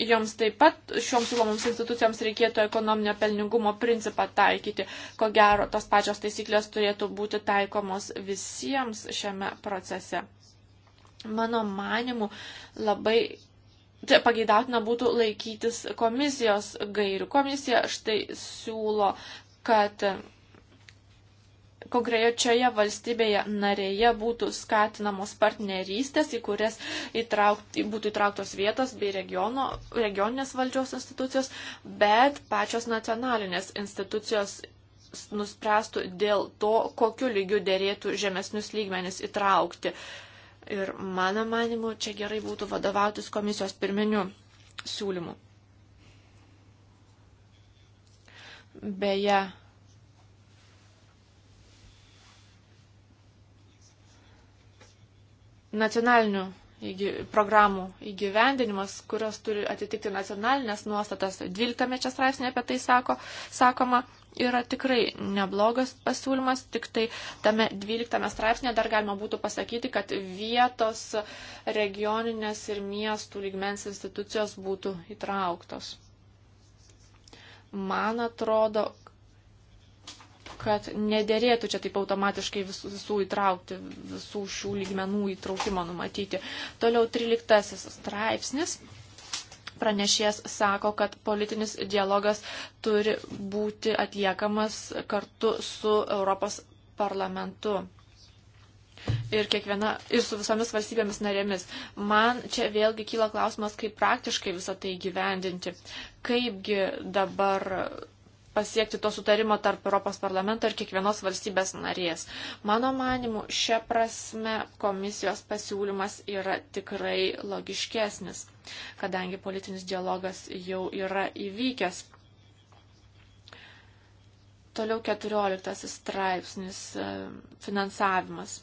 Speaker 1: joms taip pat šioms siūlomoms institucijoms reikėtų ekonominio pelningumo principą taikyti. Ko gero, tos pačios taisyklės turėtų būti taikomos visiems šiame procese. Mano manimu, labai tai pageidautina būtų laikytis komisijos gairių. Komisija štai siūlo, kad konkrečioje valstybėje narėje būtų skatinamos partnerystės, į kurias įtraukt, būtų įtrauktos vietos bei regiono, regioninės valdžios institucijos, bet pačios nacionalinės institucijos nuspręstų dėl to, kokiu lygiu dėrėtų žemesnius lygmenis įtraukti. Ir mano manimu, čia gerai būtų vadovautis komisijos pirminių siūlymų. Beje, nacionalinių programų įgyvendinimas, kurios turi atitikti nacionalinės nuostatas. 12 čia straipsnė apie tai sako, sakoma, yra tikrai neblogas pasiūlymas, tik tai tame 12 straipsnė dar galima būtų pasakyti, kad vietos regioninės ir miestų lygmens institucijos būtų įtrauktos. Man atrodo, kad nederėtų čia taip automatiškai visų, visų įtraukti, visų šių lygmenų įtraukimo numatyti. Toliau 13 straipsnis. Pranešės sako, kad politinis dialogas turi būti atliekamas kartu su Europos parlamentu. Ir, kiekviena, ir su visomis valstybėmis narėmis. Man čia vėlgi kyla klausimas, kaip praktiškai visą tai gyvendinti. Kaipgi dabar pasiekti to sutarimo tarp Europos parlamento ir kiekvienos valstybės narės. Mano manimu, šia prasme komisijos pasiūlymas yra tikrai logiškesnis, kadangi politinis dialogas jau yra įvykęs. Toliau 14 straipsnis e, - finansavimas.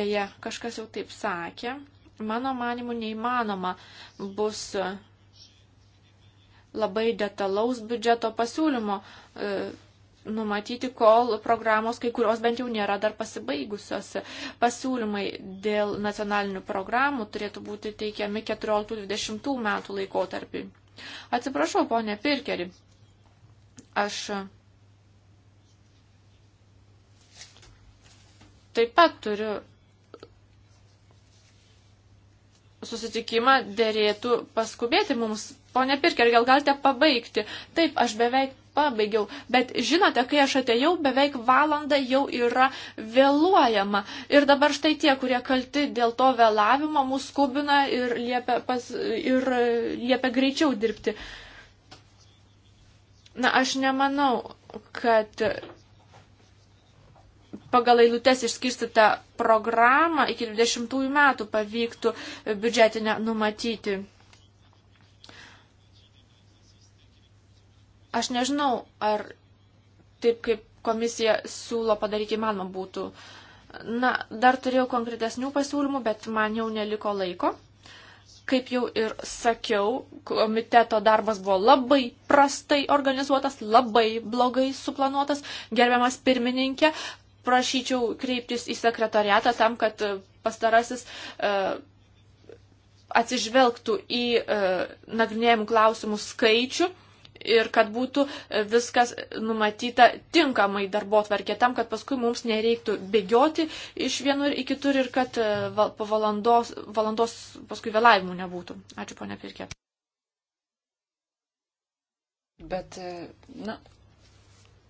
Speaker 1: Beje, kažkas jau taip sakė, Mano manimu, neįmanoma bus labai detalaus biudžeto pasiūlymo e, numatyti, kol programos kai kurios bent jau nėra dar pasibaigusios. Pasiūlymai dėl nacionalinių programų turėtų būti teikiami 14-20 metų laikotarpį. Atsiprašau, ponė Pirkeri, aš taip pat turiu susitikimą dėrėtų paskubėti mums. Pone Pirker, gal galite pabaigti? Taip, aš beveik pabaigiau, bet žinote, kai aš atėjau, beveik valanda jau yra vėluojama. Ir dabar štai tie, kurie kalti dėl to vėlavimo, mus skubina ir liepia, pas, ir liepia greičiau dirbti. Na, aš nemanau, kad pagal eilutes išskirstytą programą iki 20 metų pavyktų biudžetinę numatyti. Aš nežinau, ar taip kaip komisija siūlo padaryti įmanoma būtų. Na, dar turėjau konkretesnių pasiūlymų, bet man jau neliko laiko. Kaip jau ir sakiau, komiteto darbas buvo labai prastai organizuotas, labai blogai suplanuotas. Gerbiamas pirmininkė, prašyčiau kreiptis į sekretariatą tam, kad e, pastarasis e, atsižvelgtų į e, nagrinėjimų klausimų skaičių ir kad būtų viskas numatyta tinkamai darbo tvarkė tam, kad paskui mums nereiktų bėgioti iš vienur į kitur ir kad po valandos, valandos paskui vėlavimų nebūtų. Ačiū, ponia Pirkė.
Speaker 2: Bet, na,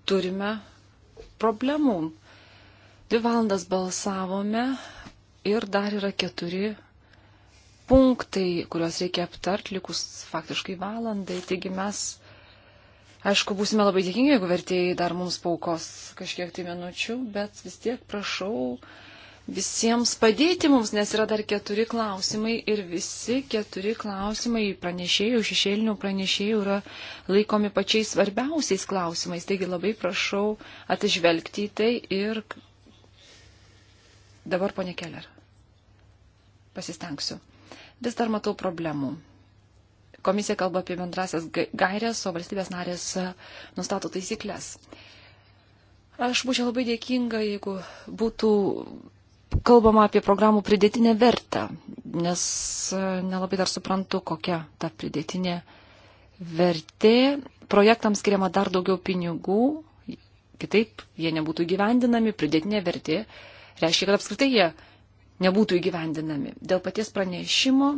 Speaker 2: turime problemų. Dvi valandas balsavome ir dar yra keturi punktai, kuriuos reikia aptart likus faktiškai valandai. Taigi mes, aišku, būsime labai dėkingi, jeigu vertėjai dar mums paukos kažkiek tai minučių, bet vis tiek prašau visiems padėti mums, nes yra dar keturi klausimai ir visi keturi klausimai pranešėjų, šešėlinių pranešėjų yra laikomi pačiais svarbiausiais klausimais. Taigi labai prašau atižvelgti į tai ir Dabar, ponė Keller, pasistengsiu. Vis dar matau problemų. Komisija kalba apie bendrasias gairias, o valstybės narės e, nustato taisyklės. Aš būčiau labai dėkinga, jeigu būtų kalbama apie programų pridėtinę vertę, nes e, nelabai dar suprantu, kokia ta pridėtinė vertė. Projektams skiriama dar daugiau pinigų, kitaip jie nebūtų gyvendinami, pridėtinė vertė reiškia, kad apskritai jie nebūtų įgyvendinami. Dėl paties pranešimo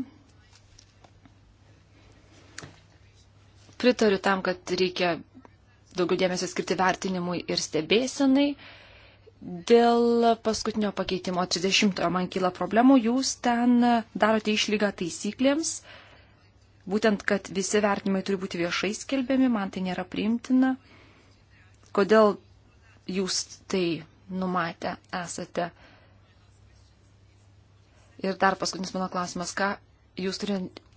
Speaker 2: pritariu tam, kad reikia daugiau dėmesio skirti vertinimui ir stebėsenai. Dėl paskutinio pakeitimo 30-ojo man kyla problemų, jūs ten darote išlygą taisyklėms, būtent, kad visi vertinimai turi būti viešai skelbiami, man tai nėra priimtina. Kodėl jūs tai numatę esate. Ir dar paskutinis mano klausimas, ką jūs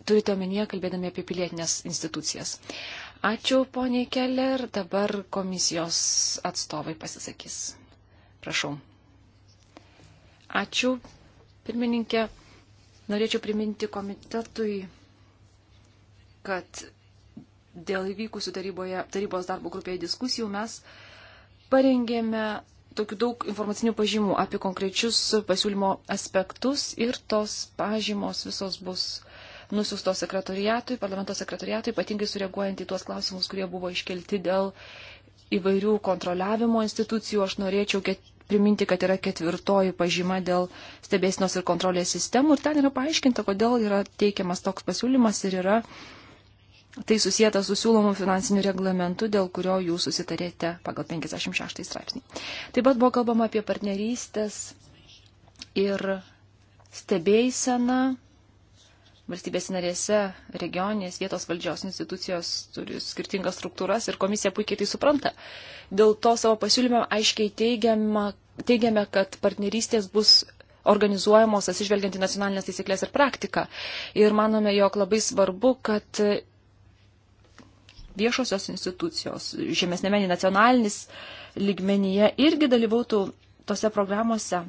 Speaker 2: turite omenyje, kalbėdami apie pilietinės institucijas. Ačiū, poniai Keller. Dabar komisijos atstovai pasisakys. Prašau. Ačiū, pirmininkė. Norėčiau priminti komitetui, kad dėl įvykusių taryboje, tarybos darbo grupėje diskusijų mes parengėme tokių daug informacinių pažymų apie konkrečius pasiūlymo aspektus ir tos pažymos visos bus nusiustos sekretoriatui, parlamento sekretoriatui, ypatingai sureaguojant į tuos klausimus, kurie buvo iškelti dėl įvairių kontroliavimo institucijų. Aš norėčiau ket... priminti, kad yra ketvirtoji pažyma dėl stebėsinos ir kontrolės sistemų ir ten yra paaiškinta, kodėl yra teikiamas toks pasiūlymas ir yra Tai susijęta su siūlomu finansiniu reglamentu, dėl kurio jūs susitarėte pagal 56 straipsnį. Taip pat buvo kalbama apie partnerystės ir stebėjseną. Valstybės narėse regioninės vietos valdžios institucijos turi skirtingas struktūras ir komisija puikiai tai supranta. Dėl to savo pasiūlymę aiškiai teigiama, teigiame, kad partnerystės bus organizuojamos atsižvelgiant į nacionalinės taisyklės ir praktiką. Ir manome, jog labai svarbu, kad viešosios institucijos, žemesnėme nei nacionalinis lygmenyje irgi dalyvautų tose programuose.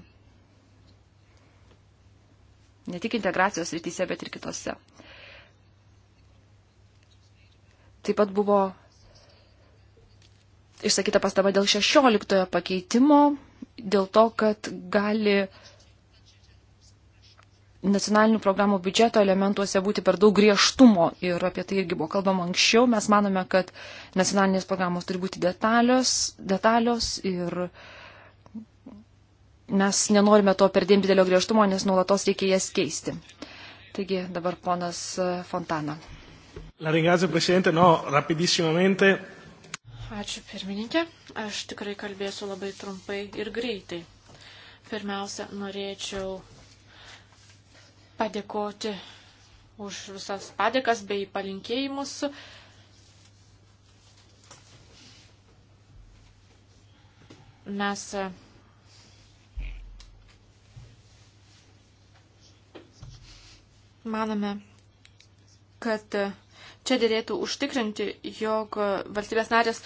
Speaker 2: Ne tik integracijos rytise, bet ir kitose. Taip pat buvo išsakyta pastaba dėl 16 pakeitimo, dėl to, kad gali nacionalinių programų biudžeto elementuose būti per daug griežtumo ir apie tai irgi buvo kalbama anksčiau. Mes manome, kad nacionalinės programos turi būti detalios, detalios ir mes nenorime to per dėm didelio griežtumo, nes nuolatos reikia jas keisti. Taigi dabar ponas Fontana.
Speaker 3: La ringrazio, Presidente. No, rapidissimamente.
Speaker 1: Ačiū, pirmininkė. Aš tikrai kalbėsiu labai trumpai ir greitai. Pirmiausia, norėčiau padėkoti už visas padėkas bei palinkėjimus. Mes manome, kad čia dėlėtų užtikrinti, jog valstybės narės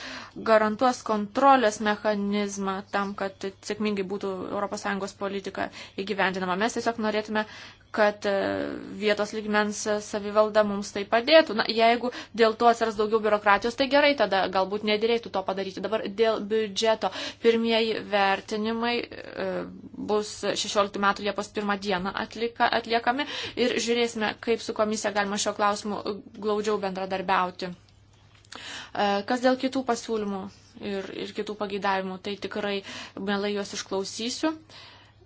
Speaker 1: garantuos kontrolės mechanizmą tam, kad sėkmingai būtų ES politika įgyvendinama. Mes tiesiog norėtume kad e, vietos lygmens e, savivalda mums tai padėtų. Na, jeigu dėl to atsiras daugiau biurokratijos, tai gerai, tada galbūt nedėlėtų to padaryti. Dabar dėl biudžeto. Pirmieji vertinimai e, bus 16 metų Liepos 1 dieną atlika, atliekami ir žiūrėsime, kaip su komisija galima šio klausimu glaudžiau bendradarbiauti. Kas dėl kitų pasiūlymų ir, ir kitų pagydavimų, tai tikrai mielai juos išklausysiu. Uh,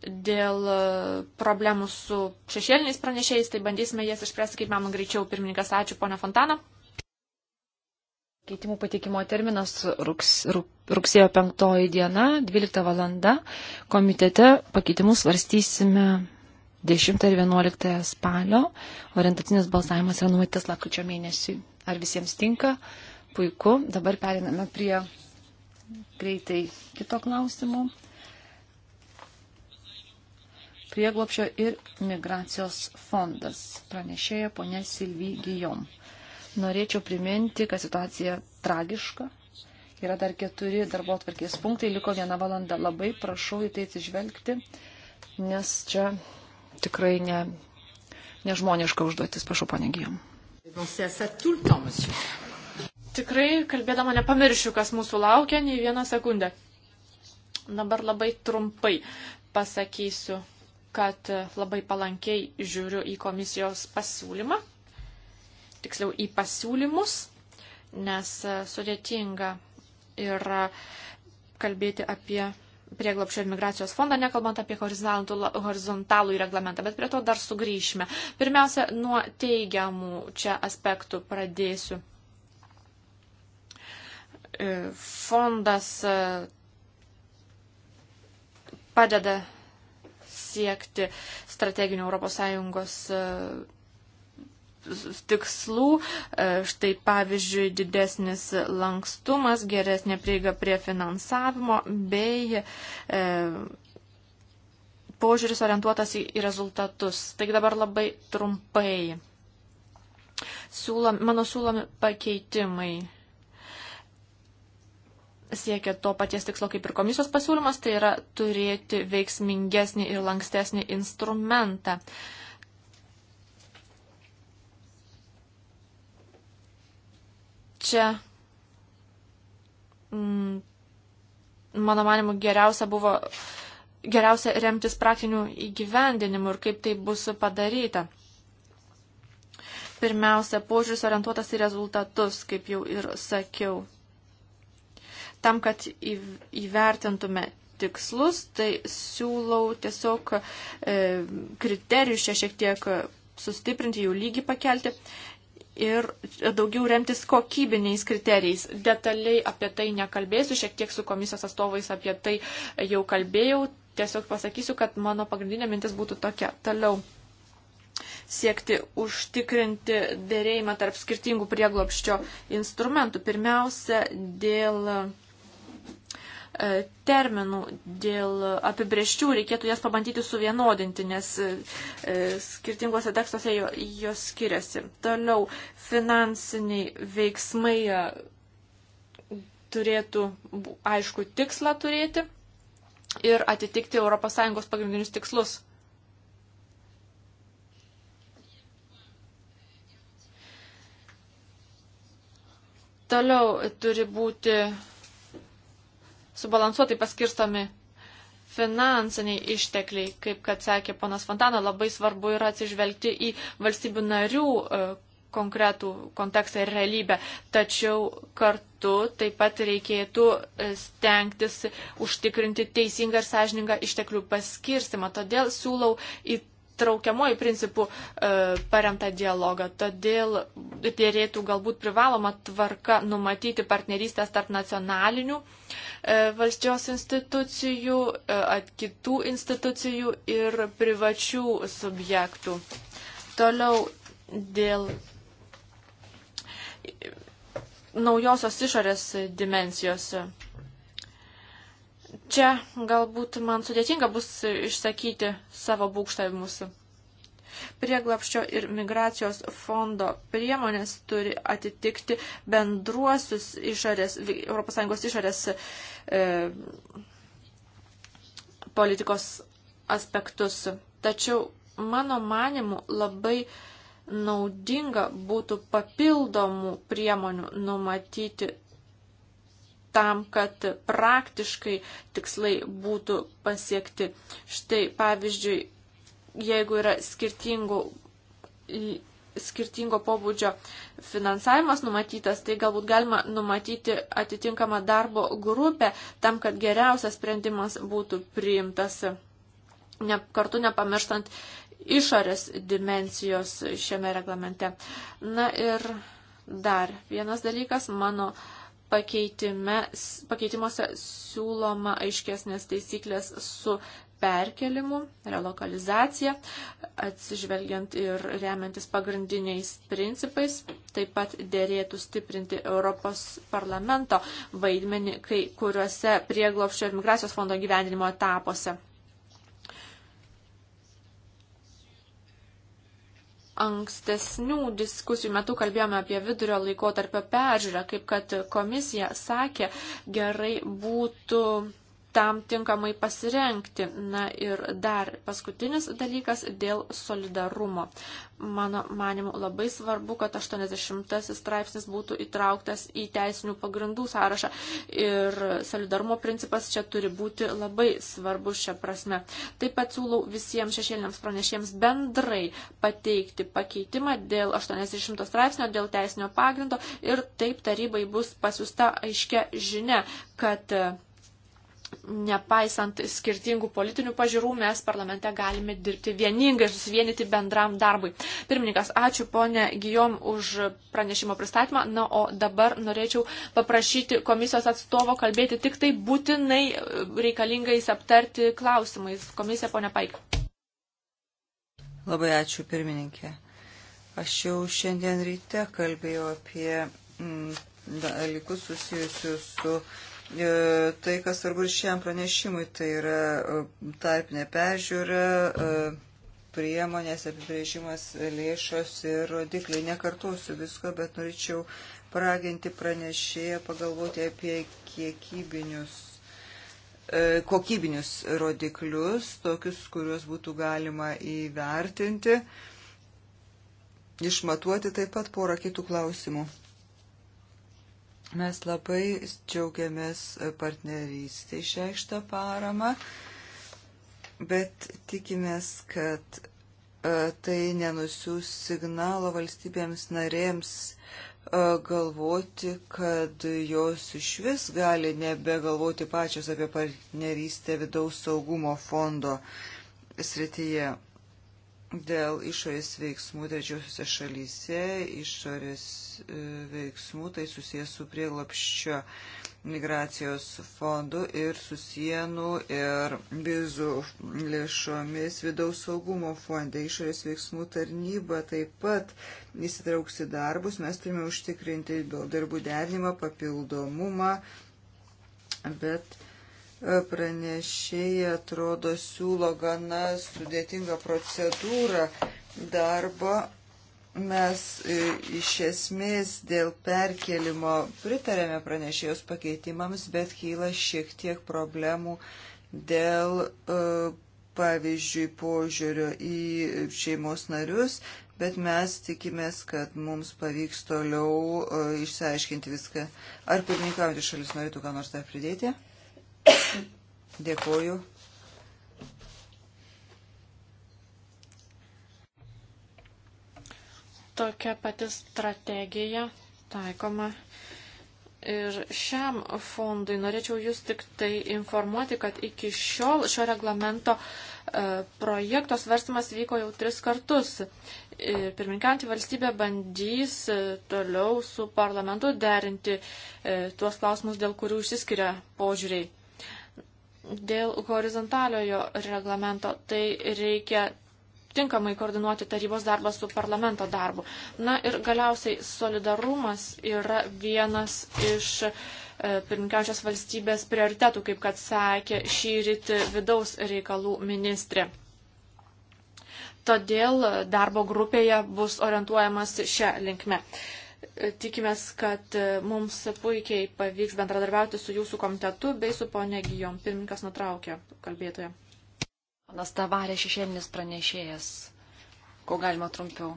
Speaker 1: dėl e, problemų su šešėliniais pranešėjais, tai bandysime jas išspręsti kaip man greičiau. Pirmininkas, ačiū, ponia Fontana. Keitimų pateikimo terminas
Speaker 2: rugs, rug, rugsėjo 5 diena, 12 valanda. Komitete pakeitimus svarstysime 10 ir 11 spalio. Orientacinis balsavimas yra numatytas lakučio mėnesiui. Ar visiems tinka? Puiku. Dabar periname prie greitai kito klausimo prieglopšio ir migracijos fondas. Pranešėja ponė Silvy Gijom. Norėčiau priminti, kad situacija tragiška. Yra dar keturi darbo atvarkės punktai, liko viena valanda. Labai prašau į tai atsižvelgti, nes čia tikrai ne, nežmoniška užduotis. Prašau, ponė Gijom.
Speaker 1: Tikrai, kalbėdama, nepamiršiu, kas mūsų laukia, nei vieną sekundę. Dabar labai trumpai pasakysiu kad labai palankiai žiūriu į komisijos pasiūlymą, tiksliau į pasiūlymus, nes sudėtinga yra kalbėti apie prieglopšio ir migracijos fondą, nekalbant apie horizontalų reglamentą, bet prie to dar sugrįšime. Pirmiausia, nuo teigiamų čia aspektų pradėsiu. E, fondas e, padeda siekti strateginių ES e, tikslų, e, štai pavyzdžiui, didesnis lankstumas, geresnė prieiga prie finansavimo bei e, požiūris orientuotas į, į rezultatus. Taigi dabar labai trumpai. Siūlam, mano siūlomi pakeitimai siekia to paties tikslo kaip ir komisijos pasiūlymas, tai yra turėti veiksmingesnį ir lankstesnį instrumentą. Čia, mm, mano manimu, geriausia buvo geriausia remtis praktinių įgyvendinimų ir kaip tai bus padaryta. Pirmiausia, požiūris orientuotas į rezultatus, kaip jau ir sakiau. Tam, kad įvertintume tikslus, tai siūlau tiesiog e, kriterijus čia šiek tiek sustiprinti, jų lygį pakelti ir daugiau remtis kokybiniais kriterijais. Detaliai apie tai nekalbėsiu, šiek tiek su komisijos atstovais apie tai jau kalbėjau. Tiesiog pasakysiu, kad mano pagrindinė mintis būtų tokia. Toliau siekti užtikrinti dėrėjimą tarp skirtingų prieglopščio instrumentų. Pirmiausia, dėl E, terminų dėl apibrieščių reikėtų jas pabandyti suvienodinti, nes e, skirtinguose tekstuose jos skiriasi. Toliau finansiniai veiksmai e, turėtų aišku tikslą turėti ir atitikti ES pagrindinius tikslus. Toliau turi būti subalansuotai paskirstomi finansiniai ištekliai, kaip kad sakė ponas Fontana, labai svarbu yra atsižvelgti į valstybių narių e, konkretų kontekstą ir realybę. Tačiau kartu taip pat reikėtų e, stengtis užtikrinti teisingą ir sąžiningą išteklių paskirstimą. Todėl siūlau į traukiamoji principų e, paremtą dialogą. Todėl dėrėtų galbūt privaloma tvarka numatyti partnerystės tarp nacionalinių e, valdžios institucijų, e, kitų institucijų ir privačių subjektų. Toliau dėl naujosios išorės dimensijos čia galbūt man sudėtinga bus išsakyti savo būkštavimus. Prieglapščio ir migracijos fondo priemonės turi atitikti bendruosius išorės, ES išorės e, politikos aspektus. Tačiau mano manimu labai naudinga būtų papildomų priemonių numatyti tam, kad praktiškai tikslai būtų pasiekti. Štai pavyzdžiui, jeigu yra skirtingų, skirtingo pobūdžio finansavimas numatytas, tai galbūt galima numatyti atitinkamą darbo grupę tam, kad geriausias sprendimas būtų priimtas, ne, kartu nepamirštant išorės dimensijos šiame reglamente. Na ir dar vienas dalykas, mano uh, pakeitimuose siūloma aiškesnės taisyklės su perkelimu, relokalizacija, atsižvelgiant ir remiantis pagrindiniais principais. Taip pat dėrėtų stiprinti Europos parlamento vaidmenį kai kuriuose prieglopščio ir migracijos fondo gyvenimo etapuose. ankstesnių diskusijų metu kalbėjome apie vidurio laiko tarpio peržiūrą, kaip kad komisija sakė, gerai būtų tam tinkamai pasirenkti. Na ir dar paskutinis dalykas dėl solidarumo. Mano manimu labai svarbu, kad 80 straipsnis būtų įtrauktas į teisinių pagrindų sąrašą ir solidarumo principas čia turi būti labai svarbus šią prasme. Taip pat siūlau visiems šešėliniams pranešėjams bendrai pateikti pakeitimą dėl 80 straipsnio, dėl teisinio pagrindo ir taip tarybai bus pasiusta aiškia žinia, kad nepaisant skirtingų politinių pažiūrų, mes parlamente galime dirbti vieningai ir susivienyti bendram darbui. Pirmininkas, ačiū ponė Gijom už pranešimo pristatymą. Na, o dabar norėčiau paprašyti komisijos atstovo kalbėti tik tai būtinai e, reikalingais aptarti klausimais. Komisija, ponė Paik.
Speaker 3: Labai ačiū, pirmininkė. Aš jau šiandien ryte kalbėjau apie mm, dalykus susijusius su E, tai, kas svarbu ir šiam pranešimui, tai yra e, tarpinė peržiūra, e, priemonės, apibrėžimas, lėšos ir rodikliai. Nekartosiu visko, bet norėčiau paraginti pranešėją pagalvoti apie kiekybinius kokybinius rodiklius, tokius, kuriuos būtų galima įvertinti, išmatuoti taip pat porą kitų klausimų. Mes labai džiaugiamės partnerystę išreikštą paramą, bet tikimės, kad e, tai nenusiūs signalo valstybėms narėms e, galvoti, kad jos iš vis gali nebegalvoti pačios apie partnerystę vidaus saugumo fondo srityje dėl išorės veiksmų trečiosiuose šalyse, išorės e, veiksmų, tai susijęs su prieglapščio migracijos fondu ir su sienų ir vizų lėšomis vidaus saugumo fonde. Išorės veiksmų tarnyba taip pat įsitrauks į darbus. Mes turime užtikrinti darbų derinimą, papildomumą, bet pranešėja atrodo siūlo gana sudėtingą procedūrą darbo. Mes e, iš esmės dėl perkelimo pritarėme pranešėjos pakeitimams, bet kyla šiek tiek problemų dėl, e, pavyzdžiui, požiūrio į šeimos narius, bet mes tikimės, kad mums pavyks toliau uh, išsiaiškinti viską. Ar pirmininkaujantis šalis norėtų ką nors dar pridėti? Dėkoju. Tokia pati
Speaker 1: strategija taikoma ir šiam fondui. Norėčiau jūs tik tai informuoti, kad iki šiol šio reglamento e, projekto svarstymas vyko jau tris kartus. E, Pirminkianti valstybė bandys e, toliau su parlamentu derinti tuos klausimus, dėl kurių išsiskiria požiūriai. Dėl horizontaliojo reglamento tai reikia tinkamai koordinuoti tarybos darbą su parlamento darbu. Na ir galiausiai solidarumas yra vienas iš e, pirmkiausios valstybės prioritetų, kaip kad sakė šį rytį vidaus reikalų ministrė. Todėl darbo grupėje bus orientuojamas šią linkmę. Uh, Tikimės, kad e, mums puikiai pavyks bendradarbiauti su jūsų komitetu bei su ponė Gijom. Pirmininkas nutraukė kalbėtoje. Panas Tavarė šešėlinis pranešėjas. Ko galima trumpiau?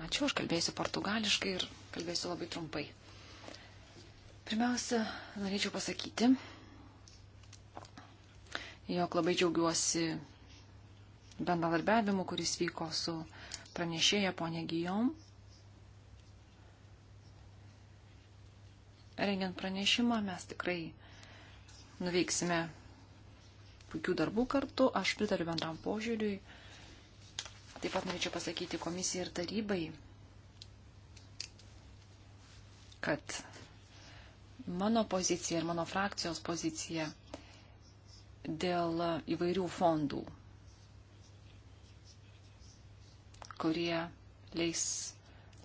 Speaker 2: Ačiū, aš kalbėsiu portugališkai ir kalbėsiu labai trumpai. Pirmiausia, norėčiau pasakyti, jog labai džiaugiuosi bendradarbiavimu, kuris vyko su pranešėja ponė Gijom. Rengiant pranešimą mes tikrai nuveiksime puikių darbų kartu. Aš pritariu bendram požiūriui. Taip pat norėčiau pasakyti komisijai ir tarybai, kad mano pozicija ir mano frakcijos pozicija dėl įvairių fondų kurie leis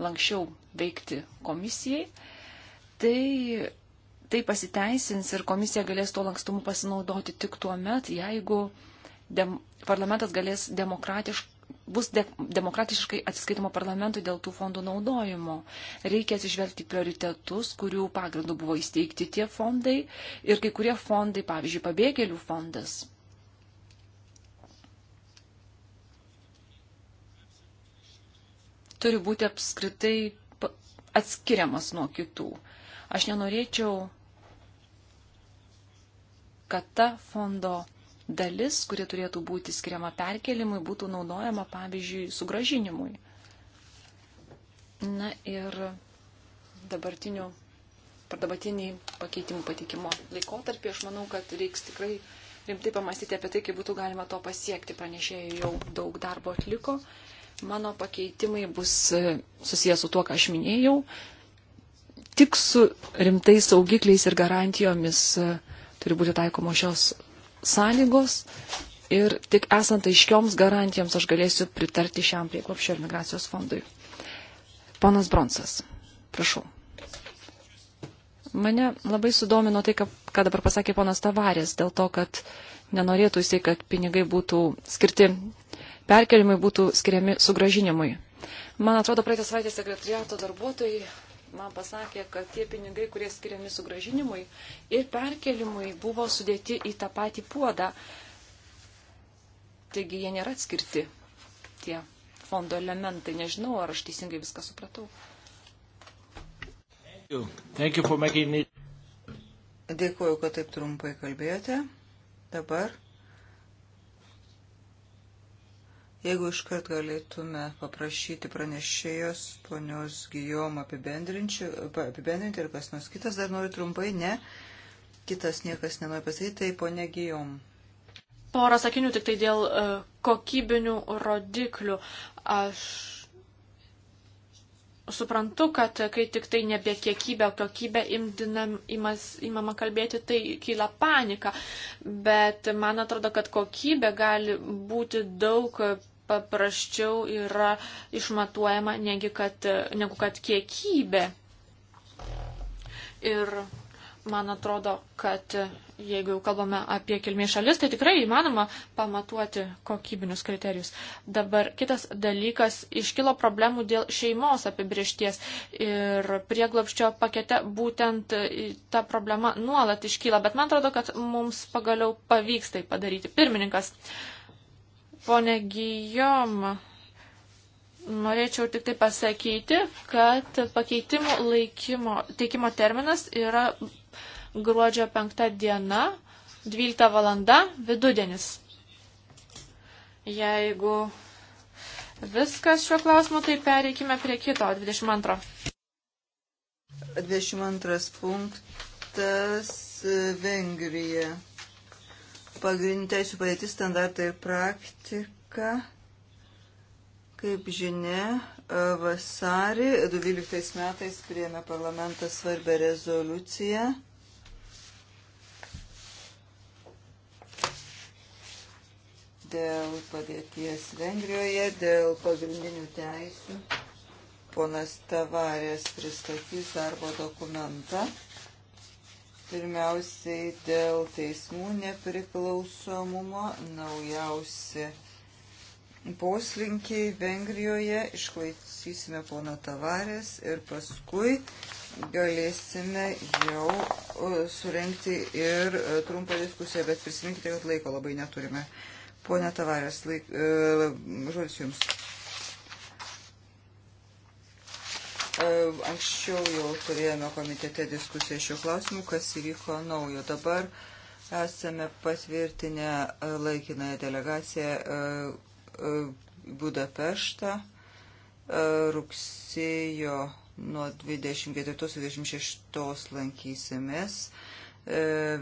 Speaker 2: lankščiau veikti komisijai, tai, tai pasiteisins ir komisija galės tuo lankstumu pasinaudoti tik tuo met, jeigu dem, parlamentas galės demokratiškai bus de, demokratiškai atsiskaitimo parlamentui dėl tų fondų naudojimo. Reikia atsižvelgti prioritetus, kurių pagrindų buvo įsteigti tie fondai ir kai kurie fondai, pavyzdžiui, pabėgėlių fondas turi būti apskritai atskiriamas nuo kitų. Aš nenorėčiau, kad ta fondo dalis, kuri turėtų būti skiriama perkelimui, būtų naudojama, pavyzdžiui, sugražinimui. Na ir dabartinių, per dabartinį pakeitimų patikimo laikotarpį aš manau, kad reiks tikrai rimtai pamastyti apie tai, kaip būtų galima to pasiekti. Pranešėjai jau daug darbo atliko. Mano pakeitimai bus e, susijęs su tuo, ką aš minėjau, tik su rimtais saugikliais ir garantijomis e, turi būti taikomos šios sąlygos. Ir tik esant aiškioms garantijoms aš galėsiu pritarti šiam prieklopščio ir migracijos fondui. Ponas Bronsas, prašau. Mane labai sudomino tai, ką, ką dabar pasakė ponas Tavarės, dėl to, kad nenorėtų jisai, kad pinigai būtų skirti perkelimui būtų skiriami sugražinimui. Man atrodo, praeitą savaitę sekretariato darbuotojai man pasakė, kad tie pinigai, kurie skiriami sugražinimui ir perkelimui, buvo sudėti į tą patį puodą. Taigi jie nėra atskirti, tie fondo elementai. Nežinau, ar aš teisingai viską supratau.
Speaker 3: Thank you. Thank you Dėkuoju, kad taip trumpai kalbėjote. Dabar Jeigu iškart galėtume paprašyti pranešėjos ponios Gijom apibendrinti ir kas nors kitas dar nori trumpai, ne, kitas niekas nenori pasakyti, tai ponia Gijom.
Speaker 1: Porą sakinių tik tai dėl e, kokybinių rodiklių. Aš suprantu, kad kai tik tai nebe kiekybė, o kokybė imdinam, imas, imama kalbėti, tai kyla panika. Bet man atrodo, kad kokybė gali būti daug paprasčiau yra išmatuojama negi kad, negu kad kiekybė. Ir man atrodo, kad jeigu jau kalbame apie kilmės šalis, tai tikrai įmanoma pamatuoti kokybinius kriterijus. Dabar kitas dalykas - iškilo problemų dėl šeimos apibriešties ir prieglopščio pakete būtent ta problema nuolat iškyla, bet man atrodo, kad mums pagaliau pavyks tai padaryti. Pirmininkas. Uh, Pone Gijom, norėčiau tik tai pasakyti, kad pakeitimų laikymo, teikimo terminas yra gruodžio 5 diena, 12 valanda, vidudienis. Jeigu viskas šiuo klausimu, tai pereikime prie kito, 22.
Speaker 3: 22 punktas Vengrija pagrindinių teisų padėtis, standartai ir praktika. Kaip žinia, e, vasarį 12 metais priėmė parlamentas svarbę rezoliuciją. Dėl padėties Vengrijoje, dėl pagrindinių teisų. Ponas Tavarės pristatys darbo dokumentą. Pirmiausiai dėl teismų nepriklausomumo naujausi poslinkiai Vengrijoje, išklausysime pono Tavarės ir paskui galėsime jau surenkti ir e, trumpą diskusiją, bet prisiminkite, kad laiko labai neturime. Pone Tavarės, laik, e, žodis jums. E, anksčiau jau turėjome komitete diskusiją šiuo klausimu, kas įvyko naujo. Dabar esame patvirtinę e, laikinąją delegaciją e, Budapeštą rugsėjo nuo 24-26 lankysimės.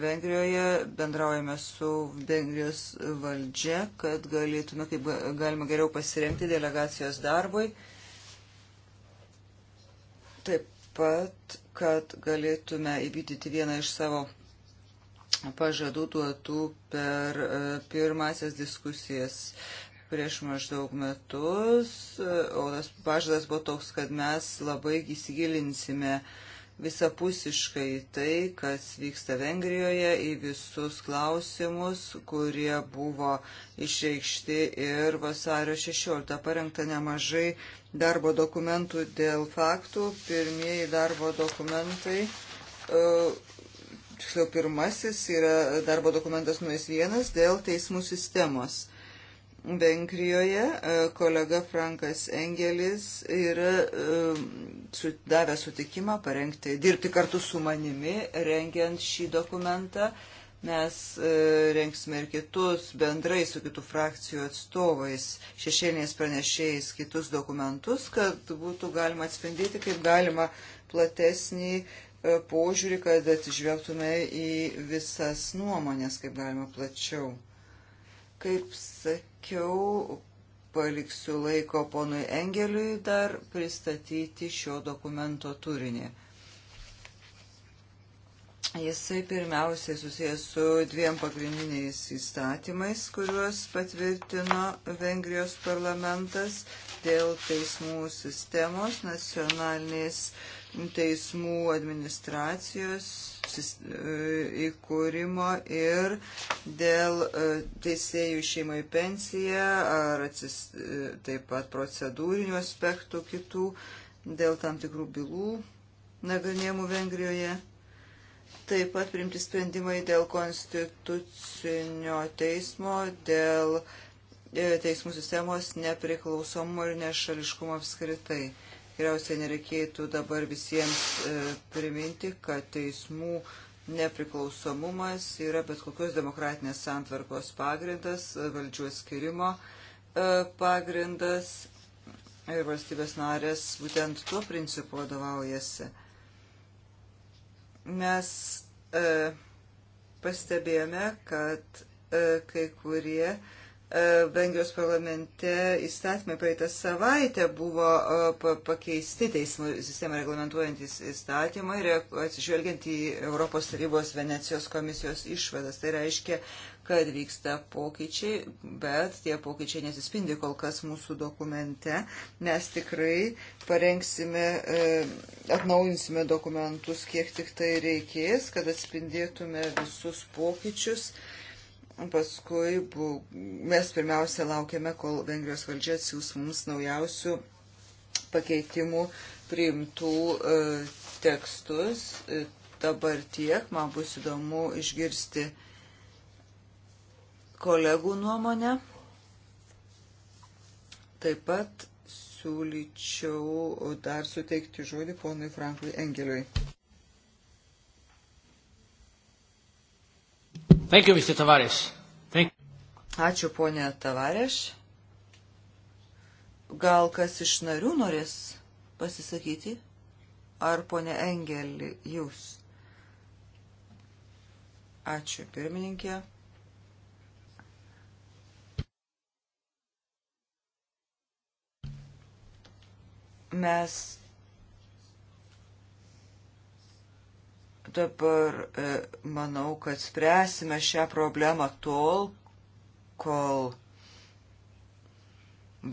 Speaker 3: Vengrijoje bendraujame su Vengrijos valdžia, kad galėtume kaip galima geriau pasirengti delegacijos darbui. Taip pat, kad galėtume įvykdyti vieną iš savo pažadų duotų per e, pirmasias diskusijas prieš maždaug metus, e, o tas pažadas buvo toks, kad mes labai įsigilinsime uh, visapusiškai tai, kas vyksta Vengrijoje, į visus klausimus, kurie buvo išreikšti ir vasario 16. Parengta nemažai darbo dokumentų dėl faktų. Pirmieji darbo dokumentai. Uh, tiksliau pirmasis yra darbo dokumentas numeris vienas dėl teismų sistemos. Vengrijoje e, kolega Frankas Engelis yra e, davęs sutikimą parengti, dirbti kartu su manimi, rengiant šį dokumentą. Mes e, rengsime ir kitus bendrai su kitų frakcijų atstovais, šešėliniais pranešėjais kitus dokumentus, kad būtų galima atspindyti, kaip galima platesnį požiūrį, kad atsižvelgtume į visas nuomonės, kaip galima plačiau. Kaip sakiau, paliksiu laiko ponui Engeliui dar pristatyti šio dokumento turinį. Jisai pirmiausiai susijęs su dviem pagrindiniais įstatymais, kuriuos patvirtino Vengrijos parlamentas dėl teismų sistemos nacionalinės teismų administracijos e, įkūrimo ir dėl e, teisėjų išeimo į pensiją ar atsis, e, taip pat procedūrinių aspektų kitų dėl tam tikrų bylų nagrinėjimų Vengrijoje. Taip pat priimti sprendimai dėl konstitucinio teismo, dėl teismų sistemos nepriklausomumo ir nešališkumo apskritai. Tikriausiai nereikėtų dabar visiems e, priminti, kad teismų nepriklausomumas yra bet kokios demokratinės santvarkos pagrindas, e, valdžios skirimo e, pagrindas ir valstybės narės būtent tuo principu vadovaujasi. Mes e, pastebėjome, kad e, kai kurie e, E, Vengrijos parlamente įstatymai praeitą savaitę buvo e, pakeisti teismų sistemą reglamentuojantis įstatymai ir atsižvelgiant į Europos tarybos Venecijos komisijos išvadas. Tai reiškia, kad vyksta pokyčiai, bet tie pokyčiai nesispindi kol kas mūsų dokumente. Mes tikrai parengsime, e, atnaujinsime dokumentus, kiek tik tai reikės, kad atspindėtume visus pokyčius Paskui bu, mes pirmiausia laukiame, kol Vengrijos valdžia atsiūs mums naujausių pakeitimų priimtų e, tekstus. E, dabar tiek, man bus įdomu išgirsti kolegų nuomonę. Taip pat siūlyčiau dar suteikti žodį ponui Frankui Engeliui. Thank you, Mr. Tavares. Thank you. Ačiū, ponė Tavareš. Gal kas iš narių norės pasisakyti? Ar ponė Engelį jūs? Ačiū, pirmininkė. Mes Dabar e, manau, kad spręsime šią problemą tol, kol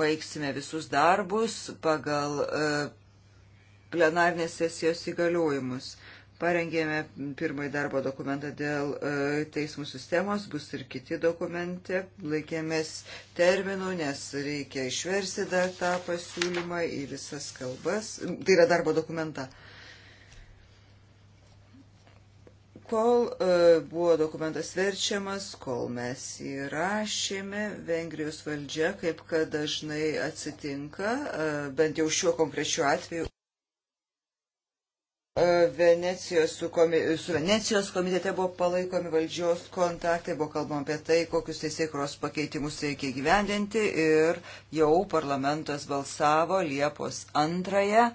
Speaker 3: baigsime visus darbus pagal e, plenarnės sesijos įgaliojimus. Parengėme pirmąjį darbo dokumentą dėl e, teismų sistemos, bus ir kiti dokumente, laikėmės terminų, nes reikia išversi dar tą pasiūlymą į visas kalbas, tai yra darbo dokumentą. Kol e, buvo dokumentas verčiamas, kol mes įrašėme, Vengrijos valdžia, kaip kad dažnai atsitinka, e, bent jau šiuo konkrečiu atveju, e, Venecijos su, komi, su Venecijos komitete buvo palaikomi valdžios kontaktai, buvo kalbama apie tai, kokius teisėkros pakeitimus reikia gyvendinti ir jau parlamentas balsavo Liepos antrąją.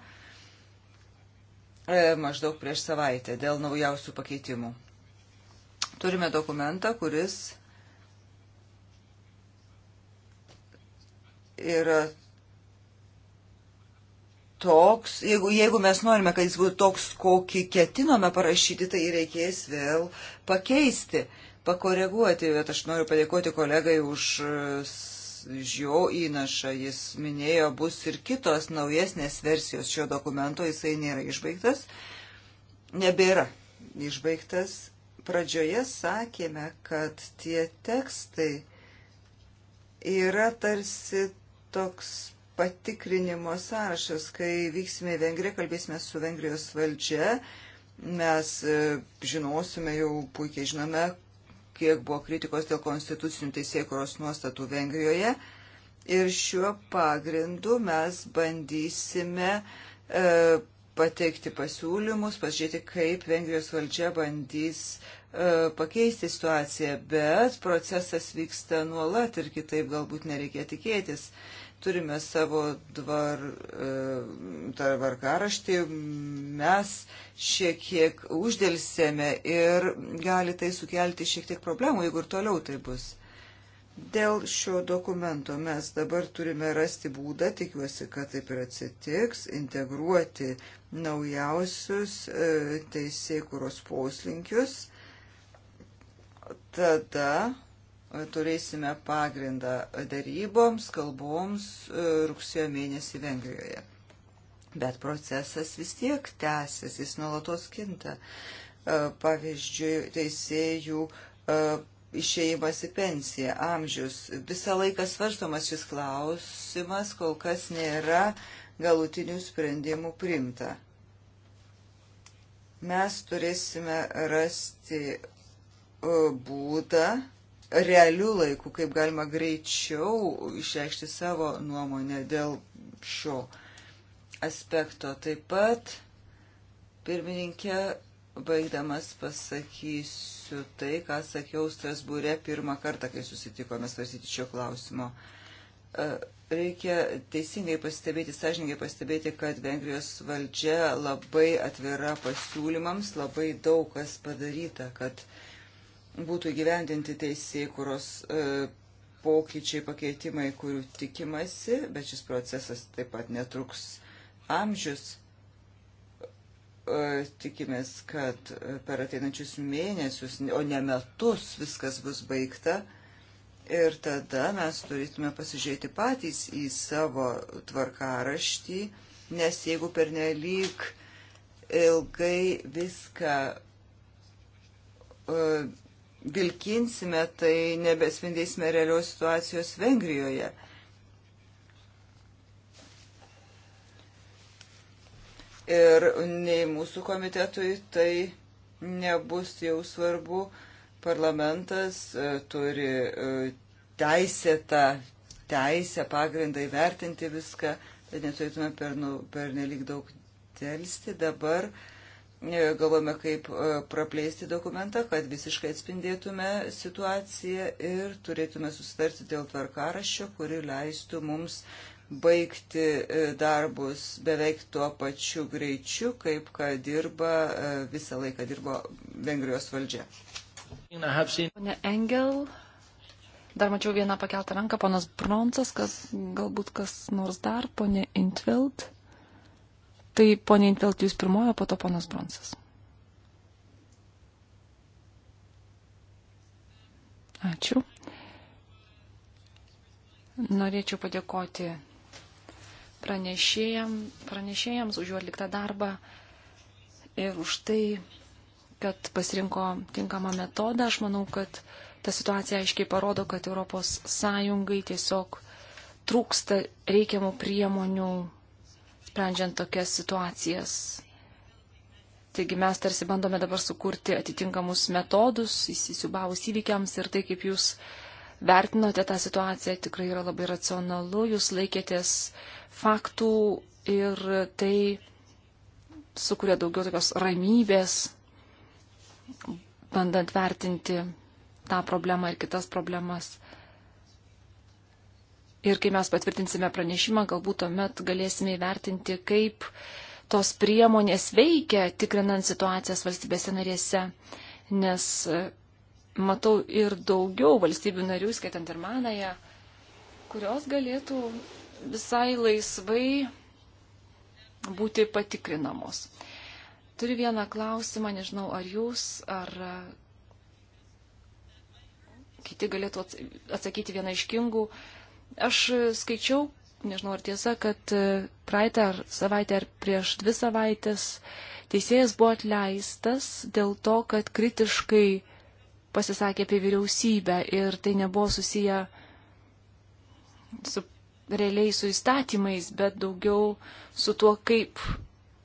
Speaker 3: E, maždaug prieš savaitę dėl naujausių pakeitimų. Turime dokumentą, kuris yra toks, jeigu, jeigu mes norime, kad jis būtų toks, kokį ketinome parašyti, tai reikės vėl pakeisti, pakoreguoti, bet aš noriu padėkoti kolegai už e, jo įnašą. Jis minėjo, bus ir kitos naujesnės versijos šio dokumento, jisai nėra išbaigtas, nebėra išbaigtas. Pradžioje sakėme, kad tie tekstai yra tarsi toks patikrinimo sąrašas, kai vyksime į Vengriją, kalbėsime su Vengrijos valdžia, mes e, žinosime, jau puikiai žinome, kiek buvo kritikos dėl konstitucinių teisėkuros nuostatų Vengrijoje. Ir šiuo pagrindu mes bandysime e, pateikti pasiūlymus, pažiūrėti, kaip Vengrijos valdžia bandys e, pakeisti situaciją, bet procesas vyksta nuolat ir kitaip galbūt nereikia tikėtis. E, turime savo dvar, e, tvarkaraštį, mes šiek tiek uždėlsėme ir gali tai sukelti šiek tiek problemų, jeigu ir toliau tai bus. Dėl šio dokumento mes dabar turime rasti būdą, tikiuosi, kad taip ir atsitiks, integruoti naujausius e, teisėkuros poslinkius. Tada turėsime pagrindą daryboms, kalboms e, rugsėjo mėnesį Vengrijoje. Bet procesas vis tiek tęsis, jis nuolatos kinta. E, pavyzdžiui, teisėjų e, išėjimas į pensiją, amžius. Visą laiką svarstomas šis klausimas, kol kas nėra galutinių sprendimų primta. Mes turėsime rasti būdą realių laikų, kaip galima greičiau išreikšti savo nuomonę dėl šio aspekto. Taip pat, pirmininkė, baigdamas pasakysiu tai, ką sakiau Strasbūrė pirmą kartą, kai susitikome svarstyti šio klausimo. E, reikia teisingai pastebėti, sąžininkai pastebėti, kad Vengrijos valdžia labai atvira pasiūlymams, labai daug kas padaryta, kad uh, būtų įgyvendinti teisėkuros e, pokyčiai, pakeitimai, kurių tikimasi, bet šis procesas taip pat netruks amžius. E, tikimės, kad e, per ateinančius mėnesius, o ne metus viskas bus baigta. Ir tada mes turėtume pasižiūrėti patys į savo tvarkaraštį, nes jeigu pernelyg ilgai viską uh, vilkinsime, tai nebesvindėsime realios situacijos Vengrijoje. Ir nei mūsų komitetui tai nebus jau svarbu. Parlamentas e, turi e, teisėtą teisę pagrindą įvertinti viską, tad neturėtume per, nu, per nelik daug telsti. Dabar uh, E, galvojame, kaip e, praplėsti dokumentą, kad visiškai atspindėtume situaciją ir turėtume susitarti dėl tvarkaraščio, kuri leistų mums baigti e, darbus beveik tuo pačiu greičiu, kaip kad dirba visą laiką dirbo Vengrijos valdžia.
Speaker 2: Pone Engel, dar mačiau vieną pakeltą ranką, ponas Bronsas, kas galbūt kas nors dar, ponė Intvild. Tai ponė Intvelt, jūs pirmojo, po to ponas Bronsas. Ačiū. Norėčiau padėkoti pranešėjam, pranešėjams už jų atliktą darbą ir už tai, kad pasirinko tinkamą metodą. Aš manau, kad ta situacija aiškiai parodo, kad ES tiesiog trūksta reikiamų priemonių sprendžiant tokias situacijas. Taigi mes tarsi bandome dabar sukurti atitinkamus metodus, įsisubavus įvykiams ir tai, kaip jūs vertinote tą situaciją, tikrai yra labai racionalu, jūs laikėtės faktų ir tai sukuria daugiau tokios ramybės, bandant vertinti tą problemą ir kitas problemas. Ir kai mes patvirtinsime pranešimą, galbūt tuomet galėsime įvertinti, kaip tos priemonės veikia, tikrinant situacijas valstybėse narėse. Nes e, matau ir daugiau valstybių narių, skaitant ir manąją, kurios galėtų visai laisvai būti patikrinamos. Turiu vieną klausimą, nežinau, ar jūs, ar e, kiti galėtų atsakyti vieną iškingų Aš skaičiau, nežinau ar tiesa, kad praeitą ar savaitę ar prieš dvi savaitės teisėjas buvo atleistas dėl to, kad kritiškai pasisakė apie vyriausybę ir tai nebuvo susiję su realiai su įstatymais, bet daugiau su tuo, kaip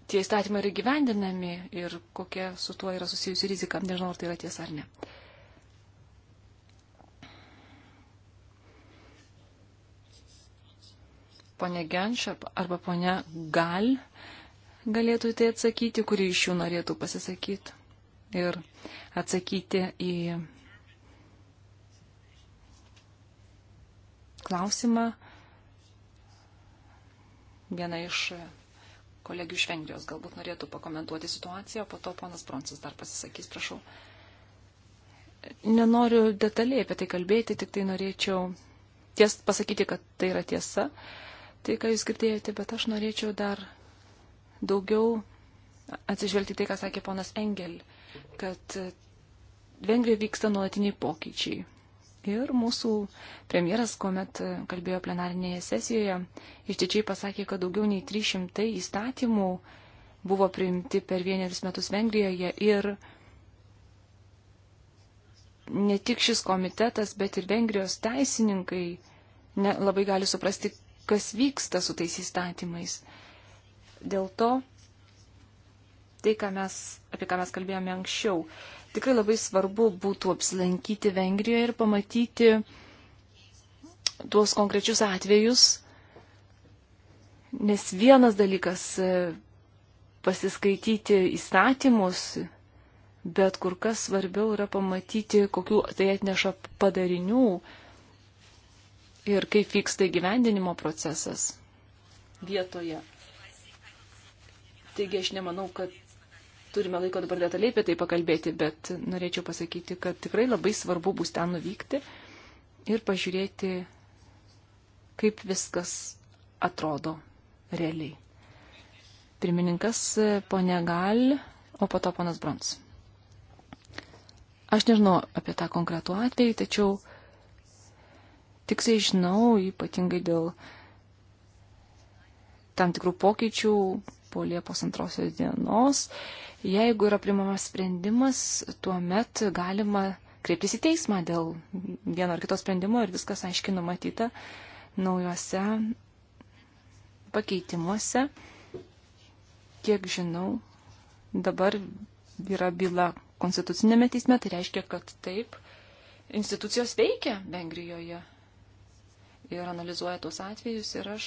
Speaker 2: tie įstatymai yra gyvendinami ir kokia su tuo yra susijusi rizika. Nežinau, ar tai yra tiesa ar ne. Uh, ponė Genš arba ponė Gal galėtų tai atsakyti, kurį iš jų norėtų pasisakyti ir atsakyti į klausimą viena iš kolegių iš Vengrijos galbūt norėtų pakomentuoti situaciją, po to ponas Broncis dar pasisakys, prašau. Nenoriu detaliai apie tai kalbėti, tik tai norėčiau ties, pasakyti, kad tai yra tiesa. Uh, tai, ką jūs girdėjote, bet aš norėčiau dar daugiau atsižvelgti tai, ką sakė ponas Engel, kad Vengrijoje vyksta nuolatiniai pokyčiai. Ir mūsų premjeras, kuomet kalbėjo plenarinėje sesijoje, išdidžiai pasakė, kad daugiau nei 300 įstatymų buvo priimti per vienerius metus Vengrijoje. Ir ne tik šis komitetas, bet ir Vengrijos teisininkai ne, labai gali suprasti, kas vyksta su tais įstatymais. Dėl to, tai, ką mes, apie ką mes kalbėjome anksčiau, tikrai labai svarbu būtų apsilankyti Vengrijoje ir pamatyti tuos konkrečius atvejus, nes vienas dalykas e, pasiskaityti įstatymus, bet kur kas svarbiau yra pamatyti, kokiu tai atneša padarinių ir kaip vyksta įgyvendinimo procesas vietoje. Taigi aš nemanau, kad turime laiko dabar detaliai apie tai pakalbėti, bet norėčiau pasakyti, kad tikrai labai svarbu bus ten nuvykti ir pažiūrėti, kaip viskas atrodo realiai. Pirmininkas ponė Gal, o po to ponas Brons. Aš nežinau apie tą konkretų atvejį, tačiau tiksliai žinau, ypatingai dėl tam tikrų pokyčių po Liepos antrosios dienos. Jeigu yra primamas sprendimas, tuomet galima kreiptis į teismą dėl vieno ar kito sprendimo ir viskas aiškiai numatyta naujuose pakeitimuose. Kiek žinau, dabar
Speaker 3: yra
Speaker 2: byla konstitucinėme teisme, tai reiškia, kad taip institucijos veikia Vengrijoje ir analizuoja tuos atvejus ir aš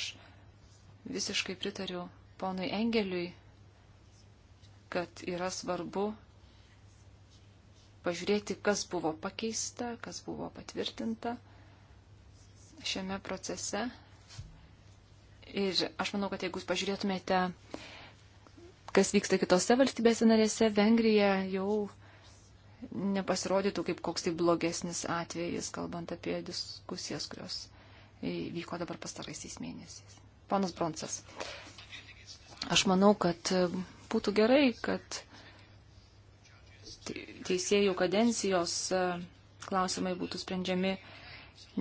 Speaker 2: visiškai pritariu ponui Engeliui, kad yra svarbu pažiūrėti, kas buvo pakeista, kas buvo patvirtinta šiame procese. Ir aš manau, kad jeigu jūs pažiūrėtumėte, kas vyksta kitose valstybėse narėse, Vengrija jau nepasirodytų kaip koks tai blogesnis atvejis, kalbant apie diskusijas, kurios vyko dabar pastaraisiais mėnesiais. Ponas Bronsas. Aš manau, kad e, būtų gerai, kad teisėjų kadencijos e, klausimai būtų sprendžiami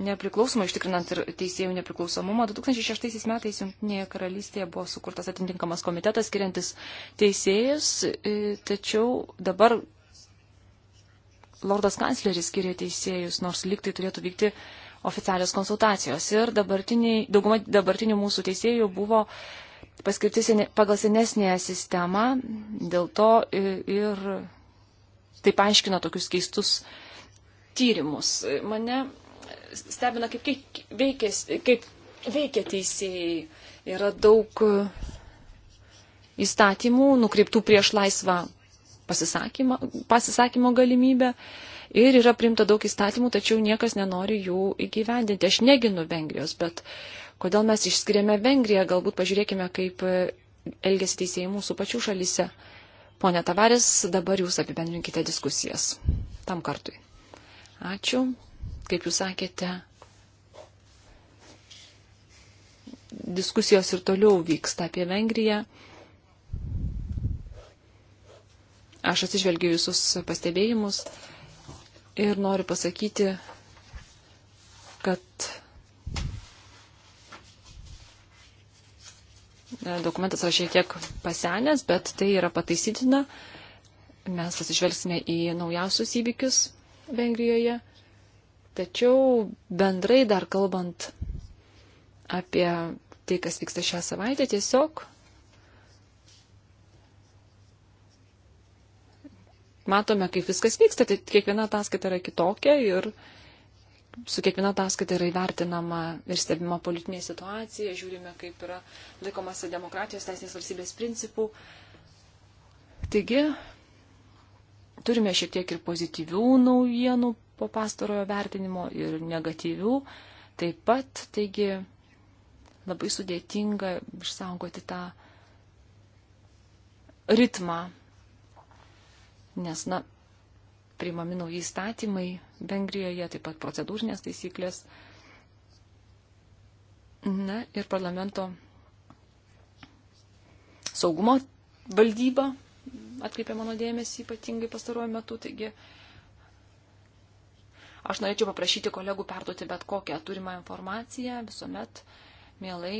Speaker 2: nepriklausomai, ištikrinant ir teisėjų nepriklausomumą. 2006 metais Junktinėje karalystėje buvo sukurtas atitinkamas komitetas, skiriantis teisėjus, e, tačiau dabar Lordas kancleris skiria teisėjus, nors lyg tai turėtų vykti uh, oficialios konsultacijos. Ir dauguma dabartinių mūsų teisėjų buvo paskirti pagal senesnę sistemą, dėl to ir tai paaiškina tokius keistus tyrimus. Mane stebina, kaip, kaip, veikia, kaip veikia teisėjai. Yra daug įstatymų nukreiptų prieš laisvą pasisakymo galimybę ir yra priimta daug įstatymų, tačiau niekas nenori jų įgyvendinti. Aš neginu Vengrijos, bet kodėl mes išskiriame Vengriją, galbūt pažiūrėkime, kaip e, elgesi teisėjai mūsų pačių šalyse. Pone Tavaris, dabar jūs apibendrinkite diskusijas tam kartui. Ačiū. Kaip jūs sakėte, diskusijos ir toliau vyksta apie Vengriją. Aš atsižvelgiu visus pastebėjimus ir noriu pasakyti, kad e, dokumentas yra šiek tiek pasenęs, bet tai yra pataisytina. Mes atsižvelgsime į naujausius įvykius Vengrijoje. Tačiau bendrai dar kalbant apie tai, kas vyksta šią savaitę, tiesiog matome, kaip viskas vyksta, tai kiekviena ataskaita yra kitokia ir su kiekviena ataskaita yra įvertinama ir stebima politinė situacija, žiūrime, kaip yra laikomasi demokratijos teisinės valstybės principų. Taigi, turime šiek tiek ir pozityvių naujienų po pastarojo vertinimo ir negatyvių. Taip pat, taigi, labai sudėtinga išsaugoti tą ritmą nes, na, priimami nauji įstatymai Vengrijoje, taip pat procedūrinės taisyklės. Na ir parlamento saugumo valdyba atkreipė mano dėmesį ypatingai pastaruoju metu, taigi aš norėčiau paprašyti kolegų perduoti bet kokią turimą informaciją, visuomet mielai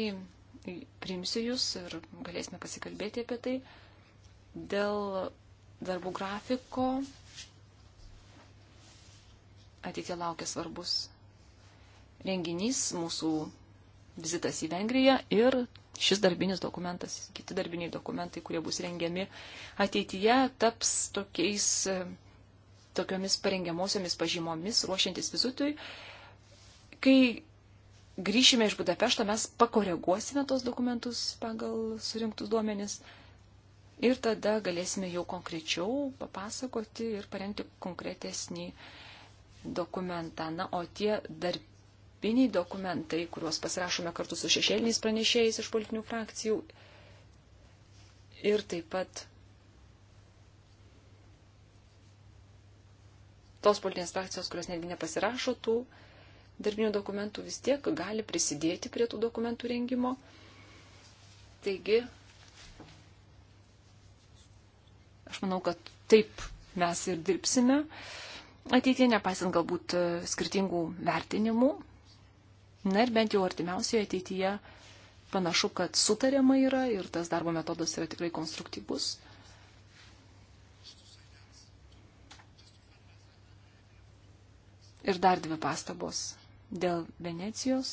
Speaker 2: priimsiu jūs ir galėsime pasikalbėti apie tai. Dėl darbų grafiko. Ateitie laukia svarbus renginys, mūsų vizitas į Vengriją ir šis darbinis dokumentas, kiti darbiniai dokumentai, kurie bus rengiami ateityje, taps tokiais, e, tokiomis parengiamosiomis pažymomis ruošiantis vizitui. Kai grįšime iš Budapešto, mes pakoreguosime tos dokumentus pagal surinktus duomenis ir tada galėsime jau konkrečiau papasakoti ir parengti konkretesnį dokumentą. Na, o tie darbiniai dokumentai, kuriuos pasirašome kartu su šešėliniais pranešėjais iš politinių frakcijų ir taip pat tos politinės frakcijos, kurios netgi nepasirašo tų darbinių dokumentų, vis tiek gali prisidėti prie tų dokumentų rengimo. Taigi, Aš manau, kad taip mes ir dirbsime ateitie, nepaisant galbūt e, skirtingų vertinimų. Na ir bent jau artimiausioje ateityje panašu, kad sutariama yra ir tas darbo metodas yra tikrai konstruktyvus. Ir dar dvi pastabos dėl Venecijos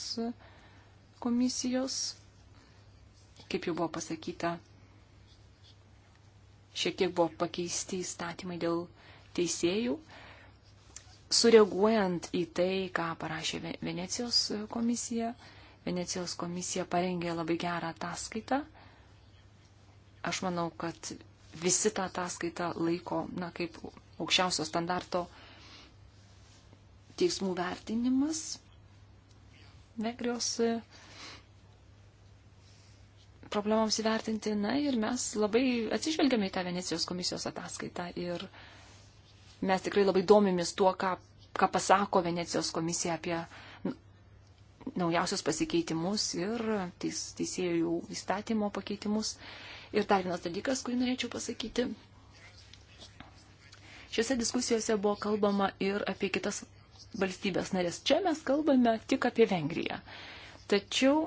Speaker 2: komisijos. Kaip jau buvo pasakyta, šiek tiek buvo pakeisti įstatymai dėl teisėjų. Sureaguojant į tai, ką parašė Venecijos komisija, Venecijos komisija parengė labai gerą ataskaitą. Aš manau, kad visi tą ataskaitą laiko, na, kaip aukščiausio standarto teismų vertinimas Vengrijos problemams įvertinti. Na ir mes labai atsižvelgiame į tą Venecijos komisijos ataskaitą ir mes tikrai labai domimės tuo, ką, ką pasako Venecijos komisija apie naujausius pasikeitimus ir teis, teisėjų įstatymo pakeitimus. Ir dar vienas dalykas, kurį norėčiau pasakyti. Šiuose diskusijose buvo kalbama ir apie kitas valstybės narės. Čia mes kalbame tik apie Vengriją. Tačiau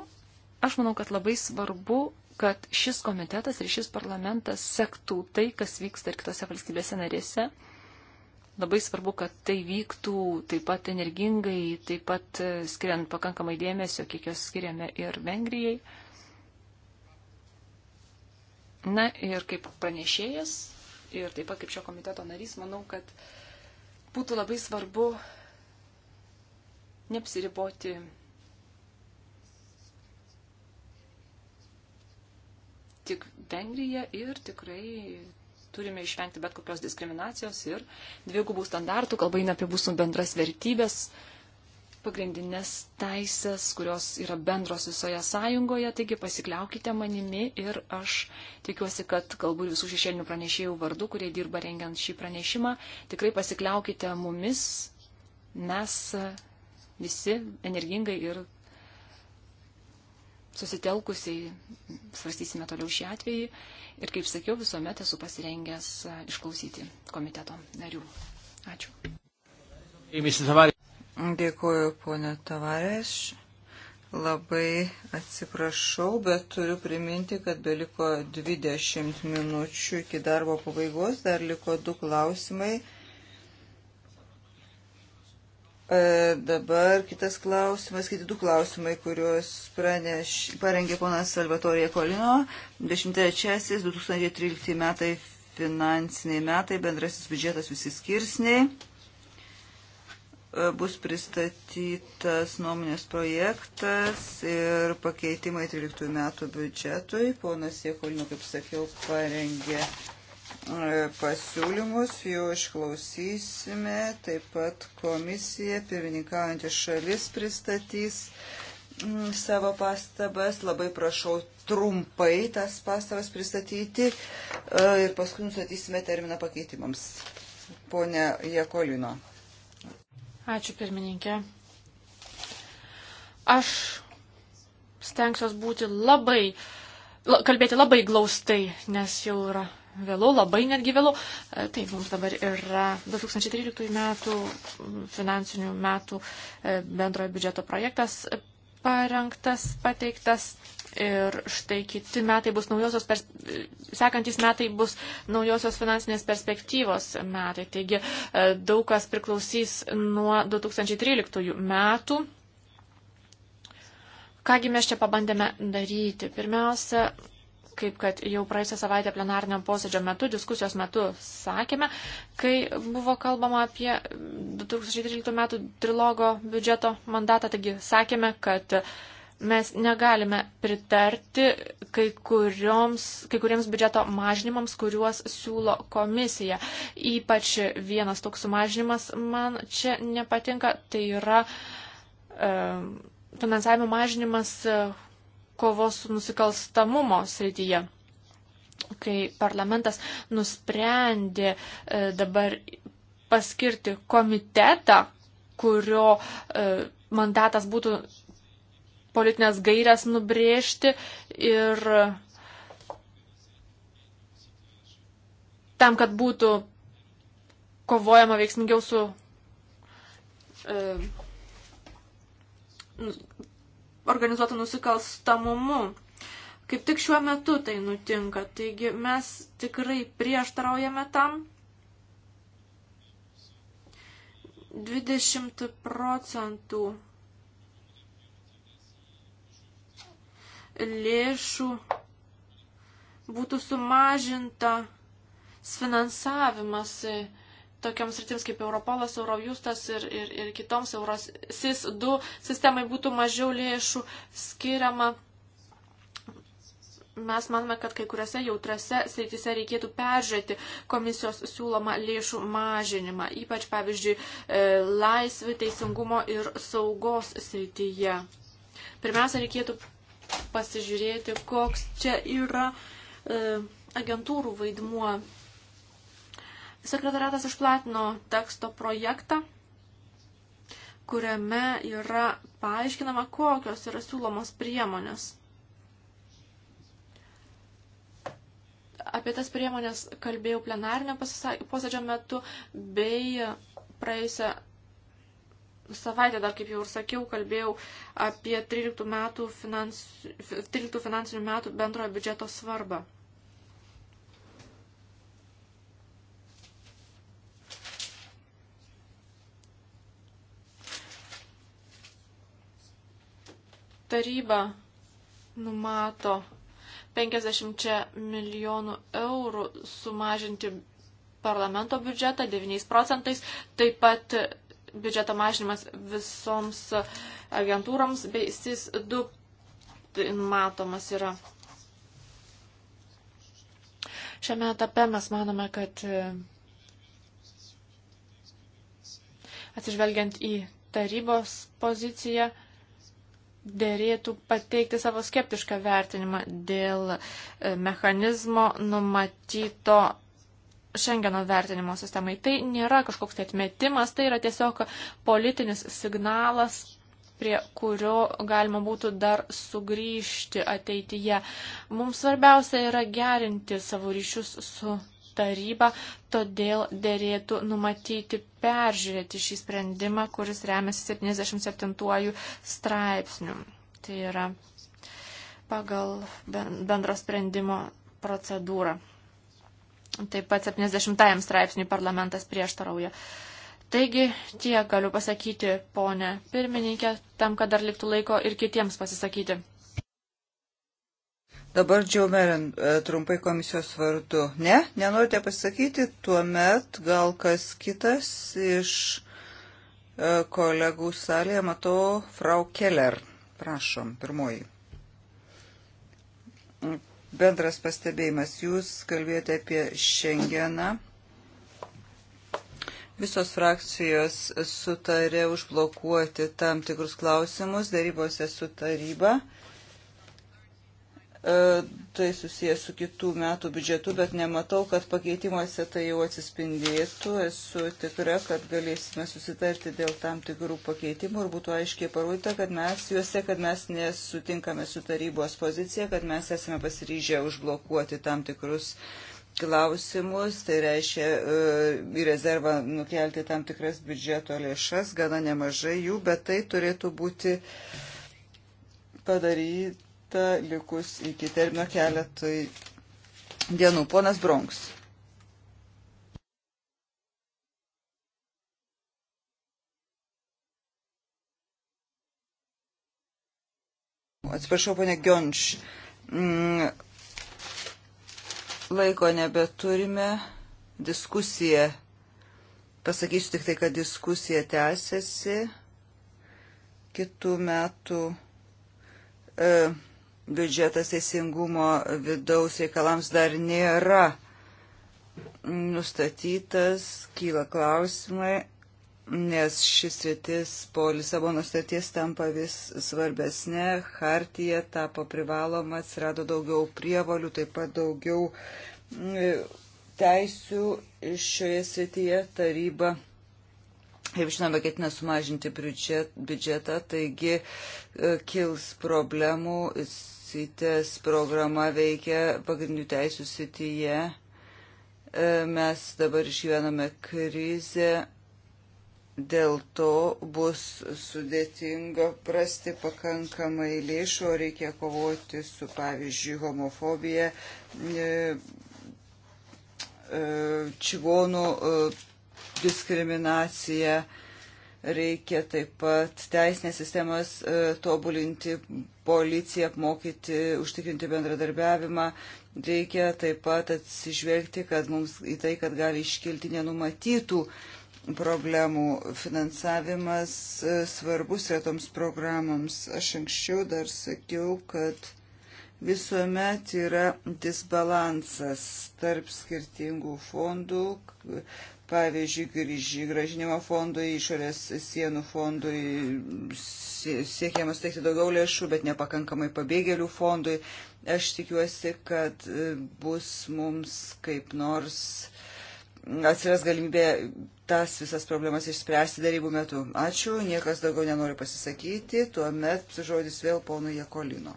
Speaker 2: Aš manau, kad labai svarbu, kad šis komitetas ir šis parlamentas sektų tai, kas vyksta ir kitose valstybėse narėse. Labai svarbu, kad tai vyktų taip pat energingai, taip pat e, skiriant pakankamai dėmesio, kiek jos skiriame ir Vengrijai. Na ir kaip pranešėjas ir taip pat kaip šio komiteto narys, manau, kad būtų labai svarbu neapsiriboti tik Vengrija ir tikrai turime išvengti bet kokios diskriminacijos ir dvigubų standartų, kalba eina apie mūsų bendras vertybės, pagrindinės teisės, kurios yra bendros visoje sąjungoje, taigi pasikliaukite manimi ir aš tikiuosi, kad kalbu visų šešėlinių pranešėjų vardų, kurie dirba rengiant šį pranešimą, tikrai pasikliaukite mumis, mes visi energingai ir susitelkusiai svarstysime toliau šį atvejį ir, kaip sakiau, visuomet esu pasirengęs e,
Speaker 3: išklausyti komiteto narių. Ačiū. Dėkuoju, ponė Tavarėš. Labai atsiprašau, bet turiu priminti, kad beliko 20 minučių iki darbo pabaigos, dar liko du klausimai. E, dabar kitas klausimas, kiti du klausimai, kuriuos praneš, parengė ponas Salvatorija Kolino. 23-2013 metai finansiniai metai, bendrasis biudžetas visi skirsniai. E, bus pristatytas nuomonės projektas ir pakeitimai 13 metų biudžetui. Ponas Jekolino, kaip sakiau, parengė pasiūlymus, jo išklausysime, taip pat komisija, pirmininkaujantis šalis pristatys mm, savo pastabas, labai prašau trumpai tas pastabas pristatyti e, ir paskui nustatysime terminą pakeitimams. Pone Jekolino.
Speaker 1: Ačiū pirmininkė. Aš stengsiuos būti labai, kalbėti labai glaustai, nes jau yra vėliau, labai netgi vėliau. E, Taip, mums dabar yra 2013 metų finansinių metų e, bendrojo biudžeto projektas parengtas, pateiktas. Ir štai kiti metai bus naujosios, pers... sekantis metai bus naujosios finansinės perspektyvos metai. Taigi e, daug kas priklausys nuo 2013 metų. Kągi mes čia pabandėme daryti? Pirmiausia, kaip kad jau praėjusią savaitę plenarnio posėdžio metu, diskusijos metu sakėme, kai buvo kalbama apie 2013 metų trilogo biudžeto mandatą, taigi sakėme, kad mes negalime pritarti kai, kurioms, kai kuriems biudžeto mažinimams, kuriuos siūlo komisija. Ypač vienas toks sumažinimas man čia nepatinka, tai yra e, finansavimo mažinimas. E, kovos su nusikalstamumo srityje, kai parlamentas nusprendė e, dabar paskirti komitetą, kurio e, mandatas būtų politinės gairias nubrėžti ir tam, kad būtų kovojama veiksmingiau su e, organizuotų nusikalstamumu. Kaip tik šiuo metu tai nutinka, taigi mes tikrai prieštaraujame tam. 20 procentų lėšų būtų sumažinta finansavimas tokiams rytims kaip Europolas, Eurojustas ir, ir, ir kitoms Euros SIS 2 sistemai būtų mažiau lėšų skiriama. Mes manome, kad kai kuriuose jautrose srityse reikėtų peržiūrėti komisijos siūlomą lėšų mažinimą, ypač pavyzdžiui e, laisvių, teisingumo ir saugos srityje. Pirmiausia, reikėtų pasižiūrėti, koks čia yra e, agentūrų vaidmuo Sekretariatas išplatino teksto projektą, kuriame yra paaiškinama, kokios yra siūlomos priemonės. Apie tas priemonės kalbėjau plenarinio posėdžio metu bei praėjusią savaitę, dar kaip jau ir sakiau, kalbėjau apie 13, metų finans, 13 finansinių metų bendrojo biudžeto svarbą. Taryba numato 50 milijonų eurų sumažinti parlamento biudžetą 9 procentais, taip pat biudžeto mažinimas visoms agentūroms bei SIS 2 tai matomas yra. Šiame etape mes manome, kad e, atsižvelgiant į tarybos poziciją, dėrėtų pateikti savo skeptišką vertinimą dėl e, mechanizmo numatyto Šengeno vertinimo sistemai. Tai nėra kažkoks tai atmetimas, tai yra tiesiog politinis signalas, prie kurio galima būtų dar sugrįžti ateityje. Mums svarbiausia yra gerinti savo ryšius su taryba, todėl dėrėtų numatyti peržiūrėti šį sprendimą, kuris remiasi 77 straipsniu. Tai yra pagal bendro sprendimo procedūrą. Taip pat 70 straipsniui parlamentas prieštarauja. Taigi tiek galiu pasakyti, ponė pirmininkė, tam, kad dar liktų laiko ir kitiems pasisakyti.
Speaker 3: Dabar Džiaumerin e, trumpai komisijos vardu. Ne, nenorite pasakyti, tuomet gal kas kitas iš e, kolegų salėje, matau, Frau Keller. Prašom, pirmoji. Bendras pastebėjimas. Jūs kalbėjote apie Šengeną. Visos frakcijos sutarė užblokuoti tam tikrus klausimus darybose su taryba. E, tai susijęs su kitų metų biudžetu, bet nematau, kad pakeitimuose tai jau atsispindėtų. Esu tikra, kad galėsime susitarti dėl tam tikrų pakeitimų ir būtų aiškiai parodyta, kad mes juose, kad mes nesutinkame su tarybos pozicija, kad mes esame pasiryžę užblokuoti tam tikrus klausimus, tai reiškia e, į rezervą nukelti tam tikras biudžeto lėšas, gana nemažai jų, bet tai turėtų būti padaryta patvirtinta likus iki termino keletui dienų. Ponas Bronks. Atsiprašau, ponė Gionš. Mm, laiko nebeturime. Diskusija. Pasakysiu tik tai, kad diskusija tęsiasi kitų metų. E, biudžetas teisingumo vidaus reikalams dar nėra nustatytas, kyla klausimai, nes šis rytis po Lisabono staties tampa vis svarbesnė, hartija tapo privaloma, atsirado daugiau prievalių, taip pat daugiau e, teisių šioje srityje taryba. Kaip žinome, ketina sumažinti biudžetą, taigi e, kils problemų CITES programa veikia pagrindinių teisų sityje. E, mes dabar išgyvename krizę, dėl to bus sudėtinga prasti pakankamai lėšų, reikia kovoti su, pavyzdžiui, homofobija, e, e, čigonų diskriminacija reikia taip pat teisinės sistemas tobulinti, policiją apmokyti, užtikrinti bendradarbiavimą. Reikia taip pat atsižvelgti, kad mums į tai, kad gali iškilti nenumatytų problemų finansavimas e, svarbus yra toms programoms. Aš anksčiau dar sakiau, kad visuomet yra disbalansas tarp skirtingų fondų, pavyzdžiui, gražinimo fondui, išorės sienų fondui siekiama steigti daugiau lėšų, bet nepakankamai pabėgėlių fondui. Aš tikiuosi, kad e, bus mums kaip nors atsiras galimybė tas visas problemas išspręsti darybų metu. Ačiū, niekas daugiau nenori pasisakyti, tuomet žodis vėl ponui Jekolino.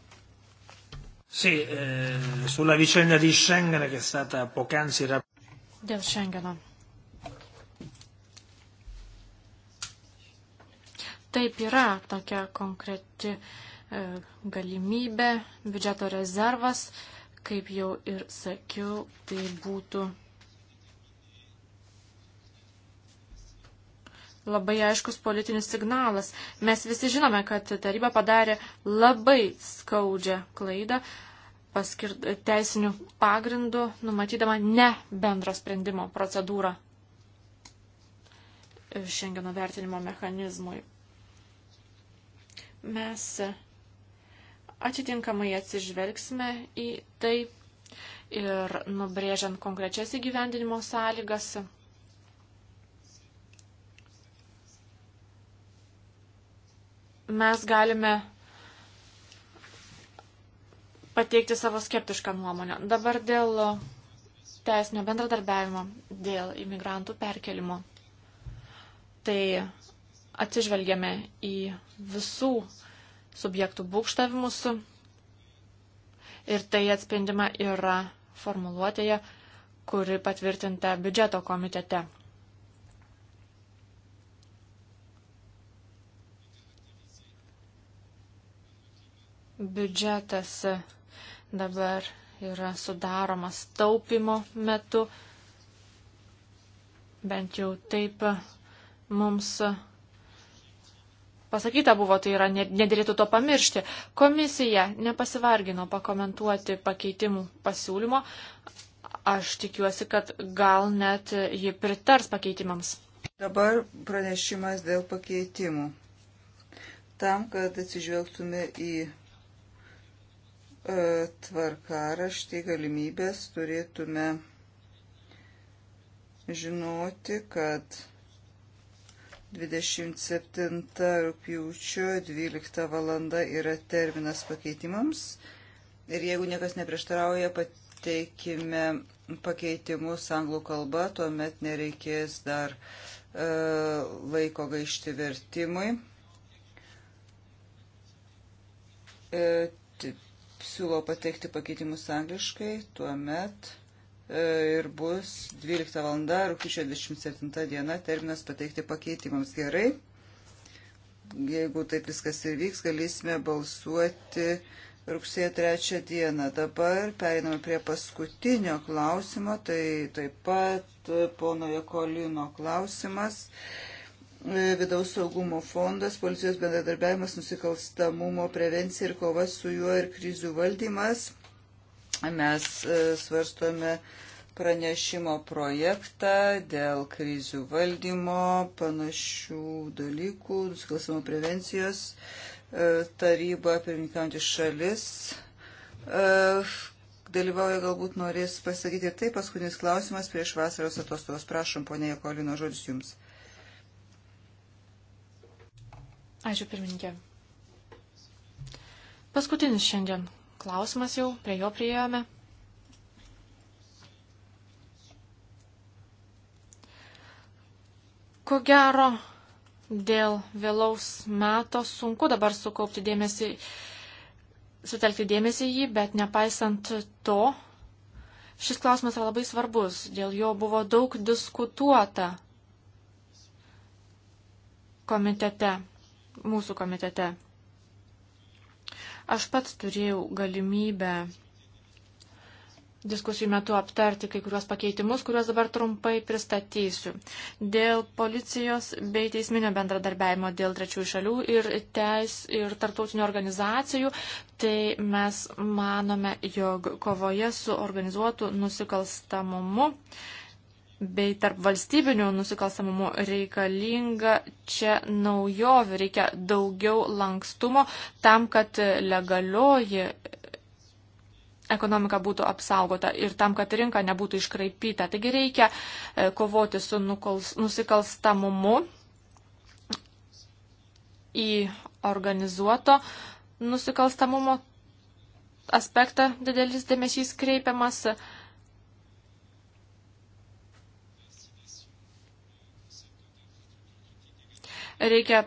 Speaker 3: Sì, eh, sulla vicenda di Schengen che è stata poc'anzi rappresentata.
Speaker 1: Dėl Schengeno. Taip yra tokia konkreti e, galimybė, biudžeto rezervas, kaip jau ir sakiau, tai būtų labai aiškus politinis signalas. Mes visi žinome, kad taryba padarė labai skaudžią klaidą paskirt, teisinių pagrindų, numatydama ne bendro sprendimo procedūrą e, Šengeno vertinimo mechanizmui. Mes atitinkamai atsižvelgsime į tai ir nubrėžiant konkrečias įgyvendinimo sąlygas. Mes galime pateikti savo skeptišką nuomonę. Dabar dėl teisinio bendradarbiavimo, dėl imigrantų perkelimo. Tai atsižvelgiame į visų subjektų būkštavimus ir tai atspindima yra formuluotėje, kuri patvirtinta biudžeto komitete. Biudžetas dabar yra sudaromas taupimo metu, bent jau taip mums pasakyta buvo, tai yra, nedėlėtų to pamiršti. Komisija nepasivargino pakomentuoti pakeitimų pasiūlymo. Aš tikiuosi, kad gal net ji pritars pakeitimams.
Speaker 3: Dabar pranešimas dėl pakeitimų. Tam, kad atsižvelgtume į e, tvarkaraštį galimybės, turėtume žinoti, kad 27 rūpjūčio 12 valanda yra terminas pakeitimams. Ir jeigu niekas neprieštarauja, pateikime pakeitimus anglų kalba, tuomet nereikės dar e, laiko gaišti vertimui. E, siūlau pateikti pakeitimus angliškai, tuomet E, ir bus 12 valanda, rūpiučio 27 diena, terminas pateikti pakeitimams gerai. Jeigu taip viskas ir vyks, galėsime balsuoti rugsėjo 3 dieną. Dabar pereiname prie paskutinio klausimo, tai taip pat ponoje Kolino klausimas. E, vidaus saugumo fondas, policijos bendradarbiavimas, nusikalstamumo prevencija ir kova su juo ir krizių valdymas. Mes e, svarstome pranešimo projektą dėl krizių valdymo, panašių dalykų, nusikalstamo prevencijos e, taryba, pirmininkantis šalis. E, dalyvauja galbūt norės pasakyti ir tai paskutinis klausimas prieš vasaros atostogos. Prašom, ponė Jekolino, žodis jums.
Speaker 1: Ačiū pirmininkė. Paskutinis šiandien klausimas jau, prie jo priejome. Ko gero, dėl vėlaus meto sunku dabar sukaupti dėmesį, sutelkti dėmesį į jį, bet nepaisant to, šis klausimas yra labai svarbus, dėl jo buvo daug diskutuota komitete, mūsų komitete. Aš pats turėjau galimybę diskusijų metu aptarti kai kuriuos pakeitimus, kuriuos dabar trumpai pristatysiu. Dėl policijos bei teisminio bendradarbiavimo dėl trečiųjų šalių ir teis ir tartautinių organizacijų, tai mes manome, jog kovoje su organizuotu nusikalstamumu bei tarp valstybinių nusikalstamumų reikalinga čia naujovių, reikia daugiau lankstumo tam, kad legalioji ekonomika būtų apsaugota ir tam, kad rinka nebūtų iškraipyta. Taigi reikia e, kovoti su nusikalstamumu į organizuoto nusikalstamumo aspektą didelis dėmesys kreipiamas. Reikia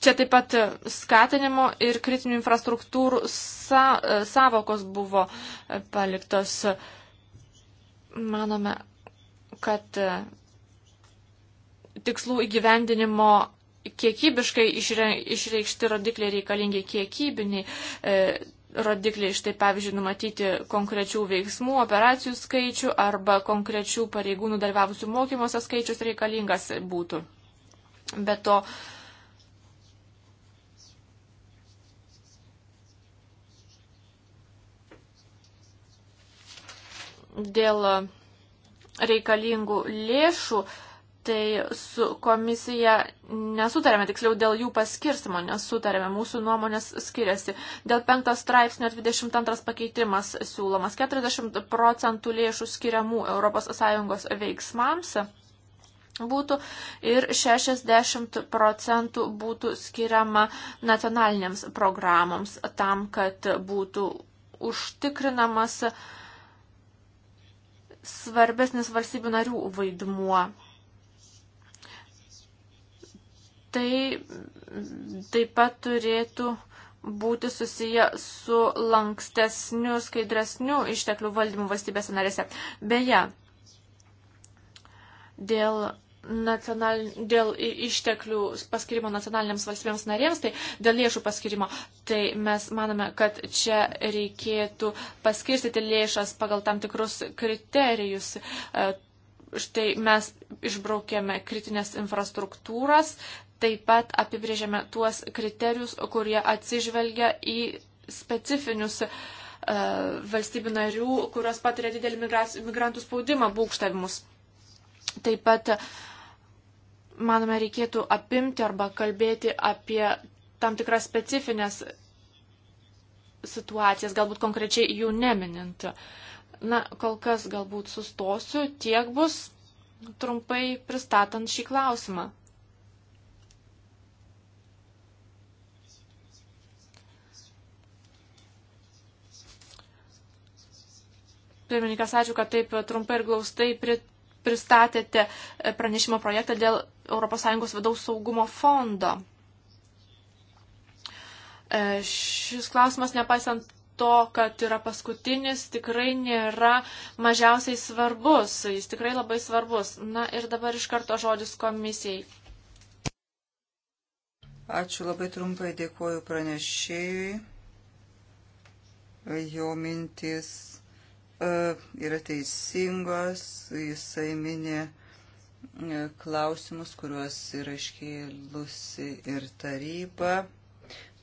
Speaker 1: čia taip pat skatinimo ir kritinių infrastruktūrų sa, savokos buvo paliktos. Manome, kad e, tikslų įgyvendinimo kiekybiškai išreikšti rodikliai reikalingi kiekybiniai. E, rodikliai, štai pavyzdžiui, numatyti konkrečių veiksmų, operacijų skaičių arba konkrečių pareigūnų dalyvavusių mokymuose skaičius reikalingas būtų. Be to, dėl reikalingų lėšų, tai su komisija nesutarėme, tiksliau dėl jų paskirstimo nesutarėme, mūsų nuomonės skiriasi. Dėl 5 straipsnio 22 pakeitimas siūlomas 40 procentų lėšų skiriamų ES veiksmams būtų ir 60 procentų būtų skiriama nacionalinėms programoms tam, kad būtų užtikrinamas svarbesnis valstybių narių vaidmuo. Tai taip pat turėtų būti susiję su lankstesniu, skaidresniu išteklių valdymu valstybėse narėse. Beje, dėl nacional, dėl išteklių paskirimo nacionaliniams valstybėms narėms, tai dėl lėšų paskirimo, tai mes manome, kad čia reikėtų paskirstyti lėšas pagal tam tikrus kriterijus. E, štai mes išbraukėme kritinės infrastruktūras, taip pat apibrėžėme tuos kriterijus, kurie atsižvelgia į specifinius e, valstybių narių, kurios patiria didelį migrantų spaudimą būkštavimus. Taip pat, manome, reikėtų apimti arba kalbėti apie tam tikras specifines situacijas, galbūt konkrečiai jų neminint. Na, kol kas galbūt sustosiu, tiek bus trumpai pristatant šį klausimą. Pirmininkas, ačiū, kad taip trumpai ir glaustai prit pristatėte e, pranešimo projektą dėl ES vidaus saugumo fondo. E, šis klausimas, nepaisant to, kad yra paskutinis, tikrai nėra mažiausiai svarbus. Jis tikrai labai svarbus. Na ir dabar iš karto žodis komisijai.
Speaker 3: Ačiū labai trumpai, dėkoju pranešėjui. Jo mintis E, yra teisingos, jisai minė e, klausimus, kuriuos yra iškėlusi ir taryba.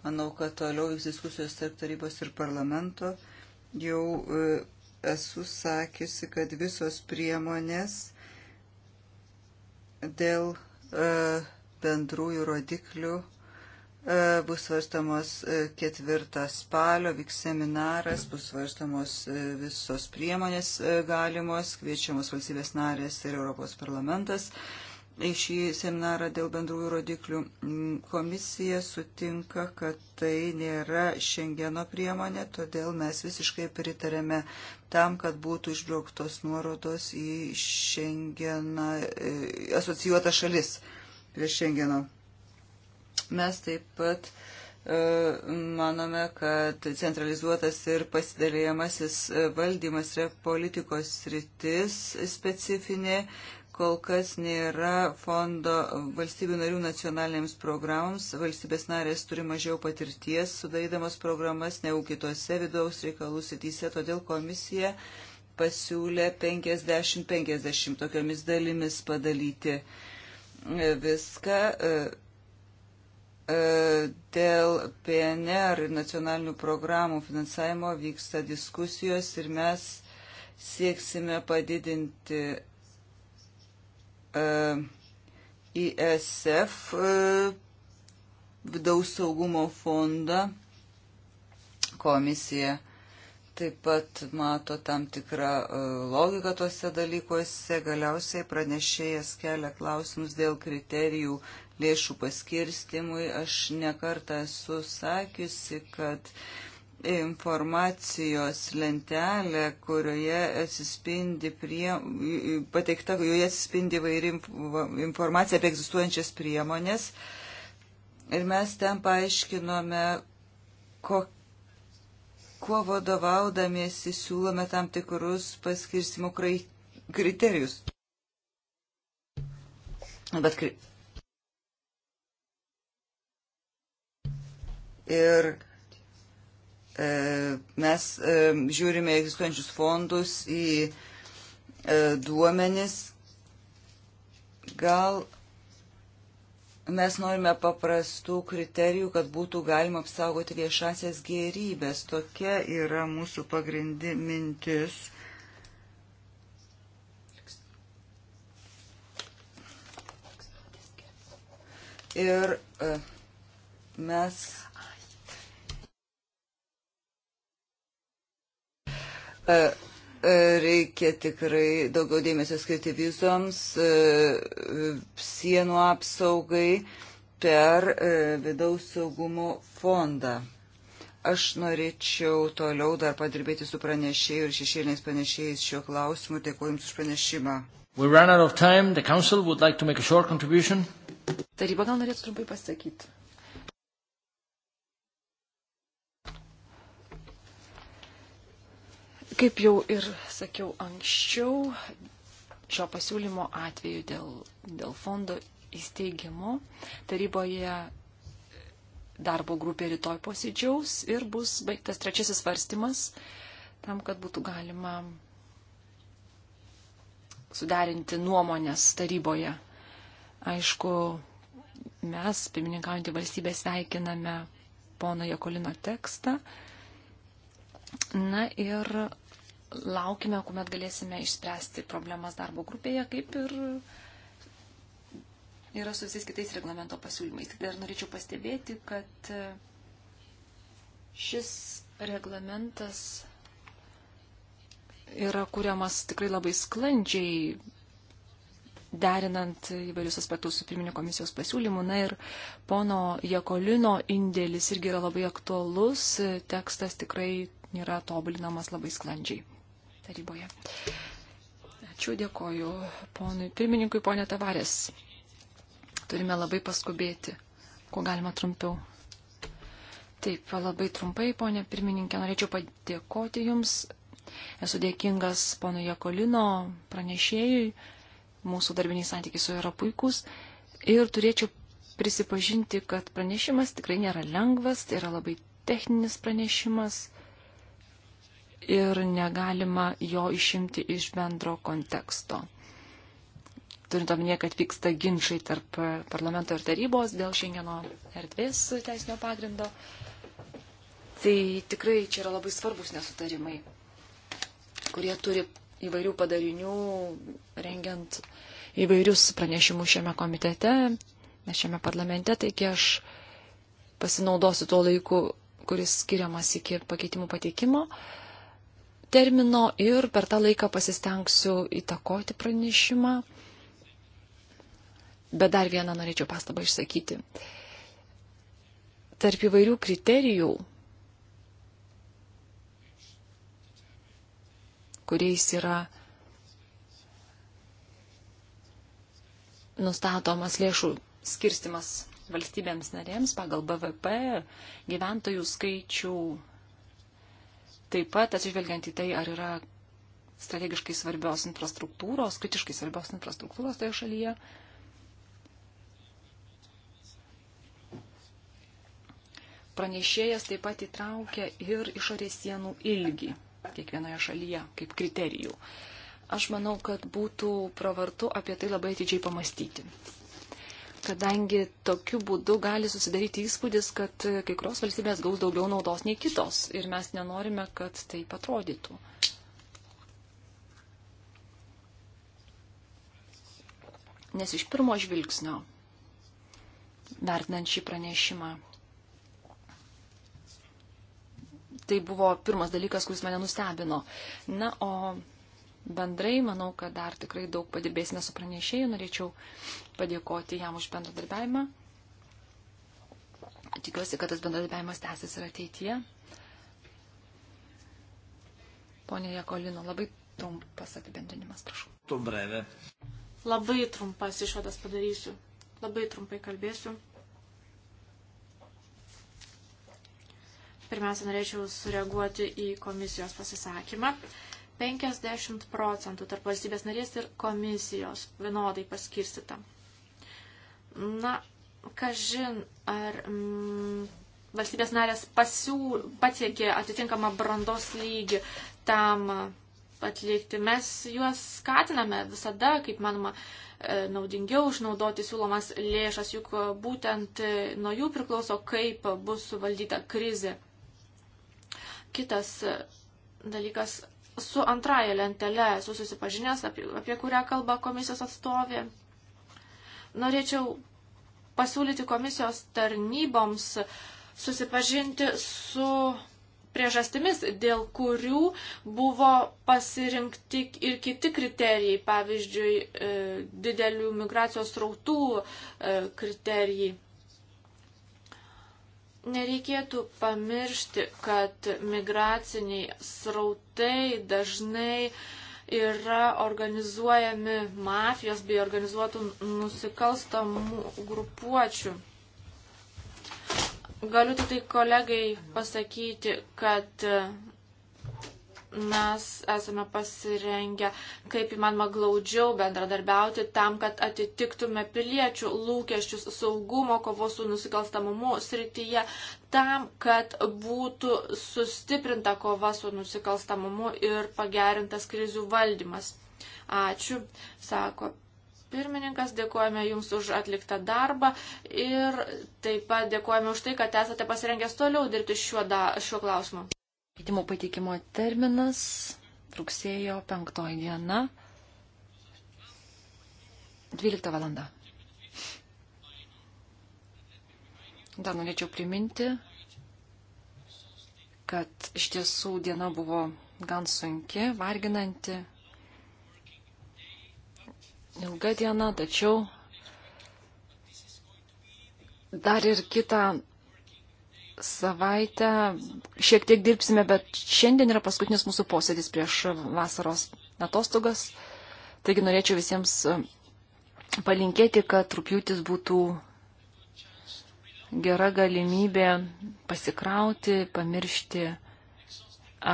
Speaker 3: Manau, kad toliau vyks diskusijos tarp tarybos ir parlamento. Jau e, esu sakiusi, kad visos priemonės dėl bendrųjų rodiklių E, bus svarstamos e, ketvirtą spalio, vyks seminaras, bus svarstamos e, visos priemonės galimos, kviečiamos valstybės narės ir Europos parlamentas. Į šį seminarą dėl bendrųjų rodiklių mm, komisija sutinka, kad tai nėra šengeno priemonė, todėl mes visiškai pritarėme tam, kad būtų išbrauktos nuorodos į šengeną, asocijuotą šalis prie šengeno Mes taip pat e, manome, kad centralizuotas ir pasidalėjamasis e, valdymas yra politikos sritis specifinė, kol kas nėra fondo valstybių narių nacionalinėms programoms. Valstybės narės turi mažiau patirties sudarydamos programas negu kitose vidaus reikalų sityse, todėl komisija pasiūlė 50-50 tokiomis dalimis padalyti e, viską E, dėl PNR ir nacionalinių programų finansavimo vyksta diskusijos ir mes sieksime padidinti e, ISF e, vidaus saugumo fondą. Komisija taip pat mato tam tikrą logiką tuose dalykuose. Galiausiai pranešėjas kelia klausimus dėl kriterijų lėšų paskirstimui. Aš nekartą esu sakiusi, kad informacijos lentelė, kurioje atsispindi prie, pateikta, joje atsispindi vairi informacija apie egzistuojančias priemonės. Ir mes ten paaiškinome, kokia kuo vadovaudamiesi siūlome tam tikrus paskirstimo kriterijus. Bet ir e, mes e, žiūrime egzistuojančius fondus į e, duomenis. Gal mes norime paprastų kriterijų, kad būtų galima apsaugoti viešasias gerybės. Tokia yra mūsų pagrindi mintis. Ir e, mes E, e, reikia tikrai daugiau dėmesio skirti vizoms, e, sienų apsaugai per vidaus saugumo fondą. Aš norėčiau toliau dar padirbėti su pranešėjai ir šešėliniais pranešėjais šiuo klausimu. Dėkuoju Jums už pranešimą.
Speaker 2: Like
Speaker 3: Taryba gal norėtų trumpai pasakyti.
Speaker 2: Kaip jau ir sakiau anksčiau, šio pasiūlymo atveju dėl, dėl fondo įsteigimo taryboje darbo grupė rytoj posėdžiaus ir bus baigtas trečiasis svarstymas tam, kad būtų galima suderinti nuomonės taryboje. Aišku, mes, pirmininkaujantį valstybę, sveikiname pono Jekolino tekstą. Na ir laukime, kuomet galėsime išspręsti problemas darbo grupėje, kaip ir yra su visais kitais reglamento pasiūlymais. Tik dar norėčiau pastebėti, kad e, šis reglamentas yra kuriamas tikrai labai sklandžiai, derinant įvairius aspektus su pirminio komisijos pasiūlymu. Na ir pono Jekolino indėlis irgi yra labai aktualus, tekstas tikrai yra tobulinamas labai sklandžiai taryboje. Ačiū, dėkoju ponui pirmininkui, ponė Tavarės. Turime labai paskubėti, kuo galima trumpiau. Taip, labai trumpai, ponė pirmininkė, norėčiau padėkoti Jums. Esu dėkingas ponui Jekolino pranešėjui. Mūsų darbiniai santykiai su juo yra puikūs. Ir turėčiau prisipažinti, kad pranešimas tikrai nėra lengvas, tai yra labai techninis pranešimas ir negalima jo išimti iš bendro konteksto. Turint omenyje, kad vyksta ginčiai tarp parlamento ir tarybos dėl šiandieno erdvės teisinio pagrindo, tai tikrai čia yra labai svarbus nesutarimai, kurie turi įvairių padarinių, rengiant įvairius pranešimus šiame komitete, šiame parlamente, taigi aš pasinaudosiu tuo laiku, kuris skiriamas iki pakeitimų pateikimo. Uh, termino ir per tą laiką pasistengsiu įtakoti pranešimą. Bet dar vieną norėčiau pastabą išsakyti. Tarp įvairių kriterijų, kuriais yra nustatomas lėšų skirstimas valstybėms narėms pagal BVP, gyventojų skaičių, Taip pat atsižvelgiant į tai, ar yra strategiškai svarbios infrastruktūros, kritiškai svarbios infrastruktūros toje šalyje. Pranešėjas taip pat įtraukia ir išorės sienų ilgį kiekvienoje šalyje kaip kriterijų. Aš manau, kad būtų pravartu apie tai labai atidžiai pamastyti kadangi tokiu būdu gali susidaryti įspūdis, kad kai kurios valstybės gaus daugiau naudos nei kitos ir mes nenorime, kad tai patrodytų. Nes iš pirmo žvilgsnio, vertinant šį pranešimą, tai buvo pirmas dalykas, kuris mane nustebino. Na, o bendrai manau, kad dar tikrai daug padirbėsime su pranešėju. Norėčiau padėkoti jam už bendradarbiavimą. Tikiuosi, kad tas bendradarbiavimas tęsis ir ateityje. Pone
Speaker 1: Jekolino, labai trumpas apibendrinimas, prašau. Tu breve. Labai trumpas išvadas padarysiu. Labai trumpai kalbėsiu. Pirmiausia, norėčiau sureaguoti į komisijos pasisakymą. Uh, 50 procentų tarp valstybės narės ir komisijos vienodai paskirstita. Na, kažin, ar mm, valstybės narės pasiū, pasiekė atitinkamą brandos lygį tam atlikti. Mes juos skatiname visada, kaip manoma, e, naudingiau išnaudoti siūlomas lėšas, juk būtent e, nuo jų priklauso, kaip bus suvaldyta krizė. Kitas e, dalykas su antraja lentele esu susipažinęs, apie, apie kurią kalba komisijos atstovė. Norėčiau pasiūlyti komisijos tarnyboms susipažinti su priežastimis, dėl kurių buvo pasirinkti ir kiti kriterijai, pavyzdžiui, e, didelių migracijos rautų e, kriterijai. Nereikėtų pamiršti, kad migraciniai srautai dažnai yra organizuojami mafijos bei organizuotų nusikalstamų grupuočių. Galiu tik tai kolegai pasakyti, kad mes esame pasirengę kaip įmanoma glaudžiau bendradarbiauti tam, kad atitiktume piliečių lūkesčius saugumo, kovos su nusikalstamumu srityje, tam, kad būtų sustiprinta kova su nusikalstamumu ir pagerintas krizių valdymas. Ačiū, sako pirmininkas, dėkojame Jums už atliktą darbą ir taip pat dėkojame už tai, kad esate pasirengęs toliau dirbti šiuo, da, šiuo klausimu.
Speaker 2: Keitimo pateikimo terminas rugsėjo 5 diena 12 valanda. Dar norėčiau priminti, kad iš tiesų diena buvo gan sunki, varginanti, ilga diena, tačiau dar ir kitą savaitę šiek tiek dirbsime, bet šiandien yra paskutinis mūsų posėdis prieš vasaros atostogas. Taigi norėčiau visiems e, palinkėti, kad rūpjūtis būtų gera galimybė pasikrauti, pamiršti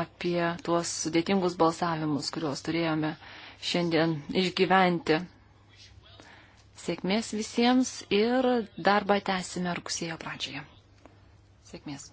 Speaker 2: apie tuos sudėtingus balsavimus, kuriuos turėjome šiandien išgyventi. Sėkmės visiems ir darbą tęsime rugsėjo pradžioje. Sėkmės.